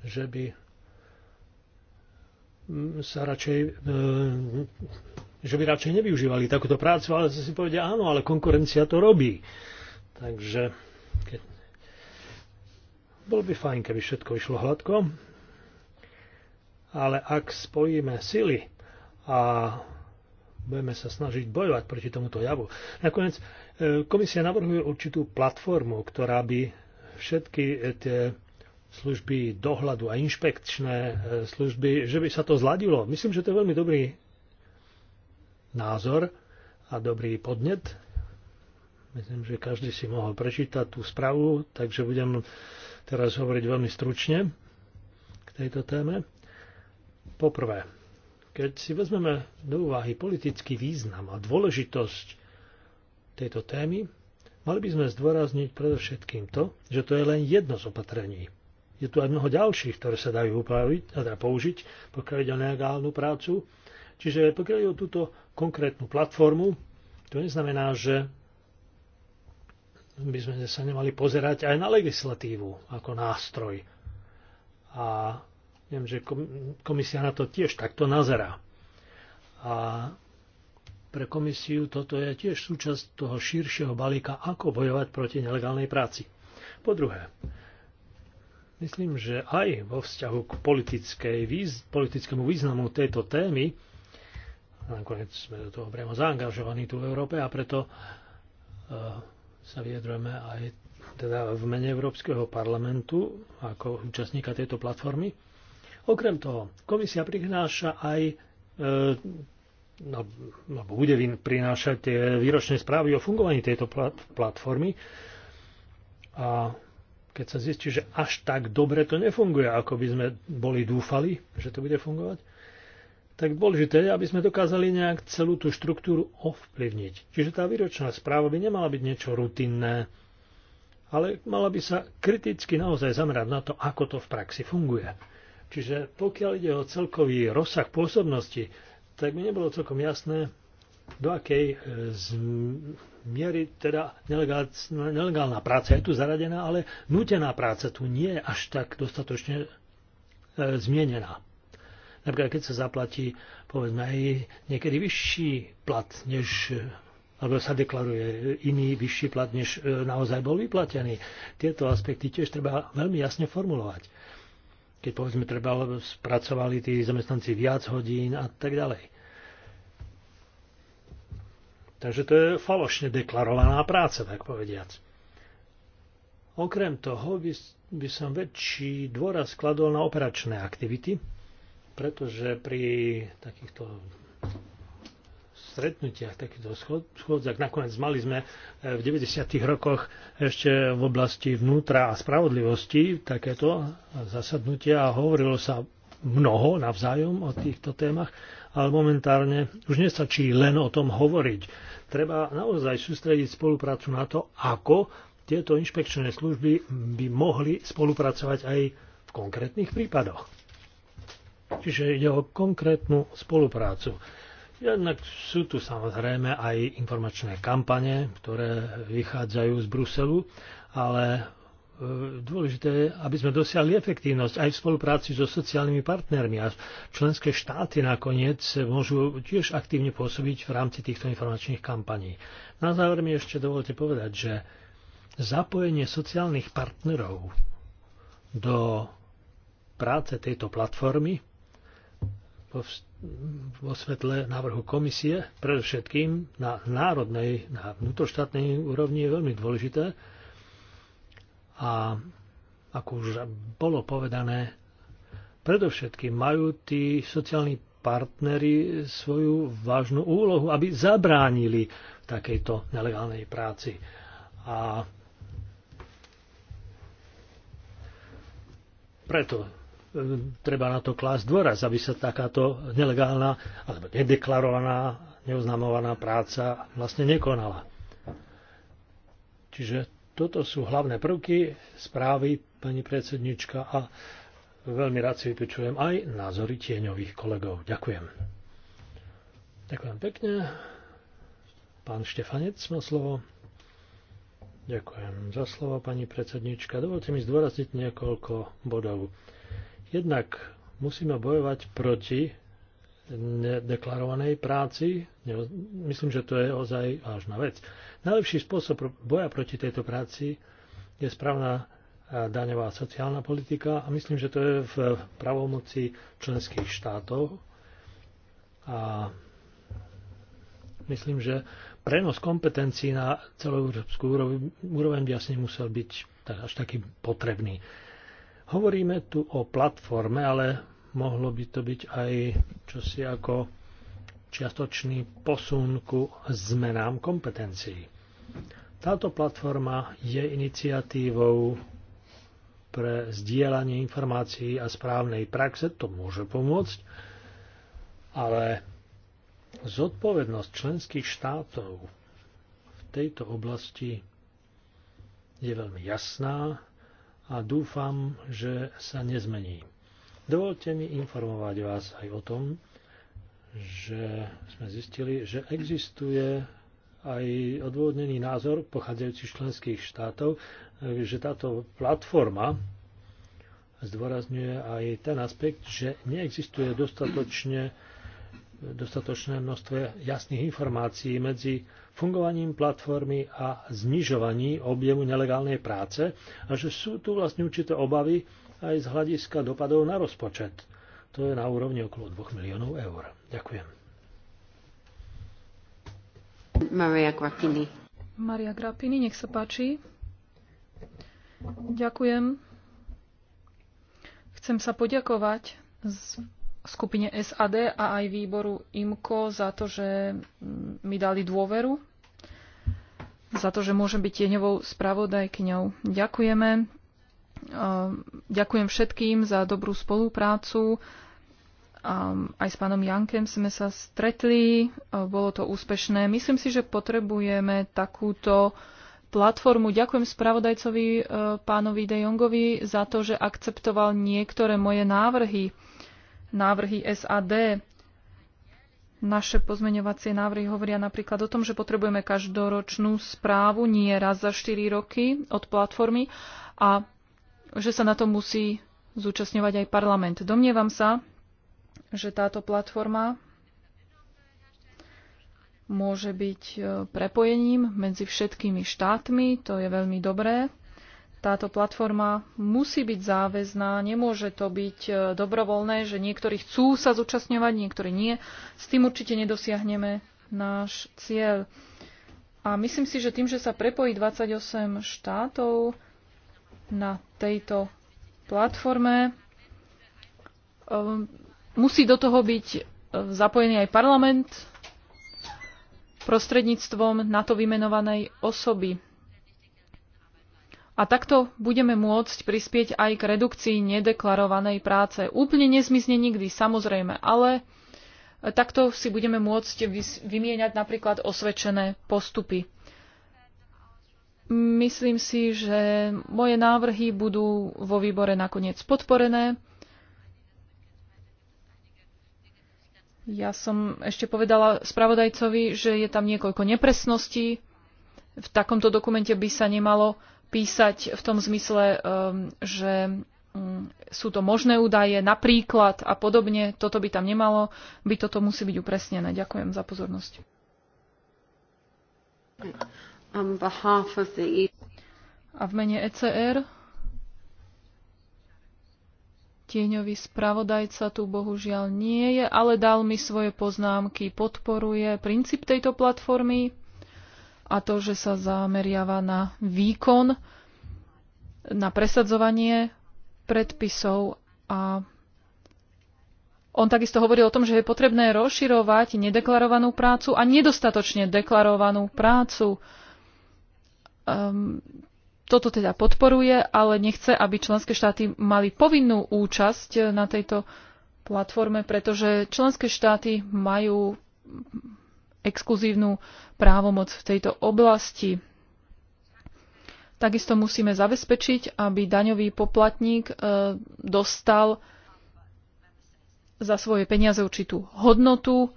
že by mm, sa radšej, mm, že by radšej nevyužívali takúto prácu, ale si povedia áno, ale konkurencia to robí. Takže keď... bolo by fajn, keby všetko išlo hladko, ale ak spojíme sily a budeme sa snažiť bojovať proti tomuto javu. Nakoniec e, komisia navrhuje určitú platformu, ktorá by všetky e, tie služby dohľadu a inšpekčné e, služby, že by sa to zladilo. Myslím, že to je veľmi dobrý názor a dobrý podnet. Myslím, že každý si mohol prečítať tú správu, takže budem teraz hovoriť veľmi stručne k tejto téme. Poprvé, keď si vezmeme do úvahy politický význam a dôležitosť tejto témy, mali by sme zdôrazniť predovšetkým to, že to je len jedno z opatrení. Je tu aj mnoho ďalších, ktoré sa dajú upraviť, teda použiť, pokiaľ ide o nelegálnu prácu. Čiže pokiaľ ide o túto konkrétnu platformu, to neznamená, že by sme sa nemali pozerať aj na legislatívu ako nástroj. A Viem, že komisia na to tiež takto nazerá. A pre komisiu toto je tiež súčasť toho širšieho balíka, ako bojovať proti nelegálnej práci. Po druhé, myslím, že aj vo vzťahu k politickému významu tejto témy, nakoniec sme do toho priamo zaangažovaní tu v Európe a preto e, sa vyjadrujeme aj teda v mene Európskeho parlamentu ako účastníka tejto platformy, Okrem toho, komisia prihnáša aj e, no, no, bude prinášať e, výročné správy o fungovaní tejto plat- platformy a keď sa zistí, že až tak dobre to nefunguje, ako by sme boli dúfali, že to bude fungovať, tak dôležité je, aby sme dokázali nejak celú tú štruktúru ovplyvniť. Čiže tá výročná správa by nemala byť niečo rutinné, ale mala by sa kriticky naozaj zamerať na to, ako to v praxi funguje. Čiže pokiaľ ide o celkový rozsah pôsobnosti, tak mi nebolo celkom jasné, do akej e, z miery teda nelegálna práca je tu zaradená, ale nutená práca tu nie je až tak dostatočne e, zmienená. Napríklad, keď sa zaplatí, povedzme, aj niekedy vyšší plat, než e, alebo sa deklaruje iný vyšší plat, než naozaj bol vyplatený. Tieto aspekty tiež treba veľmi jasne formulovať keď povedzme treba spracovali tí zamestnanci viac hodín a tak ďalej. Takže to je falošne deklarovaná práca, tak povediac. Okrem toho by, by som väčší dôraz skladol na operačné aktivity, pretože pri takýchto stretnutiach, takýchto schôdzach. Nakoniec mali sme eh, v 90. rokoch ešte v oblasti vnútra a spravodlivosti takéto zasadnutia a hovorilo sa mnoho navzájom o týchto témach, ale momentárne už nestačí len o tom hovoriť. Treba naozaj sústrediť spoluprácu na to, ako tieto inšpekčné služby by mohli spolupracovať aj v konkrétnych prípadoch. Čiže ide o konkrétnu spoluprácu. Jednak sú tu samozrejme aj informačné kampane, ktoré vychádzajú z Bruselu, ale e, dôležité je, aby sme dosiahli efektívnosť aj v spolupráci so sociálnymi partnermi a členské štáty nakoniec môžu tiež aktívne pôsobiť v rámci týchto informačných kampaní. Na záver mi ešte dovolte povedať, že zapojenie sociálnych partnerov do práce tejto platformy vo svetle návrhu komisie, predovšetkým na národnej, na vnútroštátnej úrovni je veľmi dôležité. A ako už bolo povedané, predovšetkým majú tí sociálni partnery svoju vážnu úlohu, aby zabránili takejto nelegálnej práci. A preto treba na to klásť dôraz, aby sa takáto nelegálna alebo nedeklarovaná, neoznamovaná práca vlastne nekonala. Čiže toto sú hlavné prvky správy pani predsednička a veľmi rád si vypočujem aj názory tieňových kolegov. Ďakujem. Ďakujem pekne. Pán Štefanec má slovo. Ďakujem za slovo, pani predsednička. Dovolte mi zdôrazniť niekoľko bodov. Jednak musíme bojovať proti nedeklarovanej práci. Myslím, že to je ozaj vážna vec. Najlepší spôsob boja proti tejto práci je správna e, daňová sociálna politika a myslím, že to je v pravomoci členských štátov. A myslím, že prenos kompetencií na celú európsku úroveň by asi nemusel byť až taký potrebný. Hovoríme tu o platforme, ale mohlo by to byť aj čosi ako čiastočný posun ku zmenám kompetencií. Táto platforma je iniciatívou pre zdieľanie informácií a správnej praxe, to môže pomôcť, ale zodpovednosť členských štátov v tejto oblasti je veľmi jasná a dúfam, že sa nezmení. Dovolte mi informovať vás aj o tom, že sme zistili, že existuje aj odvodnený názor pochádzajúcich členských štátov, že táto platforma zdôrazňuje aj ten aspekt, že neexistuje dostatočne dostatočné množstvo jasných informácií medzi fungovaním platformy a znižovaní objemu nelegálnej práce a že sú tu vlastne určité obavy aj z hľadiska dopadov na rozpočet. To je na úrovni okolo 2 miliónov eur. Ďakujem. Maria Grappini. Maria Grappini, nech sa páči. Ďakujem. Chcem sa poďakovať skupine SAD a aj výboru IMCO za to, že mm, mi dali dôveru, za to, že môžem byť tieňovou spravodajkňou. Ďakujeme. E, ďakujem všetkým za dobrú spoluprácu. E, aj s pánom Jankem sme sa stretli, e, bolo to úspešné. Myslím si, že potrebujeme takúto platformu. Ďakujem spravodajcovi pánovi De Jongovi za to, že akceptoval niektoré moje návrhy návrhy SAD. Naše pozmeňovacie návrhy hovoria napríklad o tom, že potrebujeme každoročnú správu, nie raz za 4 roky od platformy a že sa na to musí zúčastňovať aj parlament. Domnievam sa, že táto platforma môže byť e, prepojením medzi všetkými štátmi, to je veľmi dobré. Táto platforma musí byť záväzná, nemôže to byť e, dobrovoľné, že niektorí chcú sa zúčastňovať, niektorí nie. S tým určite nedosiahneme náš cieľ. A myslím si, že tým, že sa prepojí 28 štátov na tejto platforme, e, musí do toho byť e, zapojený aj parlament prostredníctvom na to vymenovanej osoby. A takto budeme môcť prispieť aj k redukcii nedeklarovanej práce. Úplne nezmizne nikdy, samozrejme, ale takto si budeme môcť vymieňať napríklad osvedčené postupy. Myslím si, že moje návrhy budú vo výbore nakoniec podporené. Ja som ešte povedala spravodajcovi, že je tam niekoľko nepresností. V takomto dokumente by sa nemalo písať v tom zmysle, um, že mm, sú to možné údaje, napríklad a podobne. Toto by tam nemalo by toto musí byť upresnené. Ďakujem za pozornosť. E- a v mene ECR tieňový spravodajca tu bohužiaľ nie je, ale dal mi svoje poznámky, podporuje princíp tejto platformy, a to, že sa zameriava na výkon, na presadzovanie predpisov a on takisto hovoril o tom, že je potrebné rozširovať nedeklarovanú prácu a nedostatočne deklarovanú prácu. Um, toto teda podporuje, ale nechce, aby členské štáty mali povinnú účasť na tejto platforme, pretože členské štáty majú exkluzívnu právomoc v tejto oblasti. Takisto musíme zabezpečiť, aby daňový poplatník e, dostal za svoje peniaze určitú hodnotu,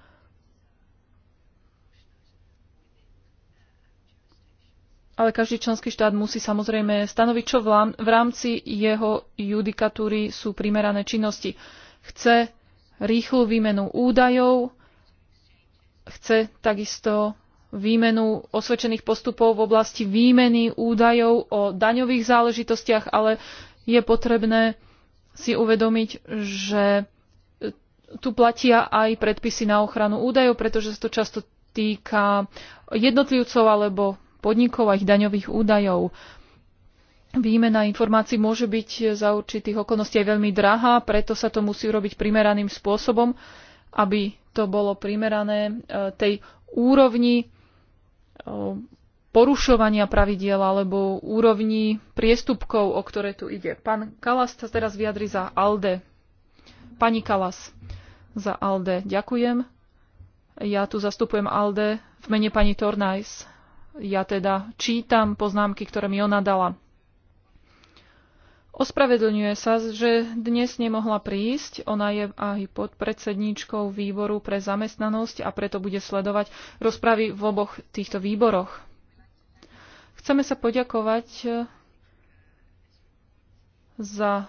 ale každý členský štát musí samozrejme stanoviť, čo v rámci jeho judikatúry sú primerané činnosti. Chce rýchlu výmenu údajov, chce takisto výmenu osvedčených postupov v oblasti výmeny údajov o daňových záležitostiach, ale je potrebné si uvedomiť, že e, tu platia aj predpisy na ochranu údajov, pretože sa to často týka jednotlivcov alebo podnikov a ich daňových údajov. Výmena informácií môže byť za určitých okolností aj veľmi drahá, preto sa to musí robiť primeraným spôsobom aby to bolo primerané e, tej úrovni e, porušovania pravidiel alebo úrovni priestupkov, o ktoré tu ide. Pán Kalas sa teraz vyjadri za ALDE. Pani Kalas za ALDE. Ďakujem. Ja tu zastupujem ALDE v mene pani Tornajs. Ja teda čítam poznámky, ktoré mi ona dala. Ospravedlňuje sa, že dnes nemohla prísť. Ona je aj podpredsedníčkou výboru pre zamestnanosť a preto bude sledovať rozpravy v oboch týchto výboroch. Chceme sa poďakovať eh, za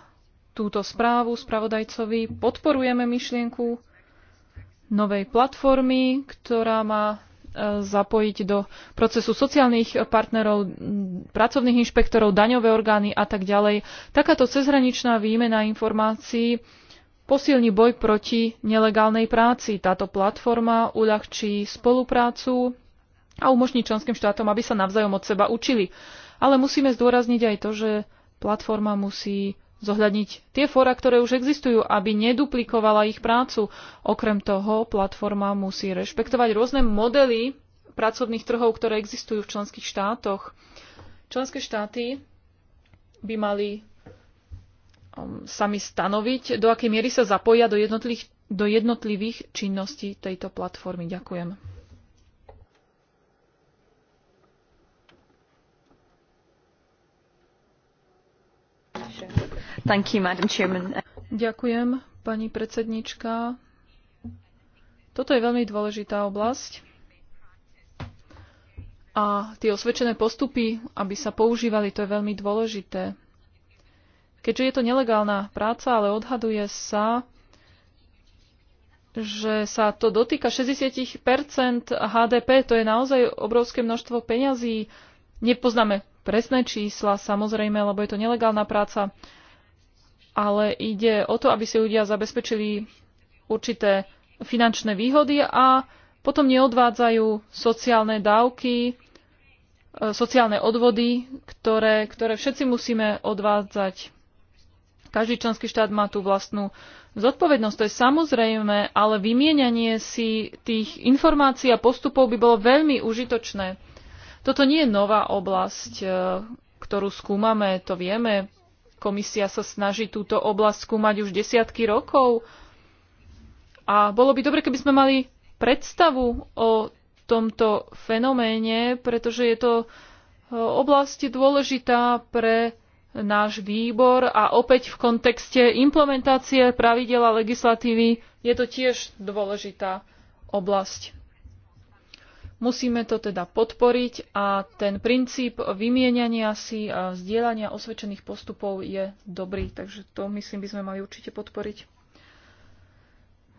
túto správu spravodajcovi. Podporujeme myšlienku novej platformy, ktorá má E, zapojiť do procesu sociálnych partnerov, pracovných inšpektorov, daňové orgány a tak ďalej. Takáto cezhraničná výmena informácií posilní boj proti nelegálnej práci. Táto platforma uľahčí spoluprácu a umožní členským štátom, aby sa navzájom od seba učili. Ale musíme zdôrazniť aj to, že platforma musí zohľadniť tie fóra, ktoré už existujú, aby neduplikovala ich prácu. Okrem toho, platforma musí rešpektovať rôzne modely pracovných trhov, ktoré existujú v členských štátoch. Členské štáty by mali um, sami stanoviť, do akej miery sa zapoja do jednotlivých, do jednotlivých činností tejto platformy. Ďakujem. Ďakujem, pani predsednička. Toto je veľmi dôležitá oblasť a tie osvedčené postupy, aby sa používali, to je veľmi dôležité. Keďže je to nelegálna práca, ale odhaduje sa, že sa to dotýka 60 HDP, to je naozaj obrovské množstvo peňazí. Nepoznáme presné čísla, samozrejme, lebo je to nelegálna práca ale ide o to, aby si ľudia zabezpečili určité finančné výhody a potom neodvádzajú sociálne dávky, e, sociálne odvody, ktoré, ktoré všetci musíme odvádzať. Každý členský štát má tú vlastnú zodpovednosť, to je samozrejme, ale vymienianie si tých informácií a postupov by bolo veľmi užitočné. Toto nie je nová oblasť, e, ktorú skúmame, to vieme. Komisia sa snaží túto oblasť skúmať už desiatky rokov. A bolo by dobre, keby sme mali predstavu o tomto fenoméne, pretože je to e, oblasť dôležitá pre náš výbor a opäť v kontexte implementácie pravidela legislatívy je to tiež dôležitá oblasť. Musíme to teda podporiť a ten princíp vymieniania si a zdieľania osvedčených postupov je dobrý, takže to myslím by sme mali určite podporiť.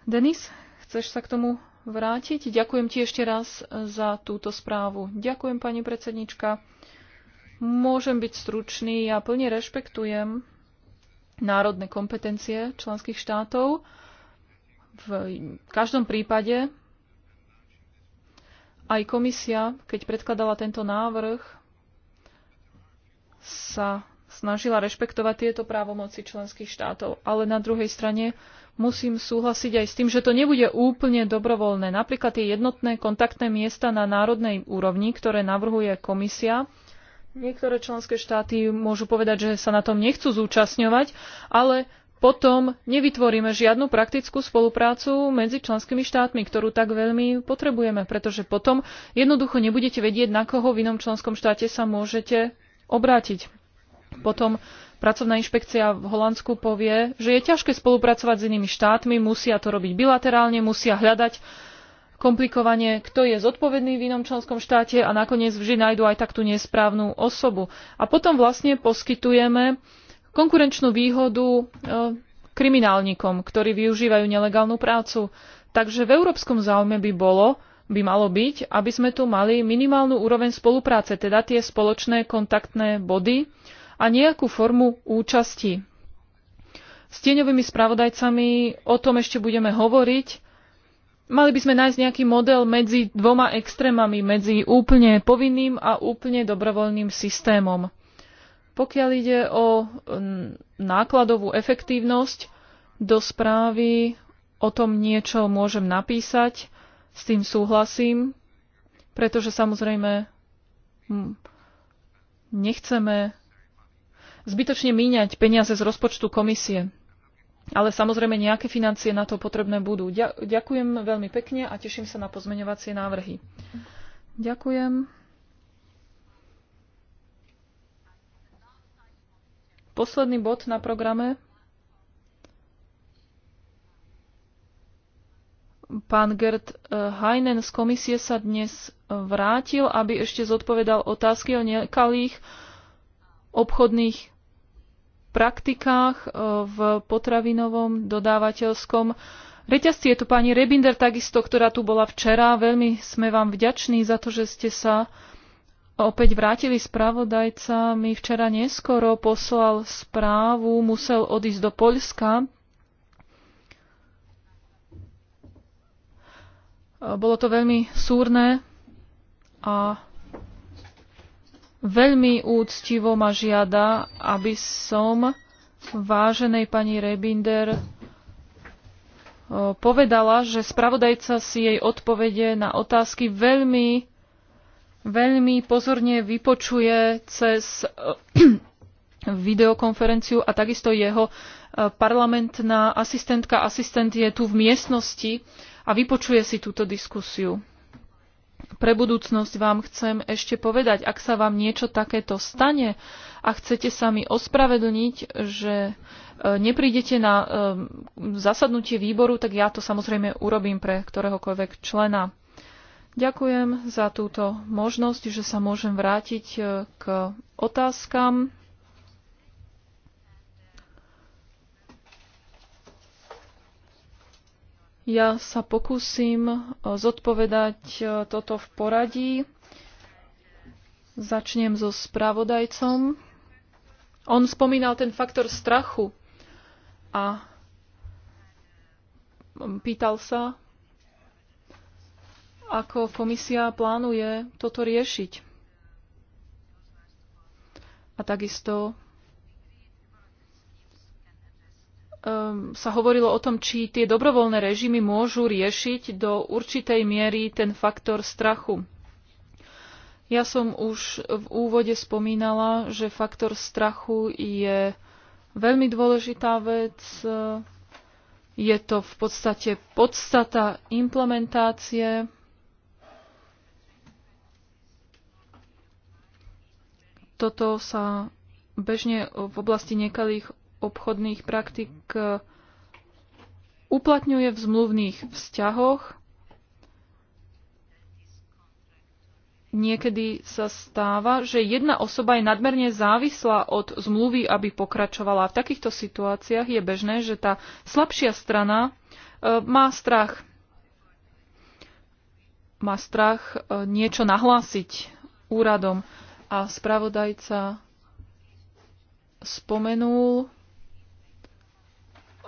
Denis, chceš sa k tomu vrátiť? Ďakujem ti ešte raz za túto správu. Ďakujem, pani predsednička. Môžem byť stručný, ja plne rešpektujem národné kompetencie členských štátov. V každom prípade aj komisia, keď predkladala tento návrh, sa snažila rešpektovať tieto právomoci členských štátov. Ale na druhej strane musím súhlasiť aj s tým, že to nebude úplne dobrovoľné. Napríklad tie jednotné kontaktné miesta na národnej úrovni, ktoré navrhuje komisia, niektoré členské štáty môžu povedať, že sa na tom nechcú zúčastňovať, ale potom nevytvoríme žiadnu praktickú spoluprácu medzi členskými štátmi, ktorú tak veľmi potrebujeme, pretože potom jednoducho nebudete vedieť, na koho v inom členskom štáte sa môžete obrátiť. Potom pracovná inšpekcia v Holandsku povie, že je ťažké spolupracovať s inými štátmi, musia to robiť bilaterálne, musia hľadať komplikovanie, kto je zodpovedný v inom členskom štáte a nakoniec vždy nájdú aj tak tú nesprávnu osobu. A potom vlastne poskytujeme konkurenčnú výhodu e, kriminálnikom, ktorí využívajú nelegálnu prácu. Takže v európskom záujme by bolo, by malo byť, aby sme tu mali minimálnu úroveň spolupráce, teda tie spoločné kontaktné body a nejakú formu účasti. S tieňovými spravodajcami o tom ešte budeme hovoriť. Mali by sme nájsť nejaký model medzi dvoma extrémami, medzi úplne povinným a úplne dobrovoľným systémom. Pokiaľ ide o mm, nákladovú efektívnosť, do správy o tom niečo môžem napísať, s tým súhlasím, pretože samozrejme mm, nechceme zbytočne míňať peniaze z rozpočtu komisie. Ale samozrejme nejaké financie na to potrebné budú. Ďakujem veľmi pekne a teším sa na pozmeňovacie návrhy. Ďakujem. Posledný bod na programe. Pán Gert eh, Heinen z komisie sa dnes vrátil, aby ešte zodpovedal otázky o nekalých obchodných praktikách eh, v potravinovom dodávateľskom reťazci. Je tu pani Rebinder takisto, ktorá tu bola včera. Veľmi sme vám vďační za to, že ste sa uh, opäť vrátili spravodajca. Mi včera neskoro poslal správu, musel odísť do Poľska. Bolo to veľmi súrne a veľmi úctivo ma žiada, aby som váženej pani Rebinder povedala, že spravodajca si jej odpovede na otázky veľmi veľmi pozorne vypočuje cez eh, videokonferenciu a takisto jeho eh, parlamentná asistentka, asistent je tu v miestnosti a vypočuje si túto diskusiu. Pre budúcnosť vám chcem ešte povedať, ak sa vám niečo takéto stane a chcete sa mi ospravedlniť, že eh, neprídete na zasadnutie výboru, tak ja to samozrejme urobím pre ktoréhokoľvek člena Ďakujem za túto možnosť, že sa môžem vrátiť e, k otázkam. Ja sa pokúsim e, zodpovedať e, toto v poradí. Začnem so spravodajcom. On spomínal ten faktor strachu a pýtal sa, ako komisia plánuje toto riešiť. A takisto um, sa hovorilo o tom, či tie dobrovoľné režimy môžu riešiť do určitej miery ten faktor strachu. Ja som už v úvode spomínala, že faktor strachu je veľmi dôležitá vec. Je to v podstate podstata implementácie Toto sa bežne v oblasti nekalých obchodných praktik eh, uplatňuje v zmluvných vzťahoch. Niekedy sa stáva, že jedna osoba je nadmerne závislá od zmluvy, aby pokračovala. V takýchto situáciách je bežné, že tá slabšia strana eh, má strach. Má strach eh, niečo nahlásiť úradom a spravodajca spomenul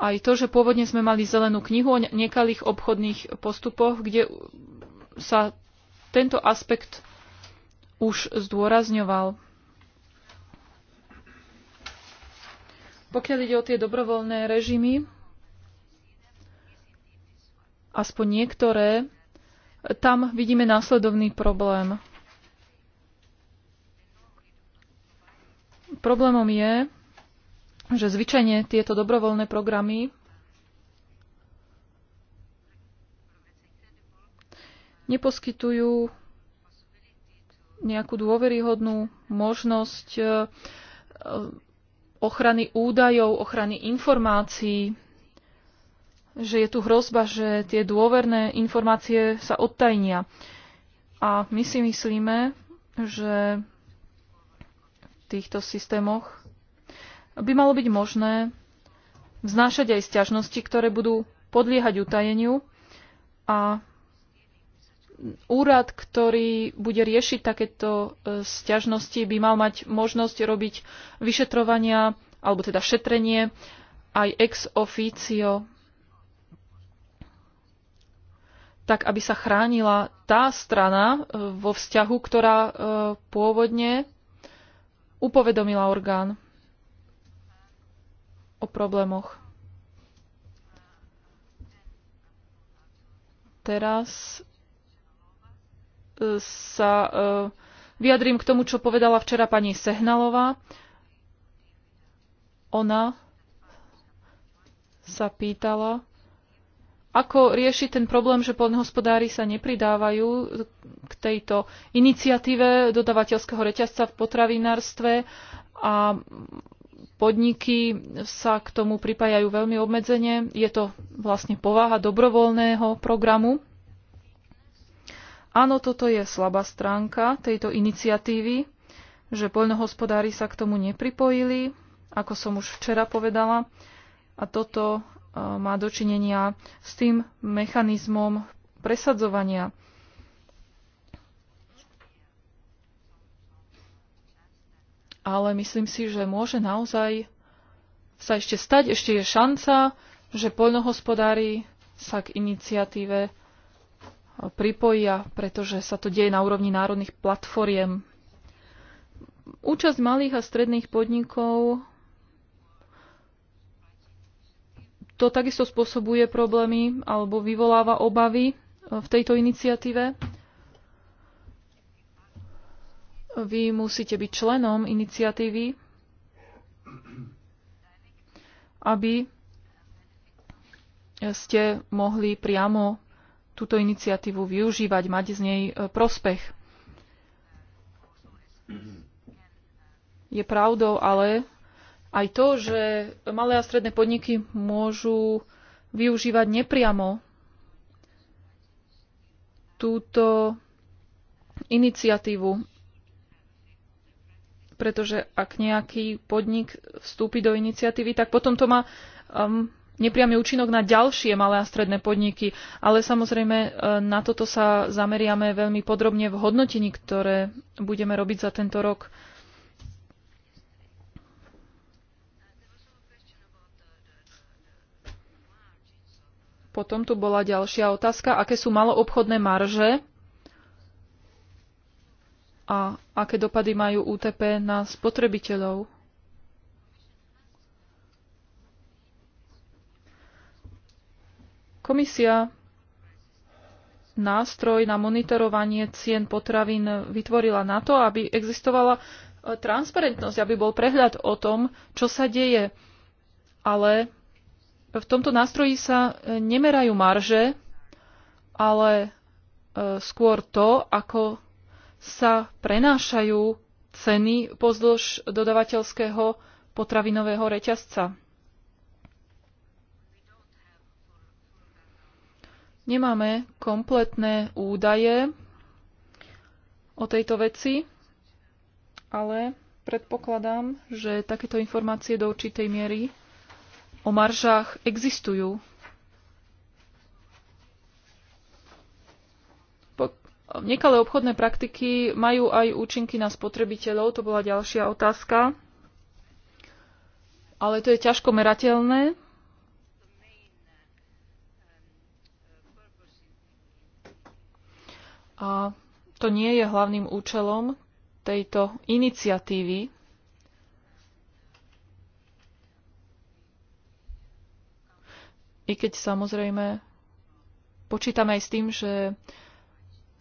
aj to, že pôvodne sme mali zelenú knihu o nekalých obchodných postupoch, kde sa tento aspekt už zdôrazňoval. Pokiaľ ide o tie dobrovoľné režimy, aspoň niektoré, tam vidíme následovný problém. Problémom je, že zvyčajne tieto dobrovoľné programy neposkytujú nejakú dôveryhodnú možnosť e, e, ochrany údajov, ochrany informácií, že je tu hrozba, že tie dôverné informácie sa odtajnia. A my si myslíme, že týchto systémoch by malo byť možné vznášať aj sťažnosti, ktoré budú podliehať utajeniu a úrad, ktorý bude riešiť takéto e, sťažnosti, by mal mať možnosť robiť vyšetrovania alebo teda šetrenie aj ex officio, tak aby sa chránila tá strana e, vo vzťahu, ktorá e, pôvodne upovedomila orgán o problémoch. Teraz e, sa e, vyjadrím k tomu, čo povedala včera pani Sehnalová. Ona sa pýtala, ako riešiť ten problém, že poľnohospodári sa nepridávajú k tejto iniciatíve dodavateľského reťazca v potravinárstve a podniky sa k tomu pripájajú veľmi obmedzene. Je to vlastne povaha dobrovoľného programu. Áno, toto je slabá stránka tejto iniciatívy, že poľnohospodári sa k tomu nepripojili, ako som už včera povedala. A toto E, má dočinenia s tým mechanizmom presadzovania. Ale myslím si, že môže naozaj sa ešte stať, ešte je šanca, že poľnohospodári sa k iniciatíve e, pripojia, pretože sa to deje na úrovni národných platformiem. Účasť malých a stredných podnikov to takisto spôsobuje problémy alebo vyvoláva obavy e, v tejto iniciatíve. Vy musíte byť členom iniciatívy, aby ste mohli priamo túto iniciatívu využívať, mať z nej e, prospech. Je pravdou ale, aj to, že malé a stredné podniky môžu využívať nepriamo túto iniciatívu, pretože ak nejaký podnik vstúpi do iniciatívy, tak potom to má um, nepriamy účinok na ďalšie malé a stredné podniky. Ale samozrejme uh, na toto sa zameriame veľmi podrobne v hodnotení, ktoré budeme robiť za tento rok. Potom tu bola ďalšia otázka, aké sú maloobchodné marže a aké dopady majú UTP na spotrebiteľov. Komisia nástroj na monitorovanie cien potravín vytvorila na to, aby existovala e, transparentnosť, aby bol prehľad o tom, čo sa deje. Ale v tomto nástroji sa e, nemerajú marže, ale e, skôr to, ako sa prenášajú ceny pozdĺž dodavateľského potravinového reťazca. Nemáme kompletné údaje o tejto veci, ale predpokladám, že takéto informácie do určitej miery o maržách existujú. Nekalé obchodné praktiky majú aj účinky na spotrebiteľov, to bola ďalšia otázka. Ale to je ťažko merateľné. A to nie je hlavným účelom tejto iniciatívy I keď samozrejme počítame aj s tým, že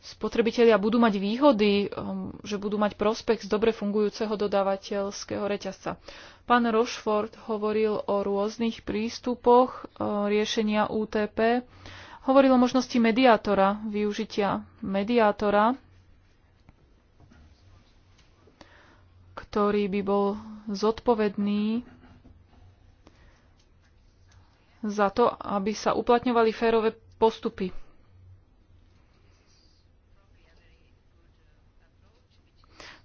spotrebitelia budú mať výhody, um, že budú mať prospekt z dobre fungujúceho dodávateľského reťazca. Pán Rochefort hovoril o rôznych prístupoch uh, riešenia UTP, hovoril o možnosti mediátora, využitia mediátora, ktorý by bol zodpovedný za to, aby sa uplatňovali férové postupy.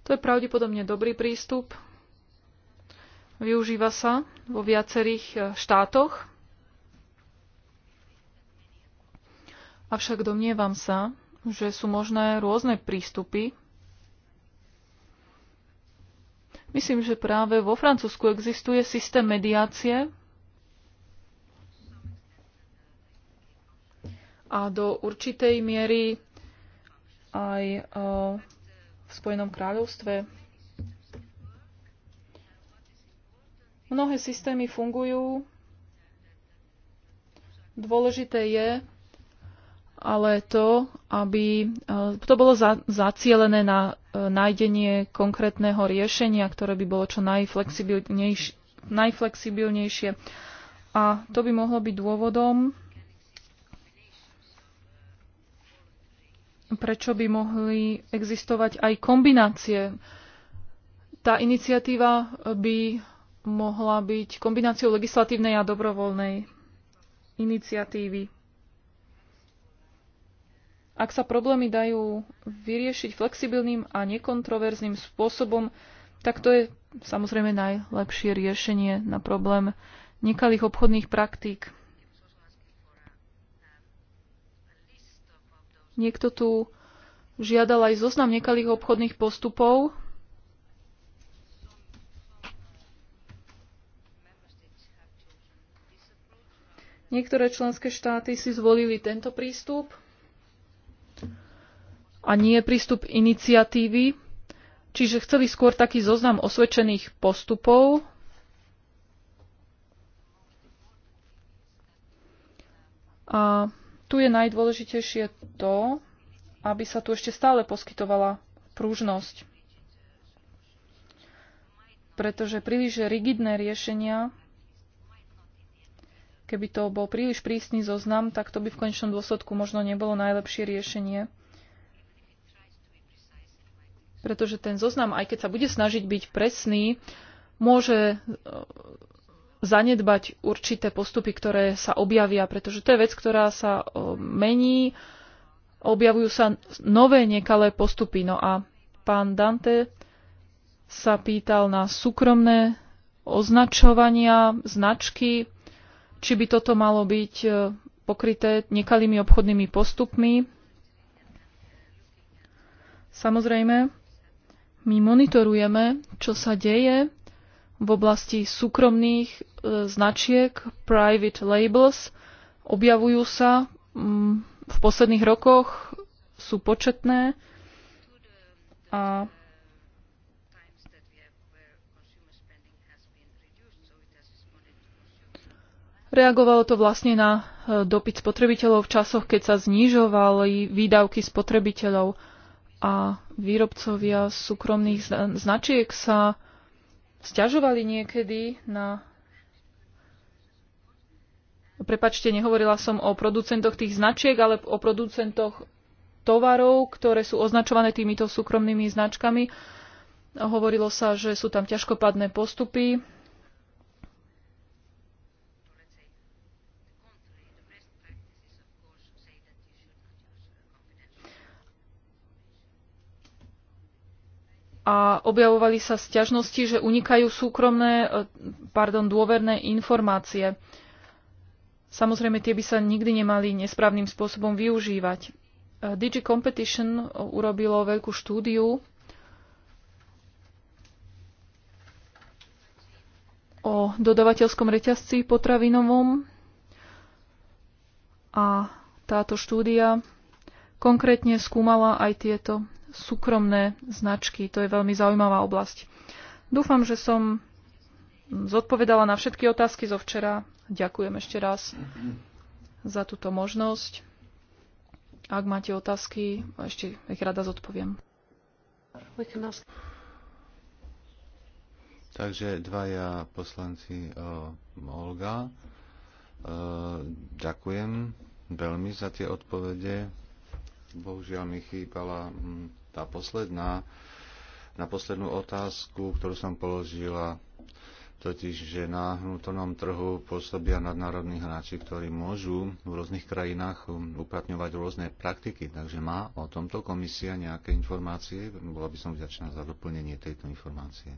To je pravdepodobne dobrý prístup. Využíva sa vo viacerých e, štátoch. Avšak domnievam sa, že sú možné rôzne prístupy. Myslím, že práve vo Francúzsku existuje systém mediácie, a do určitej miery aj e, v Spojenom kráľovstve. Mnohé systémy fungujú. Dôležité je ale to, aby e, to bolo za, zacielené na e, nájdenie konkrétneho riešenia, ktoré by bolo čo najflexibilnejšie. A to by mohlo byť dôvodom, prečo by mohli existovať aj kombinácie. Tá iniciatíva by mohla byť kombináciou legislatívnej a dobrovoľnej iniciatívy. Ak sa problémy dajú vyriešiť flexibilným a nekontroverzným spôsobom, tak to je samozrejme najlepšie riešenie na problém nekalých obchodných praktík. Niekto tu žiadal aj zoznam nekalých obchodných postupov. Niektoré členské štáty si zvolili tento prístup a nie prístup iniciatívy, čiže chceli skôr taký zoznam osvedčených postupov, a tu je najdôležitejšie to, aby sa tu ešte stále poskytovala prúžnosť. Pretože príliš rigidné riešenia, keby to bol príliš prísny zoznam, tak to by v konečnom dôsledku možno nebolo najlepšie riešenie. Pretože ten zoznam, aj keď sa bude snažiť byť presný, môže zanedbať určité postupy, ktoré sa objavia, pretože to je vec, ktorá sa eh, mení, objavujú sa nové nekalé postupy. No a pán Dante sa pýtal na súkromné označovania, značky, či by toto malo byť eh, pokryté nekalými obchodnými postupmi. Samozrejme, my monitorujeme, čo sa deje v oblasti súkromných e, značiek, private labels. Objavujú sa mm, v posledných rokoch, sú početné a Reagovalo to vlastne na e, dopyt spotrebiteľov v časoch, keď sa znižovali výdavky spotrebiteľov a výrobcovia súkromných značiek sa sťažovali niekedy na... Prepačte, nehovorila som o producentoch tých značiek, ale o producentoch tovarov, ktoré sú označované týmito súkromnými značkami. Hovorilo sa, že sú tam ťažkopadné postupy, a objavovali sa sťažnosti, že unikajú súkromné, e, pardon, dôverné informácie. Samozrejme, tie by sa nikdy nemali nesprávnym spôsobom využívať. E, Digi Competition urobilo veľkú štúdiu o dodavateľskom reťazci potravinovom a táto štúdia konkrétne skúmala aj tieto súkromné značky. To je veľmi zaujímavá oblasť. Dúfam, že som zodpovedala na všetky otázky zo včera. Ďakujem ešte raz za túto možnosť. Ak máte otázky, ešte ich rada zodpoviem. Takže dvaja poslanci uh, Olga. Uh, ďakujem veľmi za tie odpovede bohužiaľ mi chýbala mm, tá posledná, na poslednú otázku, ktorú som položila, totiž, že na vnútornom trhu pôsobia nadnárodní hráči, ktorí môžu v rôznych krajinách mm, uplatňovať rôzne praktiky. Takže má o tomto komisia nejaké informácie? Bola by som vďačná za doplnenie tejto informácie.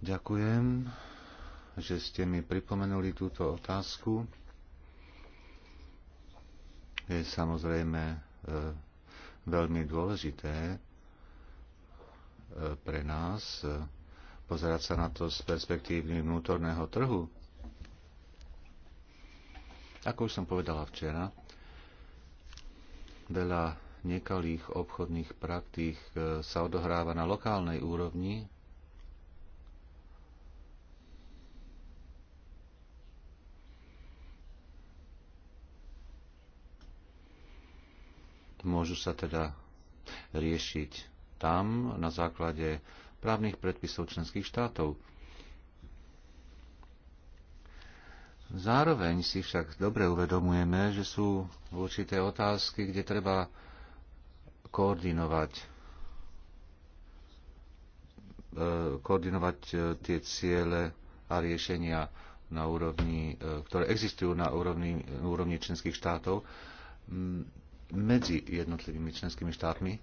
Ďakujem, že ste mi pripomenuli túto otázku je samozrejme e, veľmi dôležité e, pre nás e, pozerať sa na to z perspektívy vnútorného trhu. Ako už som povedala včera, veľa nekalých obchodných praktík sa odohráva na lokálnej úrovni môžu sa teda riešiť tam na základe právnych predpisov členských štátov. Zároveň si však dobre uvedomujeme, že sú určité otázky, kde treba koordinovať e, koordinovať e, tie ciele a riešenia na úrovni, e, ktoré existujú na úrovni, úrovni členských štátov mm, medzi jednotlivými členskými štátmi.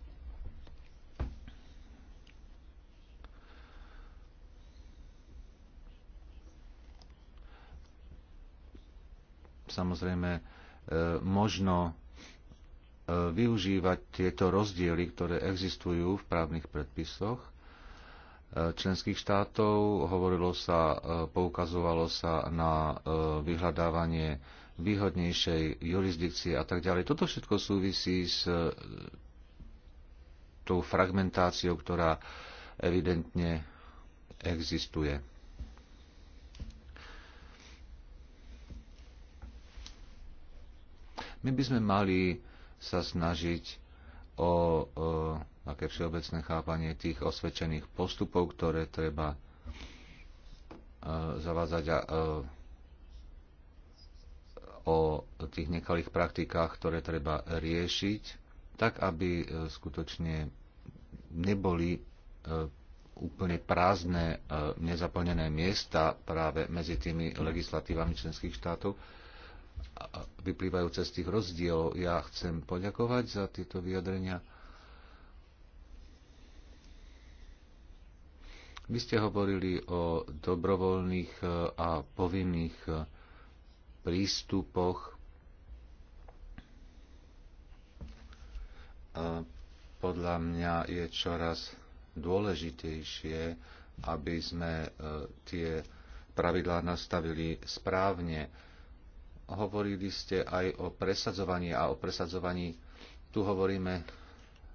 Samozrejme, e, možno e, využívať tieto rozdiely, ktoré existujú v právnych predpisoch e, členských štátov. Hovorilo sa, poukazovalo sa na vyhľadávanie výhodnejšej jurisdikcie a tak ďalej. Toto všetko súvisí s e, tou fragmentáciou, ktorá evidentne existuje. My by sme mali sa snažiť o, o aké všeobecné chápanie tých osvedčených postupov, ktoré treba e, zavádzať a e, o tých nekalých praktikách, ktoré treba riešiť, tak aby e, skutočne neboli e, úplne prázdne, e, nezaplnené miesta práve medzi tými legislatívami členských štátov vyplývajúce z tých rozdielov. Ja chcem poďakovať za tieto vyjadrenia. Vy ste hovorili o dobrovoľných a povinných prístupoch a podľa mňa je čoraz dôležitejšie, aby sme e, tie pravidlá nastavili správne. Hovorili ste aj o presadzovaní a o presadzovaní tu hovoríme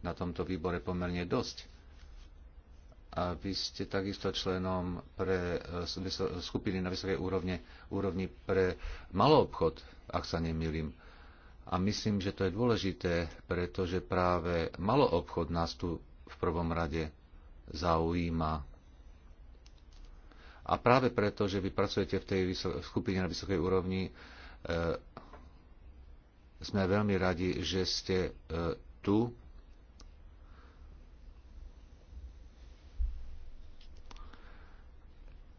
na tomto výbore pomerne dosť. A vy ste takisto členom pre eh, skupiny na vysokej úrovni, úrovni pre maloobchod, ak sa nemýlim. A myslím, že to je dôležité, pretože práve maloobchod nás tu v prvom rade zaujíma. A práve preto, že vy pracujete v tej skupine na vysokej úrovni, e, sme veľmi radi, že ste e, tu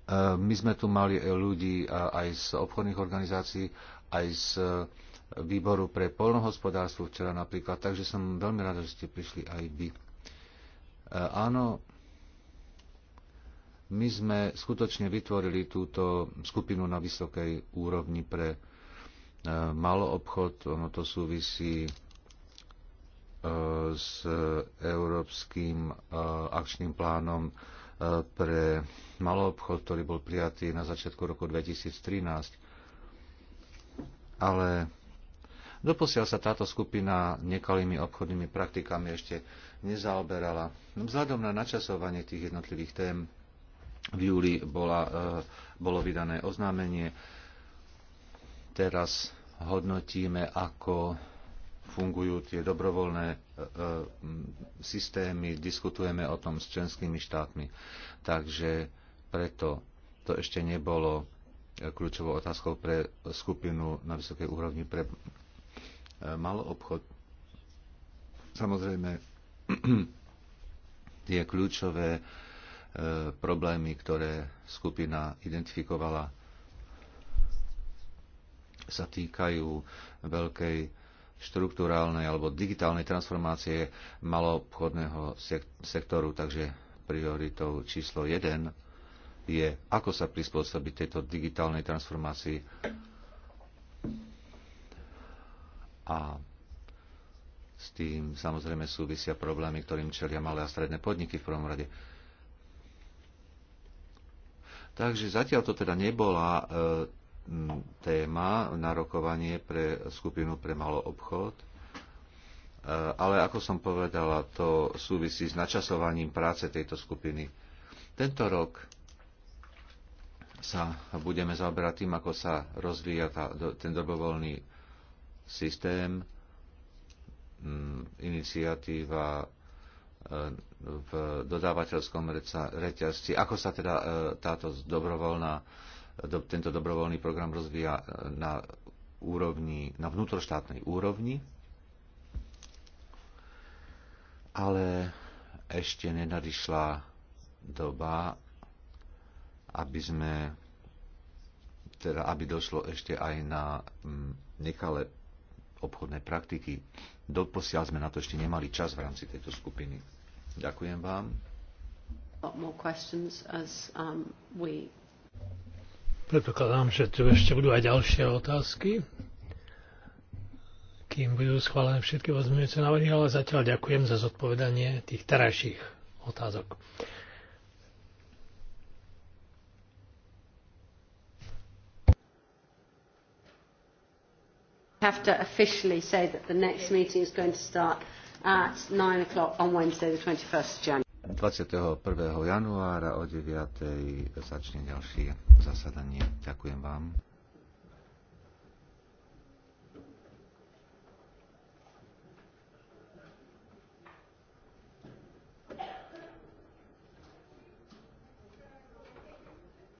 E, my sme tu mali e, ľudí aj z obchodných organizácií, aj z e, výboru pre polnohospodárstvo včera napríklad, takže som veľmi rada, že ste prišli aj vy. Áno, my sme skutočne vytvorili túto skupinu na vysokej úrovni pre maloobchod. Ono to súvisí s Európskym akčným plánom pre maloobchod, ktorý bol prijatý na začiatku roku 2013. Ale doposiaľ sa táto skupina nekalými obchodnými praktikami ešte nezaoberala. Vzhľadom na načasovanie tých jednotlivých tém v júli bola, e, bolo vydané oznámenie. Teraz hodnotíme, ako fungujú tie dobrovoľné e, e, systémy, diskutujeme o tom s členskými štátmi. Takže preto to ešte nebolo e, kľúčovou otázkou pre skupinu na vysokej úrovni pre malý obchod. Samozrejme, tie kľúčové problémy, ktoré skupina identifikovala, sa týkajú veľkej štruktúrálnej alebo digitálnej transformácie maloobchodného sektoru. Takže prioritou číslo 1 je, ako sa prispôsobiť tejto digitálnej transformácii. A s tým samozrejme súvisia problémy, ktorým čelia malé a stredné podniky v prvom rade. Takže zatiaľ to teda nebola e, téma na rokovanie pre skupinu pre malo obchod. E, ale ako som povedala, to súvisí s načasovaním práce tejto skupiny. Tento rok sa budeme zaoberať tým, ako sa rozvíja tá, ten dobrovoľný systém, iniciatíva e, v dodávateľskom reťazci, ako sa teda e, táto dobrovoľná do, tento dobrovoľný program rozvíja e, na úrovni, na vnútroštátnej úrovni, ale ešte nenadišla doba, aby sme teda aby došlo ešte aj na mm, nekalé obchodné praktiky. Doposiaľ sme na to ešte nemali čas v rámci tejto skupiny. Ďakujem vám. As, um, we Predpokladám, že tu ešte budú aj ďalšie otázky, kým budú schválené všetky pozmeňujúce návrhy, ale zatiaľ ďakujem za zodpovedanie tých terajších otázok. have to officially say that the next meeting is going to start at 9 o'clock on Wednesday, the 21st of January. 21. januára o 9. začne ďalšie zasadanie. Ďakujem vám.